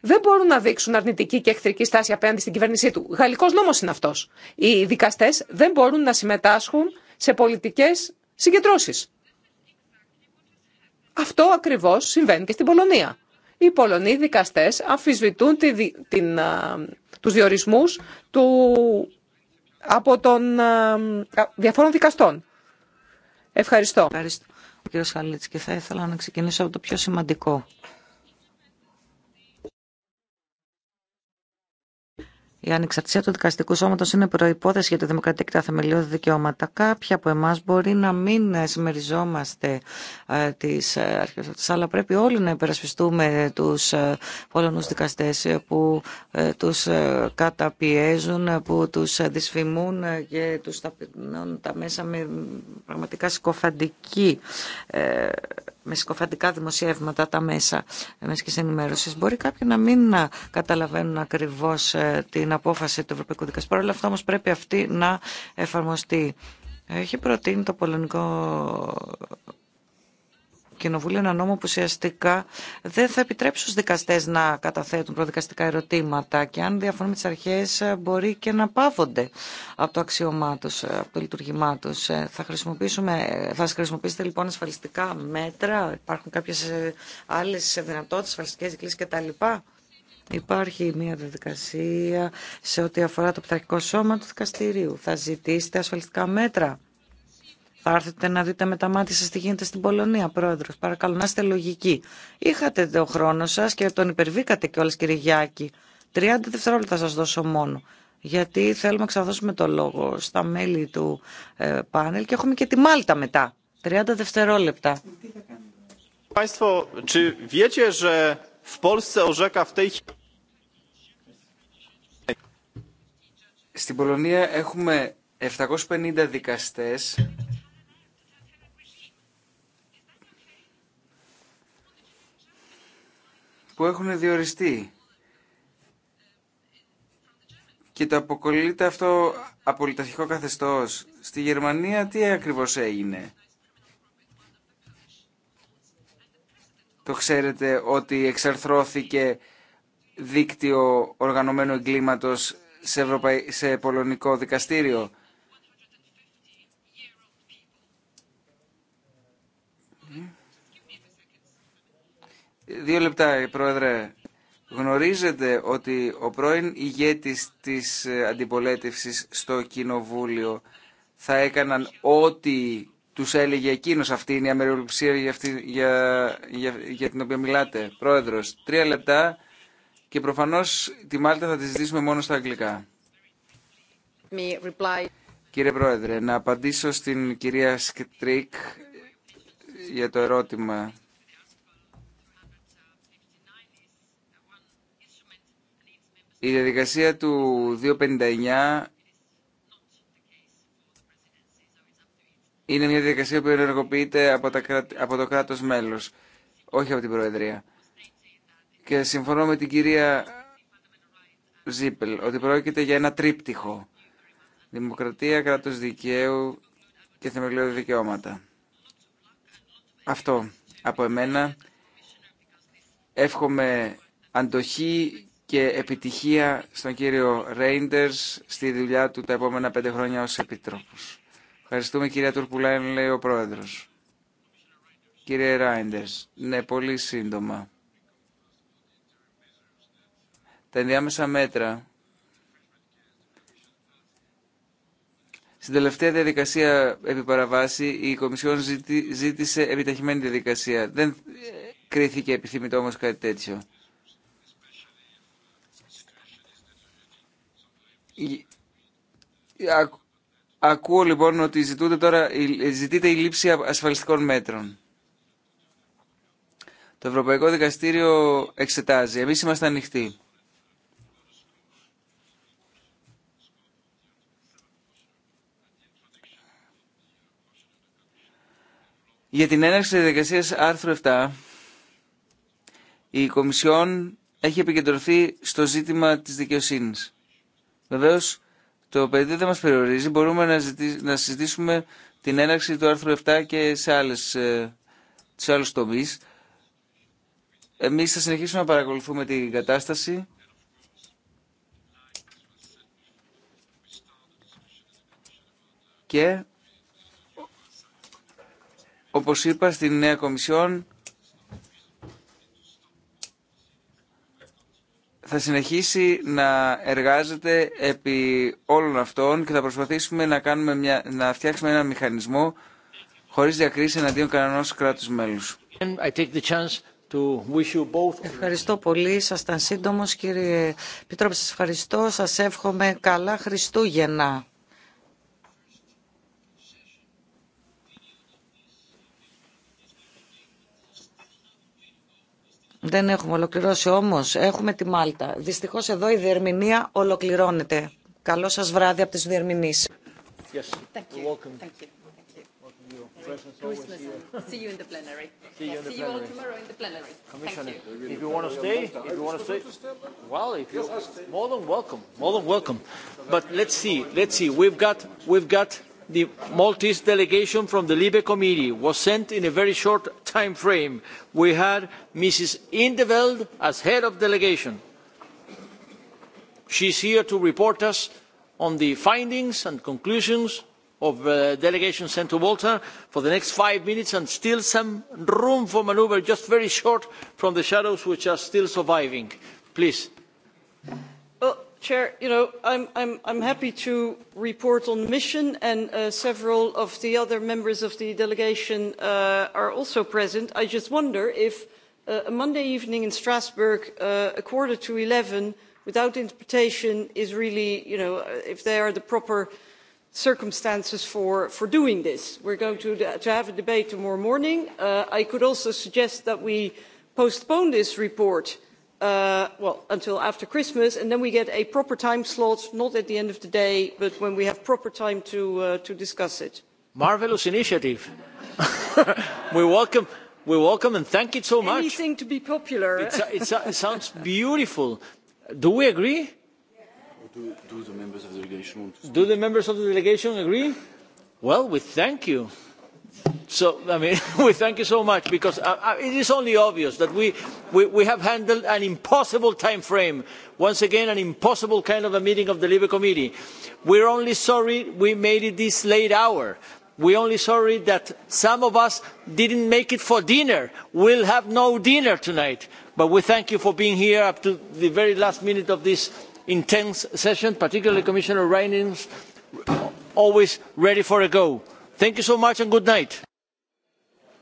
δεν μπορούν να δείξουν αρνητική και εχθρική στάση απέναντι στην κυβέρνησή του. Γαλλικός νόμος είναι αυτός. Οι δικαστές δεν μπορούν να συμμετάσχουν σε πολιτικές συγκεντρώσεις. Αυτό ακριβώς συμβαίνει και στην Πολωνία. Οι Πολωνοί δικαστές αμφισβητούν τη, την, τους διορισμούς του, από των διαφόρων δικαστών. Ευχαριστώ. Ευχαριστώ. Κύριε και θα ήθελα να ξεκινήσω από το πιο σημαντικό. Η ανεξαρτησία του δικαστικού σώματος είναι προϋπόθεση για τη δημοκρατία και τα θεμελιώδη δικαιώματα. Κάποιοι από εμά μπορεί να μην ε, συμμεριζόμαστε ε, τις ε, αρχές αλλά πρέπει όλοι να υπερασπιστούμε τους ε, Πολωνούς δικαστές ε, που τους καταπιέζουν, που τους δυσφημούν και τους ταπεινώνουν τα μέσα με πραγματικά συκοφαντική με συκοφαντικά δημοσιεύματα τα μέσα και ενημέρωση. Μπορεί κάποιοι να μην καταλαβαίνουν ακριβώ ε, την απόφαση του Ευρωπαϊκού Δικαστηρίου. Παρ' όλα αυτά όμω πρέπει αυτή να εφαρμοστεί. Έχει προτείνει το πολωνικό Κοινοβούλιο ένα νόμο που ουσιαστικά δεν θα επιτρέψει στους δικαστές να καταθέτουν προδικαστικά ερωτήματα και αν διαφωνούν με τις αρχές ε, μπορεί και να πάβονται από το αξιωμά τους, ε, από το λειτουργήμά τους. Ε, θα, χρησιμοποιήσουμε, θα χρησιμοποιήσετε λοιπόν ασφαλιστικά μέτρα, υπάρχουν κάποιες άλλες δυνατότητες, ασφαλιστικές δικλήσεις κτλ. Υπάρχει μια διαδικασία σε ό,τι αφορά το πειθαρχικό σώμα του δικαστηρίου. Θα ζητήσετε ασφαλιστικά μέτρα θα έρθετε να δείτε με τα μάτια σας τι γίνεται στην Πολωνία, πρόεδρος. Παρακαλώ να είστε λογικοί. Είχατε το χρόνο σας και τον υπερβήκατε κιόλα, κύριε Γιάκη. 30 δευτερόλεπτα σας δώσω μόνο. Γιατί θέλουμε να ξαναδώσουμε το λόγο στα μέλη του ε, πάνελ και έχουμε και τη Μάλτα μετά. 30 δευτερόλεπτα. Państwo, czy wiecie, że w Polsce orzeka w tej Στην Πολωνία έχουμε 750 δικαστές που έχουν διοριστεί. Και το αποκολλείται αυτό απολυταρχικό καθεστώς. Στη Γερμανία τι ακριβώς έγινε. Το ξέρετε ότι εξαρθρώθηκε δίκτυο οργανωμένου εγκλήματος σε, σε πολωνικό δικαστήριο. Δύο λεπτά, Πρόεδρε. Γνωρίζετε ότι ο πρώην ηγέτης της ε, αντιπολέτευσης στο Κοινοβούλιο θα έκαναν ό,τι τους έλεγε εκείνος αυτή είναι η αμεροληψία για, αυτή, για, για, την οποία μιλάτε. Πρόεδρος, τρία λεπτά και προφανώς τη Μάλτα θα τη ζητήσουμε μόνο στα αγγλικά. Κύριε Πρόεδρε, να απαντήσω στην κυρία Σκτρικ για το ερώτημα Η διαδικασία του 259 είναι μια διαδικασία που ενεργοποιείται από, το κράτος μέλος, όχι από την Προεδρία. Και συμφωνώ με την κυρία Ζίπελ ότι πρόκειται για ένα τρίπτυχο. Δημοκρατία, κράτος δικαίου και θεμελιώδη δικαιώματα. Αυτό από εμένα. Εύχομαι αντοχή και επιτυχία στον κύριο Ρέιντερς στη δουλειά του τα επόμενα πέντε χρόνια ως Επίτροπος. Ευχαριστούμε κυρία Τουρπουλάιν, λέει ο Πρόεδρος. Κύριε Ρέιντερς, ναι, πολύ σύντομα. Τα ενδιάμεσα μέτρα Στην τελευταία διαδικασία επί η Κομισιόν ζήτησε επιταχυμένη διαδικασία. Δεν ε, κρίθηκε επιθυμητό όμως κάτι τέτοιο. Ακούω λοιπόν ότι ζητούνται τώρα, ζητείται η λήψη ασφαλιστικών μέτρων. Το Ευρωπαϊκό Δικαστήριο εξετάζει. Εμείς είμαστε ανοιχτοί. Για την έναρξη της διαδικασίας άρθρου 7, η Κομισιόν έχει επικεντρωθεί στο ζήτημα της δικαιοσύνης. Βεβαίω, το παιδί δεν μα περιορίζει. Μπορούμε να, να συζητήσουμε την έναρξη του άρθρου 7 και σε, άλλες, ε, σε άλλους τομείς. Εμείς θα συνεχίσουμε να παρακολουθούμε την κατάσταση. Και, όπως είπα, στην νέα Κομισιόν θα συνεχίσει να εργάζεται επί όλων αυτών και θα προσπαθήσουμε να, κάνουμε μια, να φτιάξουμε ένα μηχανισμό χωρίς διακρίσεις εναντίον κανένας κράτους μέλους. Ευχαριστώ πολύ. ήταν σύντομο, κύριε Πιτρόπη. Σα ευχαριστώ. Σα εύχομαι καλά Χριστούγεννα. Δεν έχουμε ολοκληρώσει όμως. Έχουμε τη Μάλτα. Δυστυχώς εδώ η διερμηνία ολοκληρώνεται. Καλό σας βράδυ από τις διερμηνείς. Yes. Thank you. Welcome. Thank you. Christmas. See you in the plenary. See you, in the See you all tomorrow in the plenary. Commissioner, if you want to stay, if you want to stay, well, if you more than welcome, more than welcome. But let's see, let's see. We've got, we've got the Maltese delegation from the Libe Committee was sent in a very short time frame. We had Mrs. Indeveld as head of delegation. She is here to report us on the findings and conclusions of the delegation sent to Malta for the next five minutes and still some room for manoeuvre, just very short from the shadows which are still surviving. Please. Chair, you know, I'm happy to report on the mission and several of the other members of the delegation are also present. I just wonder if a Monday evening in Strasbourg, a quarter to eleven without interpretation, is really, you know, if there are the proper circumstances for doing this. We're going to have a debate tomorrow morning. I could also suggest that we postpone this report well until after christmas and then we get a proper time slot not at the end of the day but when we have proper time to discuss it. Marvelous initiative. we welcome we welcome and thank you so much. anything to be popular. it sounds beautiful. do we agree? do the members of the delegation agree? well we thank you. So, I mean, we thank you so much because it is only obvious that we we have handled an impossible time frame. Once again, an impossible kind of a meeting of the LIBE Committee. We're only sorry we made it this late hour. We're only sorry that some of us didn't make it for dinner. We'll have no dinner tonight. But we thank you for being here up to the very last minute of this intense session, particularly Commissioner Reinings, always ready for a go. Thank you so much and good night.